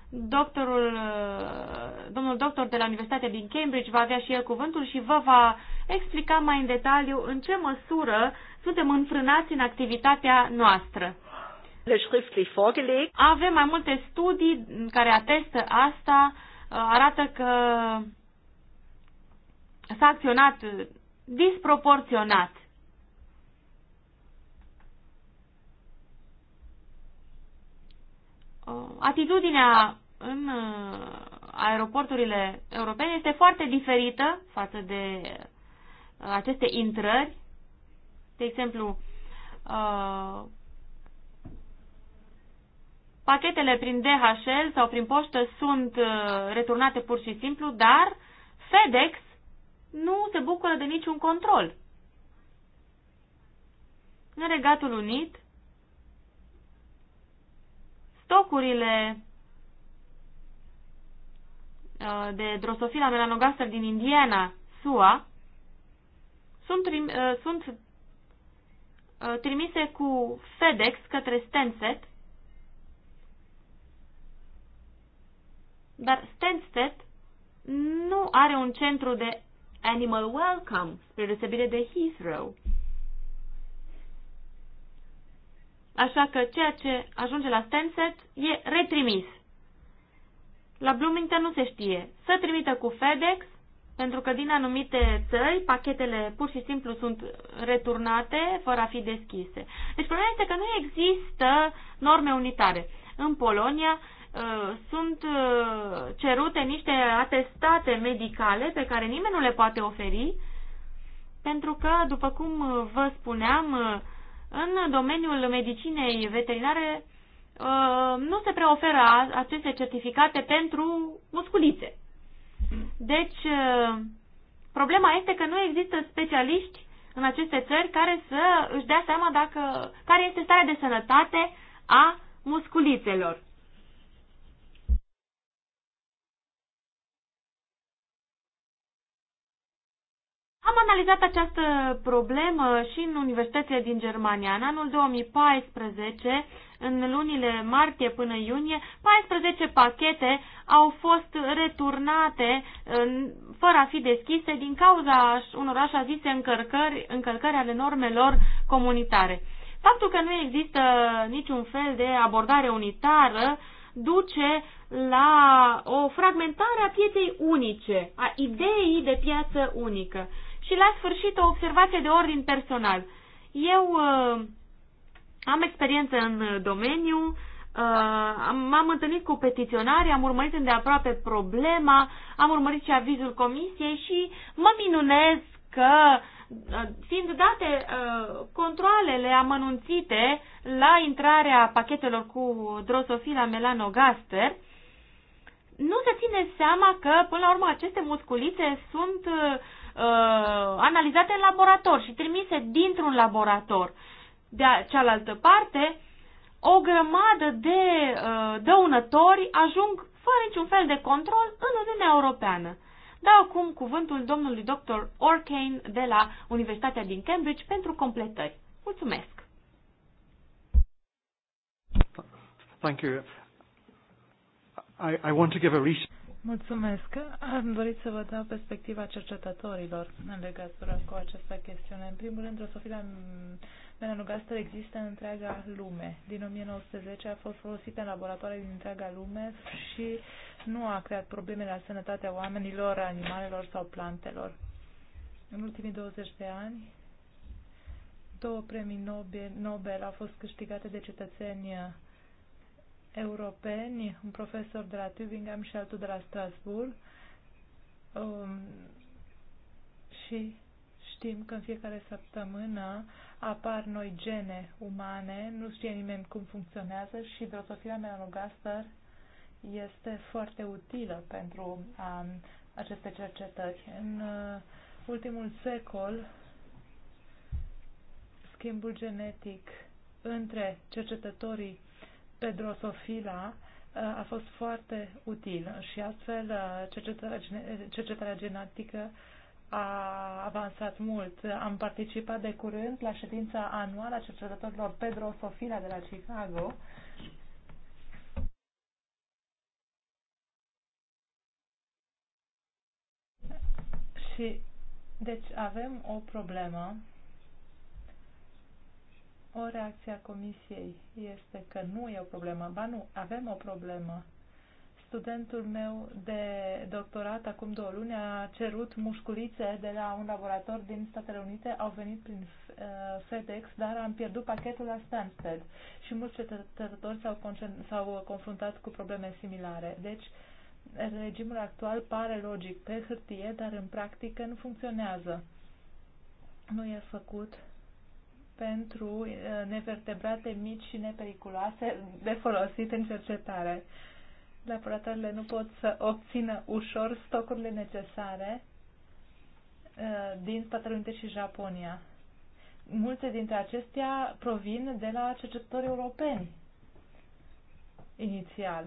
Doctorul, uh, domnul doctor de la Universitatea din Cambridge va avea și el cuvântul și vă va explica mai în detaliu în ce măsură suntem înfrânați în activitatea noastră. Avem mai multe studii care atestă asta, uh, arată că s-a acționat disproporționat uh, atitudinea în uh, aeroporturile europene este foarte diferită față de aceste intrări, de exemplu, uh, pachetele prin DHL sau prin poștă sunt uh, returnate pur și simplu, dar FedEx nu se bucură de niciun control. În Regatul Unit, stocurile uh, de drosofila melanogaster din Indiana, SUA, sunt, trim, uh, sunt uh, trimise cu FedEx către Stenset, dar Stenset nu are un centru de animal welcome, spre deosebire de Heathrow. Așa că ceea ce ajunge la Stenset, e retrimis. La Bloomington nu se știe. Să trimită cu FedEx pentru că din anumite țări pachetele pur și simplu sunt returnate fără a fi deschise. Deci problema este că nu există norme unitare. În Polonia uh, sunt uh, cerute niște atestate medicale pe care nimeni nu le poate oferi, pentru că, după cum vă spuneam, uh, în domeniul medicinei veterinare nu se preoferă aceste certificate pentru musculițe. Deci, ă, problema este că nu există specialiști în aceste țări care să își dea seama dacă, care este starea de sănătate a musculițelor. Am analizat această problemă și în universitățile din Germania. În anul 2014, în lunile martie până iunie, 14 pachete au fost returnate fără a fi deschise din cauza unor așa zise încărcări, încălcări ale normelor comunitare. Faptul că nu există niciun fel de abordare unitară duce la o fragmentare a pieței unice, a ideii de piață unică. Și la sfârșit o observație de ordin personal. Eu uh, am experiență în domeniu, uh, m-am întâlnit cu petiționari, am urmărit îndeaproape problema, am urmărit și avizul comisiei și mă minunez că uh, fiind date uh, controlele amănunțite la intrarea pachetelor cu drosofila melanogaster, nu se ține seama că, până la urmă, aceste musculițe sunt uh, Uh, analizate în laborator și trimise dintr-un laborator. De cealaltă parte, o grămadă de uh, dăunători ajung fără niciun fel de control în Uniunea Europeană. Dau acum cuvântul domnului dr. Orkane de la Universitatea din Cambridge pentru completări. Mulțumesc! Thank you. I, I want to give a reason. Mulțumesc. Am dorit să vă dau perspectiva cercetătorilor în legătură cu această chestiune. În primul rând, drosofila melanogaster există în întreaga lume. Din 1910 a fost folosită în laboratoare din întreaga lume și nu a creat probleme la sănătatea oamenilor, animalelor sau plantelor. În ultimii 20 de ani, două premii Nobel, Nobel au fost câștigate de cetățenii europeni, un profesor de la Tübingen și altul de la Strasbourg. Um, și știm că în fiecare săptămână apar noi gene umane, nu știe nimeni cum funcționează și drosofila melanogaster este foarte utilă pentru a, um, aceste cercetări. În uh, ultimul secol, schimbul genetic între cercetătorii Pedrosofila uh, a fost foarte util și astfel uh, cercetarea, cercetarea genetică a avansat mult. Am participat de curând la ședința anuală a cercetătorilor Pedro Sofila de la Chicago și deci avem o problemă o reacție a comisiei este că nu e o problemă. Ba nu, avem o problemă. Studentul meu de doctorat acum două luni a cerut mușculițe de la un laborator din Statele Unite, au venit prin uh, FedEx, dar am pierdut pachetul la Stansted și mulți cercetători s-au confruntat cu probleme similare. Deci, regimul actual pare logic pe hârtie, dar în practică nu funcționează. Nu e făcut pentru nevertebrate mici și nepericuloase de folosit în cercetare. Laboratoarele nu pot să obțină ușor stocurile necesare din Statele Unite și Japonia. Multe dintre acestea provin de la cercetători europeni inițial.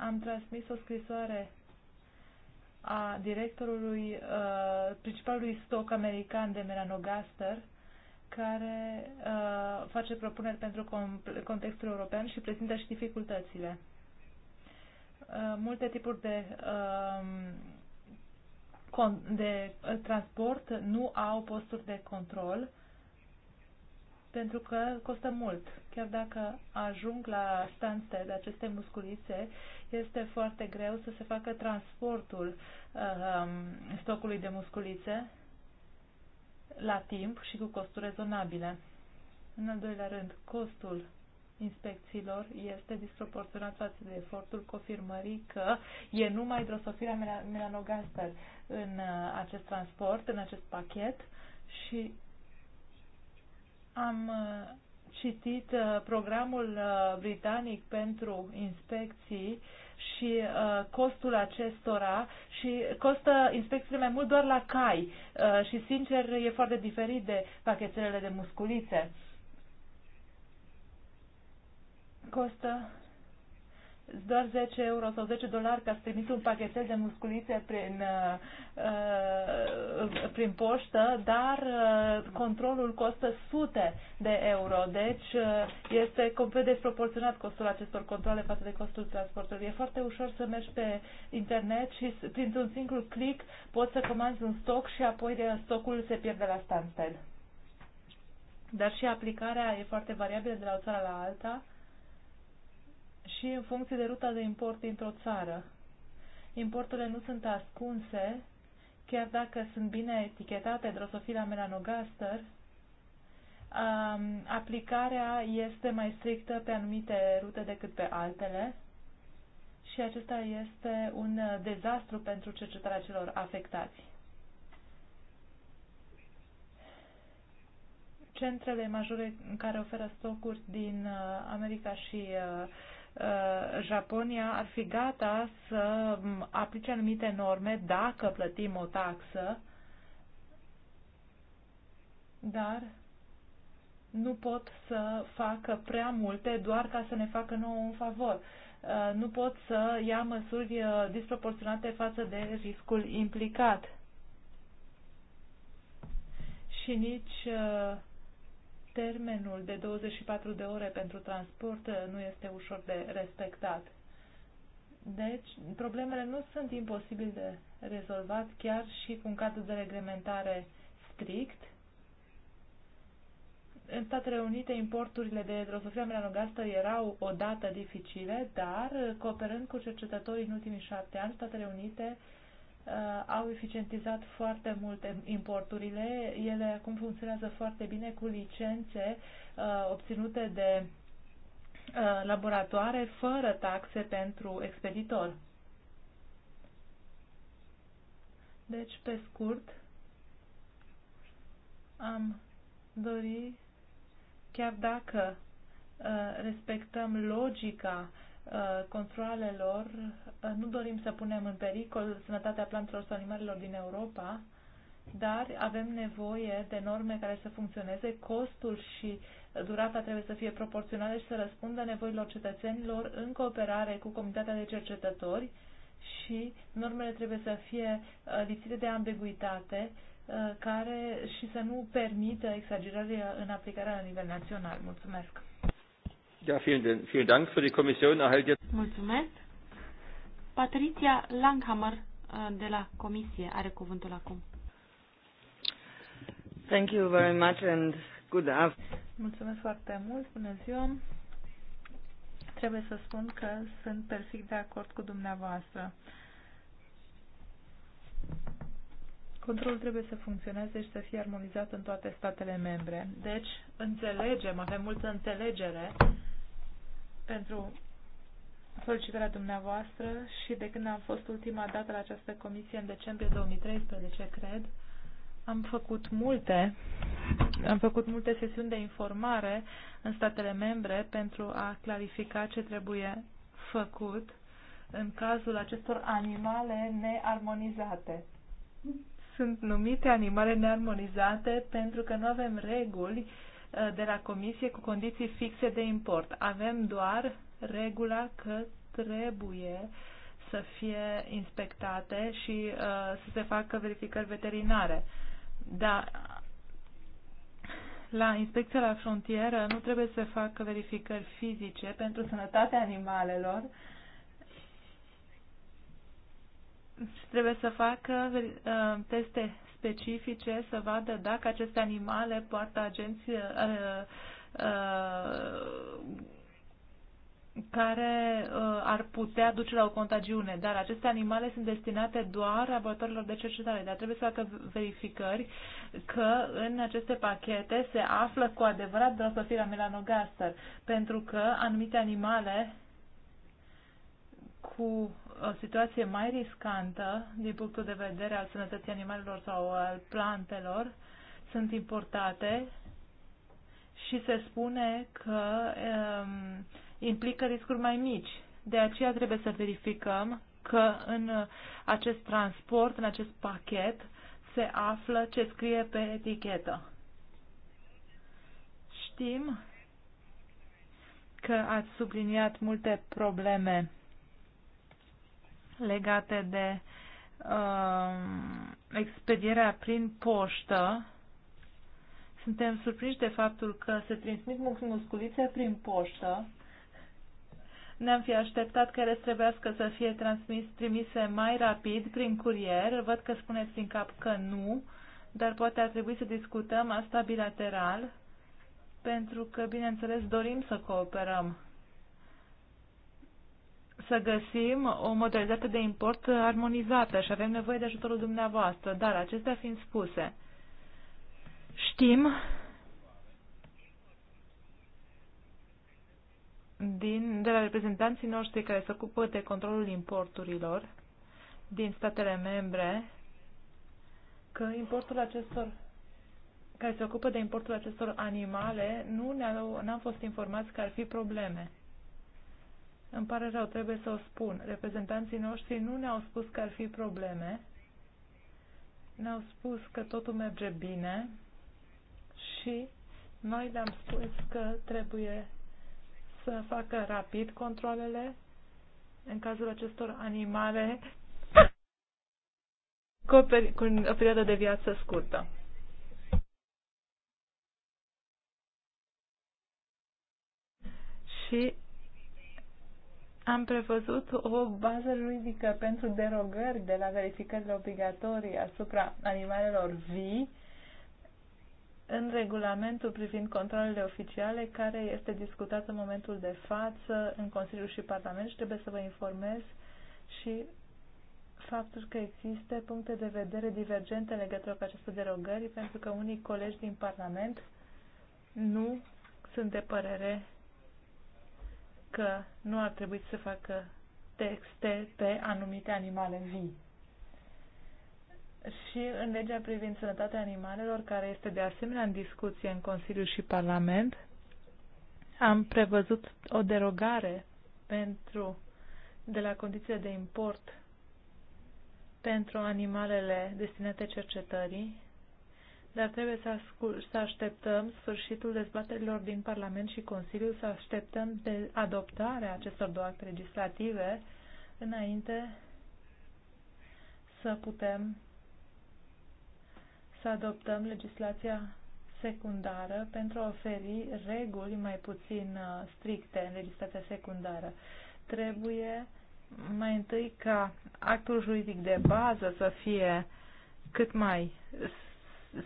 Am transmis o scrisoare a directorului uh, principalului stoc american de melanogaster care uh, face propuneri pentru contextul european și prezintă și dificultățile. Uh, multe tipuri de, um, uh, de transport nu au posturi de control pentru că costă mult. Chiar dacă ajung la de aceste musculițe, este foarte greu să se facă transportul uh, um, stocului de musculițe la timp și cu costuri rezonabile. În al doilea rând, costul inspecțiilor este disproporționat față de efortul confirmării că e numai drosofila melanogaster în uh, acest transport, în acest pachet și am uh, citit uh, programul britanic pentru inspecții uh, și uh, costul acestora și costă inspecțiile mai mult doar la cai uh, și sincer e foarte diferit de pachetelele de musculițe. Costă doar 10 euro sau 10 dolari că ați primit un pachetel de musculițe prin, uh, uh, prin poștă, dar uh, controlul costă sute de euro. Deci uh, este complet desproporționat costul acestor controle față de costul transportului. E foarte ușor să mergi pe internet și printr-un singur click poți să comanzi un stoc și apoi uh, stocul se pierde la standstill. Dar și aplicarea e foarte variabilă de la o țară la alta și în funcție de ruta de import dintr-o țară. Importurile nu sunt ascunse, chiar dacă sunt bine etichetate drosofila melanogaster, um, aplicarea este mai strictă pe anumite rute decât pe altele și acesta este un dezastru pentru cercetarea celor afectați. Centrele majore care oferă stocuri din uh, America și uh, Uh, Japonia ar fi gata să aplice anumite norme dacă plătim o taxă, dar nu pot să facă prea multe doar ca să ne facă nouă un favor. Uh, nu pot să ia măsuri uh, disproporționate față de riscul implicat. Și nici Termenul de 24 de ore pentru transport uh, nu este ușor de respectat. Deci, problemele nu sunt imposibil de rezolvat chiar și cu un cadru de reglementare strict. În Statele Unite, importurile de drosofia melanogastă erau odată dificile, dar cooperând cu cercetătorii în ultimii șapte ani, Statele Unite Uh, au eficientizat foarte mult importurile. Ele acum funcționează foarte bine cu licențe uh, obținute de uh, laboratoare fără taxe pentru expeditor. Deci, pe scurt, am dori, chiar dacă respectăm logica uh, Uh, controalelor, uh, nu dorim să punem în pericol sănătatea plantelor sau animalelor din Europa, dar avem nevoie de norme care să funcționeze, costul și durata trebuie să fie proporționale și să răspundă nevoilor cetățenilor în cooperare cu comunitatea de cercetători și normele trebuie să fie uh, lipsite de ambiguitate care și să nu permită exagerarea în aplicarea la nivel național. Mulțumesc! Ja, vielen, vielen Dank für die Kommission. Erhält jetzt Mulțumesc. Patricia Langhammer uh, de la Comisie are cuvântul acum. Thank you very much and good afternoon. Mulțumesc foarte mult. Bună ziua. Trebuie să spun că sunt perfect de acord cu dumneavoastră. Controlul trebuie să funcționeze și să fie armonizat în toate statele membre. Deci, înțelegem, avem multă înțelegere pentru solicitarea dumneavoastră și de când am fost ultima dată la această comisie în decembrie 2013, cred, am făcut multe, am făcut multe sesiuni de informare în statele membre pentru a clarifica ce trebuie făcut în cazul acestor animale nearmonizate. Sunt numite animale nearmonizate pentru că nu avem reguli uh, de la comisie cu condiții fixe de import. Avem doar regula că trebuie să fie inspectate și uh, să se facă verificări veterinare. Dar la inspecția la frontieră nu trebuie să facă verificări fizice pentru sănătatea animalelor. Trebuie să facă uh, teste specifice să vadă dacă aceste animale poartă agenți uh, uh, care uh, ar putea duce la o contagiune, dar aceste animale sunt destinate doar laboratorilor de cercetare, dar trebuie să facă verificări că în aceste pachete se află cu adevărat drosofila melanogaster, pentru că anumite animale cu o situație mai riscantă din punctul de vedere al sănătății animalelor sau al plantelor sunt importate și se spune că um, implică riscuri mai mici. De aceea trebuie să verificăm că în acest transport, în acest pachet, se află ce scrie pe etichetă. Știm că ați subliniat multe probleme legate de uh, expedierea prin poștă. Suntem surprinși de faptul că se transmit musculițe prin poștă. Ne-am fi așteptat că ele trebuiască să fie transmis, trimise mai rapid prin curier. Văd că spuneți din cap că nu, dar poate ar trebui să discutăm asta bilateral, pentru că, bineînțeles, dorim să cooperăm să găsim o modalitate de import armonizată și avem nevoie de ajutorul dumneavoastră. Dar acestea fiind spuse, știm din, de la reprezentanții noștri care se ocupă de controlul importurilor din statele membre că importul acestor care se ocupă de importul acestor animale nu ne-au, n-am fost informați că ar fi probleme. Îmi pare rău, trebuie să o spun. Reprezentanții noștri nu ne-au spus că ar fi probleme. Ne-au spus că totul merge bine și noi le-am spus că trebuie să facă rapid controlele în cazul acestor animale cu o, peri- cu o perioadă de viață scurtă. Și am prevăzut o bază juridică pentru derogări de la verificările obligatorii asupra animalelor vii în regulamentul privind controlele oficiale care este discutat în momentul de față în Consiliu și Parlament și trebuie să vă informez și faptul că există puncte de vedere divergente legate legătură cu aceste derogări pentru că unii colegi din Parlament nu sunt de părere că nu ar trebui să facă texte pe anumite animale vii. Și în legea privind sănătatea animalelor, care este de asemenea în discuție în Consiliu și Parlament, am prevăzut o derogare pentru, de la condiția de import pentru animalele destinate cercetării dar trebuie să, să așteptăm sfârșitul dezbaterilor din Parlament și Consiliu, să așteptăm de adoptarea acestor două acte legislative înainte să putem să adoptăm legislația secundară pentru a oferi reguli mai puțin uh, stricte în legislația secundară. Trebuie mai întâi ca actul juridic de bază să fie cât mai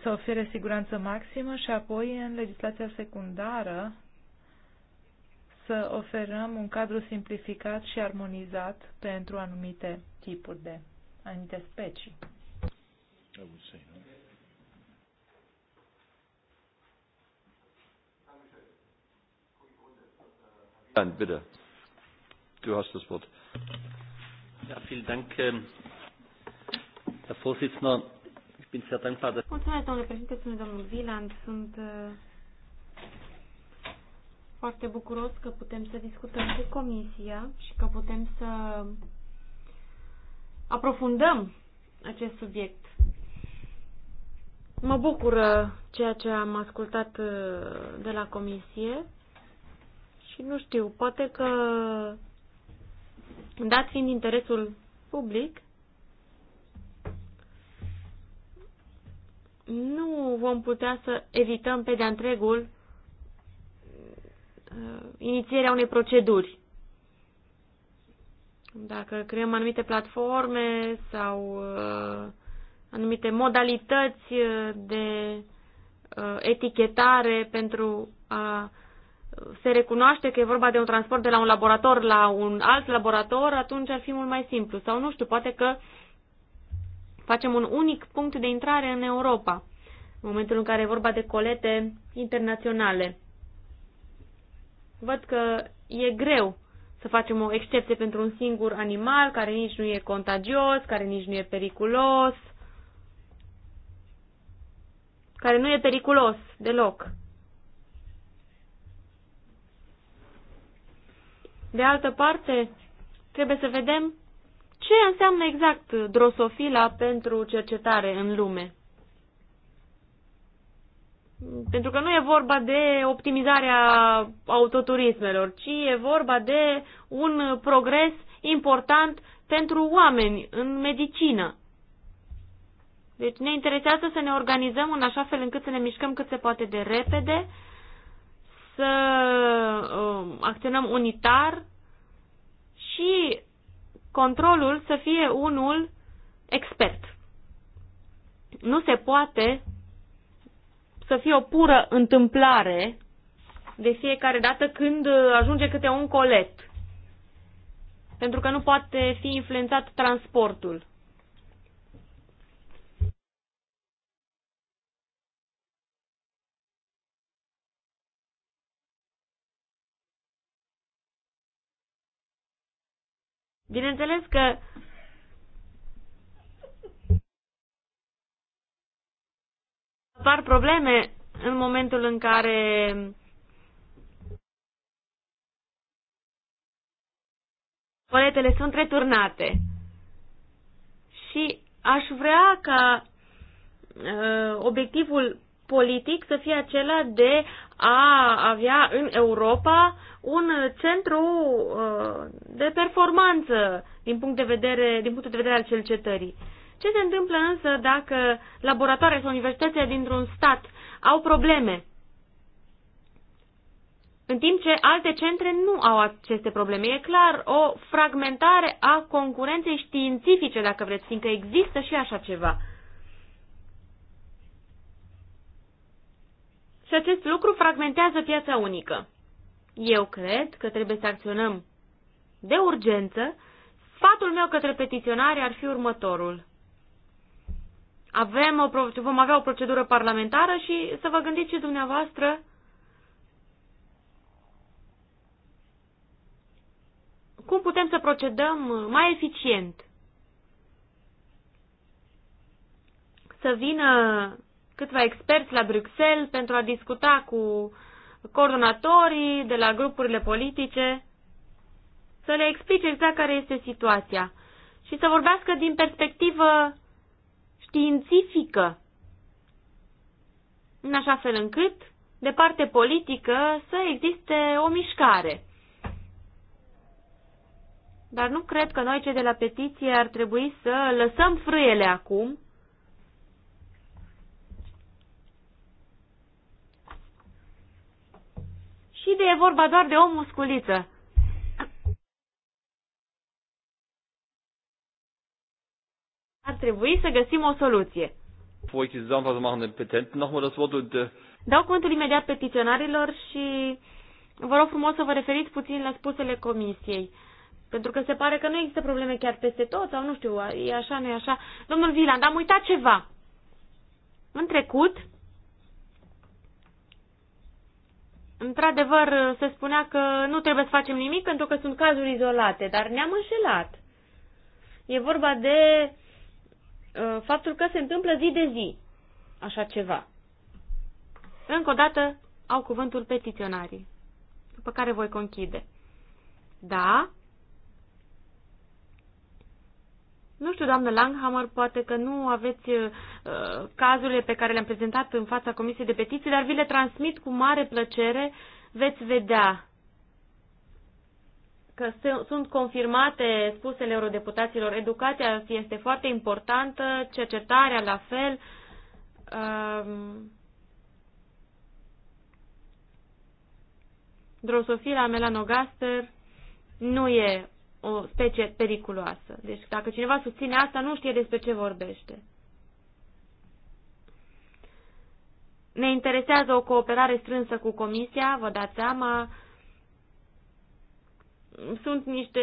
să ofere siguranță maximă și apoi în legislația secundară să oferăm un cadru simplificat și armonizat pentru anumite tipuri de anumite specii. I bitte. Du hast das Wort. Ja, vielen Dank, ähm, Herr Vorsitzender bin sehr dankbar, dass... Mulțumesc, domnule președinte, sunt domnul Viland. Sunt uh, foarte bucuros că putem să discutăm cu Comisia și că putem să aprofundăm acest subiect. Mă bucură uh, ceea ce am ascultat uh, de la Comisie și nu știu, poate că dat fiind interesul public, nu vom putea să evităm pe de-a întregul uh, inițierea unei proceduri. Dacă creăm anumite platforme sau uh, anumite modalități uh, de etichetare pentru a se recunoaște că e vorba de un transport de la un laborator la un alt laborator, atunci ar fi mult mai simplu. Sau nu știu, poate că facem un unic punct de intrare în Europa, în momentul în care e vorba de colete internaționale. Văd că e greu să facem o excepție pentru un singur animal care nici nu e contagios, care nici nu e periculos, care nu e periculos deloc. De altă parte, trebuie să vedem ce înseamnă exact drosofila pentru cercetare în lume? Pentru că nu e vorba de optimizarea autoturismelor, ci e vorba de un progres important pentru oameni în medicină. Deci ne interesează să ne organizăm în așa fel încât să ne mișcăm cât se poate de repede, să uh, acționăm unitar și controlul să fie unul expert. Nu se poate să fie o pură întâmplare de fiecare dată când ajunge câte un colet. Pentru că nu poate fi influențat transportul. Bineînțeles că apar probleme în momentul în care coletele sunt returnate. Și aș vrea ca uh, obiectivul politic să fie acela de a avea în Europa un centru uh, de performanță din, punct de vedere, din punctul de vedere al cercetării. Ce se întâmplă însă dacă laboratoarele sau universitățile dintr-un stat au probleme, în timp ce alte centre nu au aceste probleme? E clar o fragmentare a concurenței științifice, dacă vreți, fiindcă există și așa ceva. și acest lucru fragmentează piața unică. Eu cred că trebuie să acționăm de urgență. Sfatul meu către petiționare ar fi următorul. Avem o, vom avea o procedură parlamentară și să vă gândiți și dumneavoastră cum putem să procedăm mai eficient. Să vină câțiva experți la Bruxelles pentru a discuta cu coordonatorii de la grupurile politice, să le explice exact care este situația și să vorbească din perspectivă științifică, în așa fel încât, de parte politică, să existe o mișcare. Dar nu cred că noi, cei de la petiție, ar trebui să lăsăm frâiele acum ucide e vorba doar de o musculiță. Ar trebui să găsim o soluție. Äh, Dau cuvântul imediat petiționarilor și vă rog frumos să vă referiți puțin la spusele comisiei. Pentru că se pare că nu există probleme chiar peste tot sau nu știu, e așa, nu e așa. Domnul Viland, am uitat ceva. În trecut, Într-adevăr, se spunea că nu trebuie să facem nimic pentru că sunt cazuri izolate, dar ne-am înșelat. E vorba de uh, faptul că se întâmplă zi de zi așa ceva. Încă o dată au cuvântul petiționarii, după care voi conchide. Da, Nu știu, doamnă Langhammer, poate că nu aveți uh, cazurile pe care le-am prezentat în fața Comisiei de Petiții, dar vi le transmit cu mare plăcere. Veți vedea că sunt confirmate spusele eurodeputaților. Educația este foarte importantă, cercetarea la fel. Um, Drosofila melanogaster nu e o specie periculoasă. Deci dacă cineva susține asta, nu știe despre ce vorbește. Ne interesează o cooperare strânsă cu Comisia, vă dați seama. Sunt niște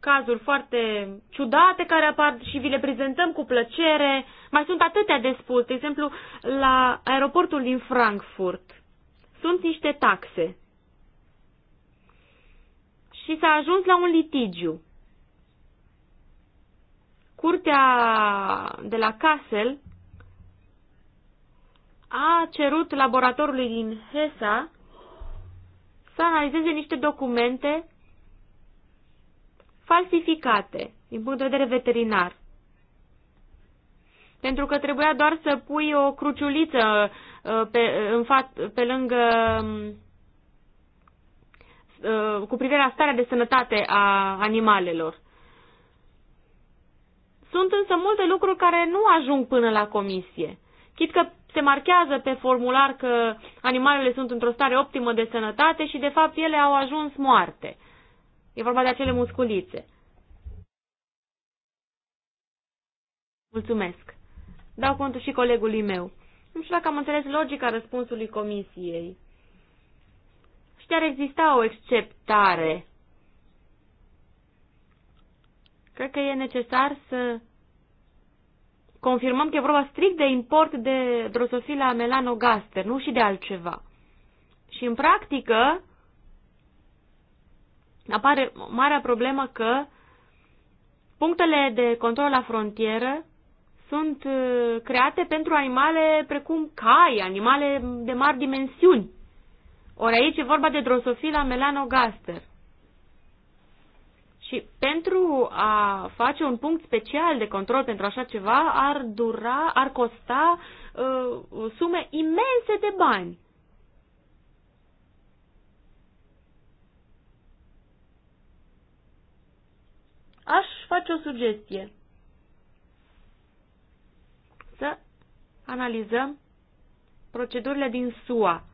cazuri foarte ciudate care apar și vi le prezentăm cu plăcere. Mai sunt atâtea de spus. De exemplu, la aeroportul din Frankfurt sunt niște taxe și s-a ajuns la un litigiu. Curtea de la Kassel a cerut laboratorului din HESA să analizeze niște documente falsificate din punct de vedere veterinar. Pentru că trebuia doar să pui o cruciuliță uh, pe, în fat, pe lângă um, Uh, cu privire la starea de sănătate a animalelor. Sunt însă multe lucruri care nu ajung până la comisie. Chit că se marchează pe formular că animalele sunt într-o stare optimă de sănătate și, de fapt, ele au ajuns moarte. E vorba de acele musculițe. Mulțumesc. Dau contul și colegului meu. Nu știu dacă am înțeles logica răspunsului comisiei și deci ar exista o exceptare. Cred că e necesar să confirmăm că e vorba strict de import de drosofila melanogaster, nu și de altceva. Și în practică apare marea problemă că punctele de control la frontieră sunt uh, create pentru animale precum cai, animale de mari dimensiuni. Ori aici e vorba de drosofila melanogaster. Și pentru a face un punct special de control pentru așa ceva, ar dura, ar costa uh, sume imense de bani. Aș face o sugestie. Să analizăm procedurile din SUA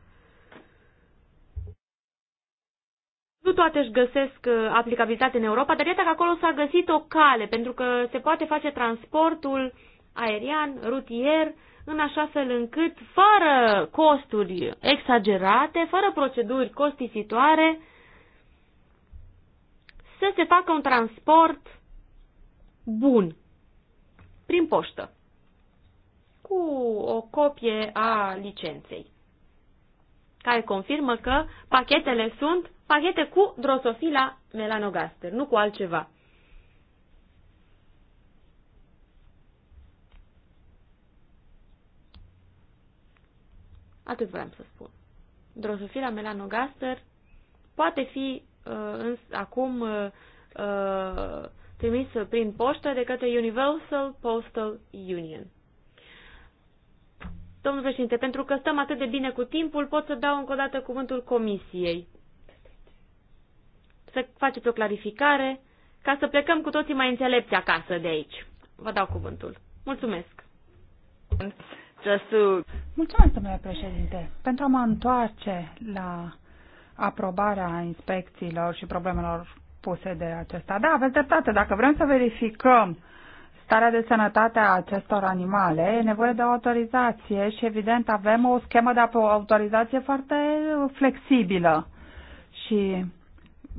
Nu toate își găsesc uh, aplicabilitate în Europa, dar iată că acolo s-a găsit o cale, pentru că se poate face transportul aerian, rutier, în așa fel încât, fără costuri exagerate, fără proceduri costisitoare, să se facă un transport bun, prin poștă, cu o copie a licenței care confirmă că pachetele sunt pachete cu drosofila melanogaster, nu cu altceva. Atât vreau să spun. Drosofila melanogaster poate fi uh, în, acum uh, uh, trimisă prin poștă de către Universal Postal Union. Domnul președinte, pentru că stăm atât de bine cu timpul, pot să dau încă o dată cuvântul comisiei. Să faceți o clarificare, ca să plecăm cu toții mai înțelepți acasă de aici. Vă dau cuvântul. Mulțumesc. Mulțumesc, domnule președinte. Pentru a mă întoarce la aprobarea inspecțiilor și problemelor puse de acesta. Da, aveți dreptate. Dacă vrem să verificăm uh, starea de sănătate a acestor animale, e nevoie de autorizație și evident avem o schemă de autorizație foarte flexibilă și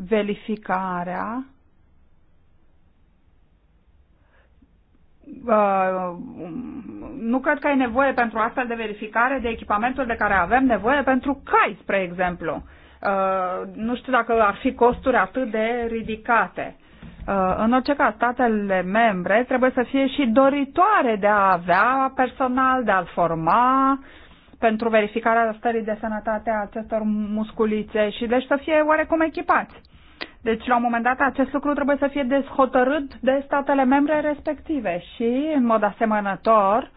verificarea Uh, nu cred că ai nevoie pentru astfel de verificare de echipamentul de care avem nevoie pentru cai, spre exemplu. Uh, nu știu dacă ar fi costuri atât de ridicate. Uh, în orice caz, statele membre trebuie să fie și doritoare de a avea personal, de a-l forma pentru verificarea stării de sănătate a acestor musculițe și deci să fie oarecum echipați. Deci, la un moment dat, acest lucru trebuie să fie deshotărât de statele membre respective și, în mod asemănător,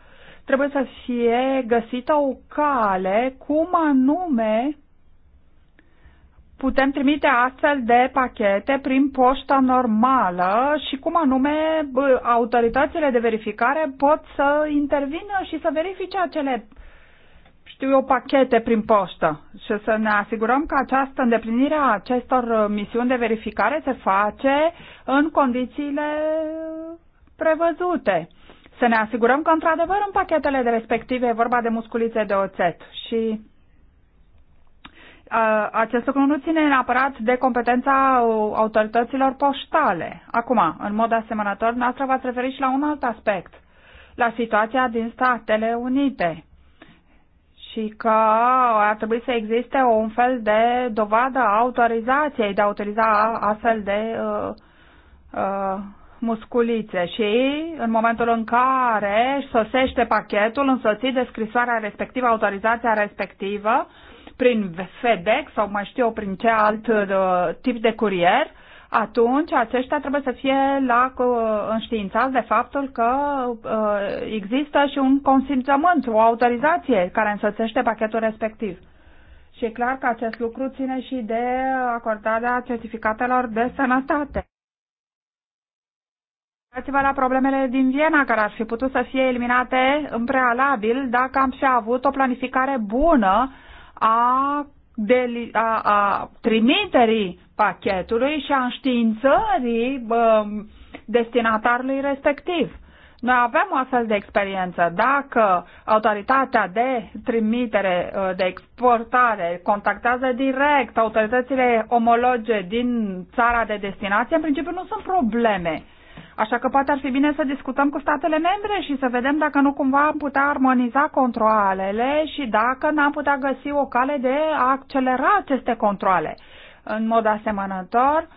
trebuie să fie găsită o cale cum anume putem trimite astfel de pachete prin poșta normală și cum anume autoritățile de verificare pot să intervină și să verifice acele știu eu, pachete prin poștă și să ne asigurăm că această îndeplinire a acestor uh, misiuni de verificare se face în condițiile prevăzute. Să ne asigurăm că, într-adevăr, în pachetele de respective e vorba de musculițe de oțet și acest lucru nu ține neapărat de competența autorităților poștale. Acum, în mod asemănător, noastră v-ați referit și la un alt aspect, la situația din Statele Unite și că ar trebui să existe un fel de dovadă a autorizației de a utiliza astfel de uh, uh, musculițe și în momentul în care sosește pachetul însoțit de scrisoarea respectivă, autorizația respectivă, uh, prin FedEx sau mai știu eu prin ce alt uh, tip de curier, atunci aceștia trebuie să fie la, uh, înștiințați de faptul că uh, există și un consimțământ, o autorizație care însățește pachetul respectiv. Și e clar că acest lucru ține și de acordarea certificatelor de sănătate. Uitați-vă la problemele din Viena, care ar fi putut să fie eliminate în prealabil dacă am și avut o planificare bună a, deli, a, a trimiterii pachetului și a înștiințării bă, um, destinatarului respectiv. Noi avem o astfel de experiență. Dacă autoritatea de trimitere, uh, de exportare, contactează direct autoritățile omologe din țara de destinație, în principiu nu sunt probleme. Așa că poate ar fi bine să discutăm cu statele membre și să vedem dacă nu cumva am putea armoniza controalele și dacă n-am putea găsi o cale de a accelera aceste controle. În mod asemănător,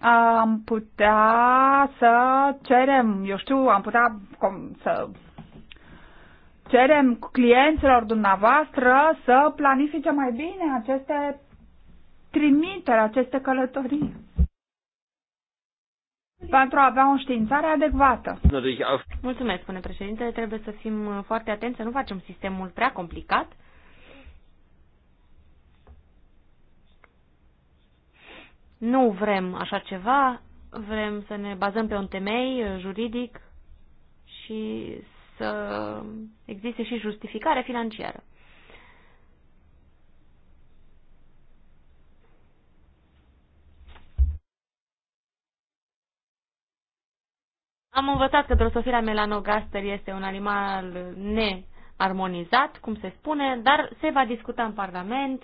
am putea să cerem, eu știu, am putea com, să cerem clienților dumneavoastră să planifice mai bine aceste trimiteri, aceste călătorii pentru a avea o științare adecvată. Mulțumesc, spune președinte. Trebuie să fim foarte atenți să nu facem sistemul prea complicat. Nu vrem așa ceva, vrem să ne bazăm pe un temei juridic și să existe și justificare financiară. Am învățat că drosofila melanogaster este un animal nearmonizat, cum se spune, dar se va discuta în Parlament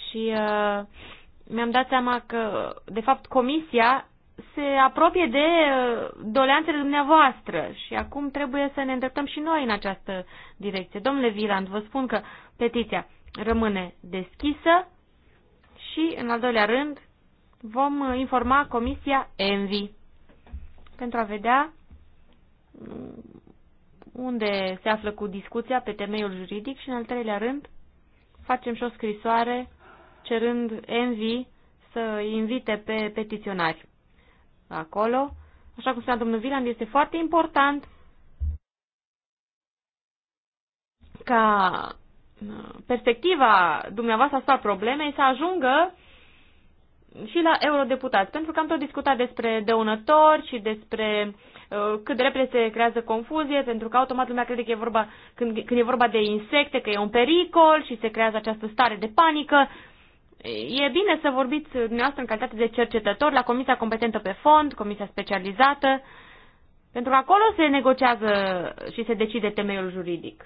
și uh, mi-am dat seama că, de fapt, Comisia se apropie de uh, doleanțele dumneavoastră și acum trebuie să ne îndreptăm și noi în această direcție. Domnule Viland, vă spun că petiția rămâne deschisă și, în al doilea rând, vom uh, informa Comisia ENVI pentru a vedea unde se află cu discuția pe temeiul juridic și, în al treilea rând, facem și o scrisoare cerând Envi să invite pe petiționari acolo. Așa cum spunea domnul Viland, este foarte important ca uh, perspectiva dumneavoastră asupra problemei să ajungă și la eurodeputați, pentru că am tot discutat despre dăunători și despre uh, cât de repede se creează confuzie, pentru că automat lumea crede că e vorba, când, când e vorba de insecte, că e un pericol și se creează această stare de panică. E bine să vorbiți dumneavoastră în calitate de cercetător la comisia competentă pe fond, comisia specializată, pentru că acolo se negociază și se decide temeiul juridic.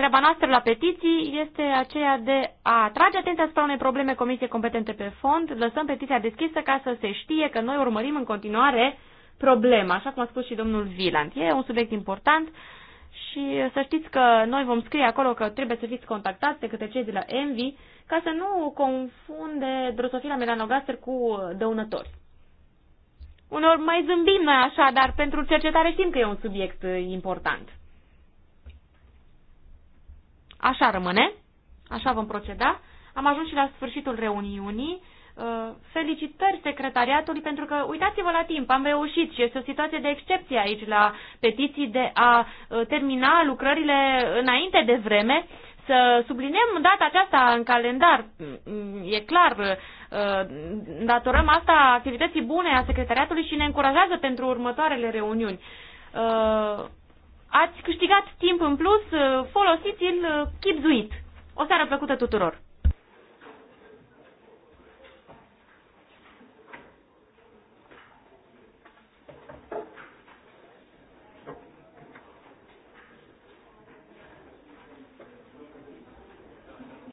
Treaba noastră la petiții este aceea de a atrage atenția asupra unei probleme comisiei competente pe fond, lăsăm petiția deschisă ca să se știe că noi urmărim în continuare problema, așa cum a spus și domnul Viland. E un subiect important și să știți că noi vom scrie acolo că trebuie să fiți contactați de către cei de la Envy ca să nu confunde drosofila melanogaster cu dăunători. Uneori mai zâmbim noi așa, dar pentru cercetare știm că e un subiect important. Așa rămâne, așa vom proceda. Am ajuns și la sfârșitul reuniunii. Uh, felicitări secretariatului pentru că, uitați-vă la timp, am reușit și este o situație de excepție aici la petiții de a uh, termina lucrările înainte de vreme să subliniem data aceasta în calendar. Mm, e clar, uh, datorăm asta activității bune a secretariatului și ne încurajează pentru următoarele reuniuni. Ați câștigat timp în plus, uh, folosiți-l uh, chipzuit. O seară plăcută tuturor!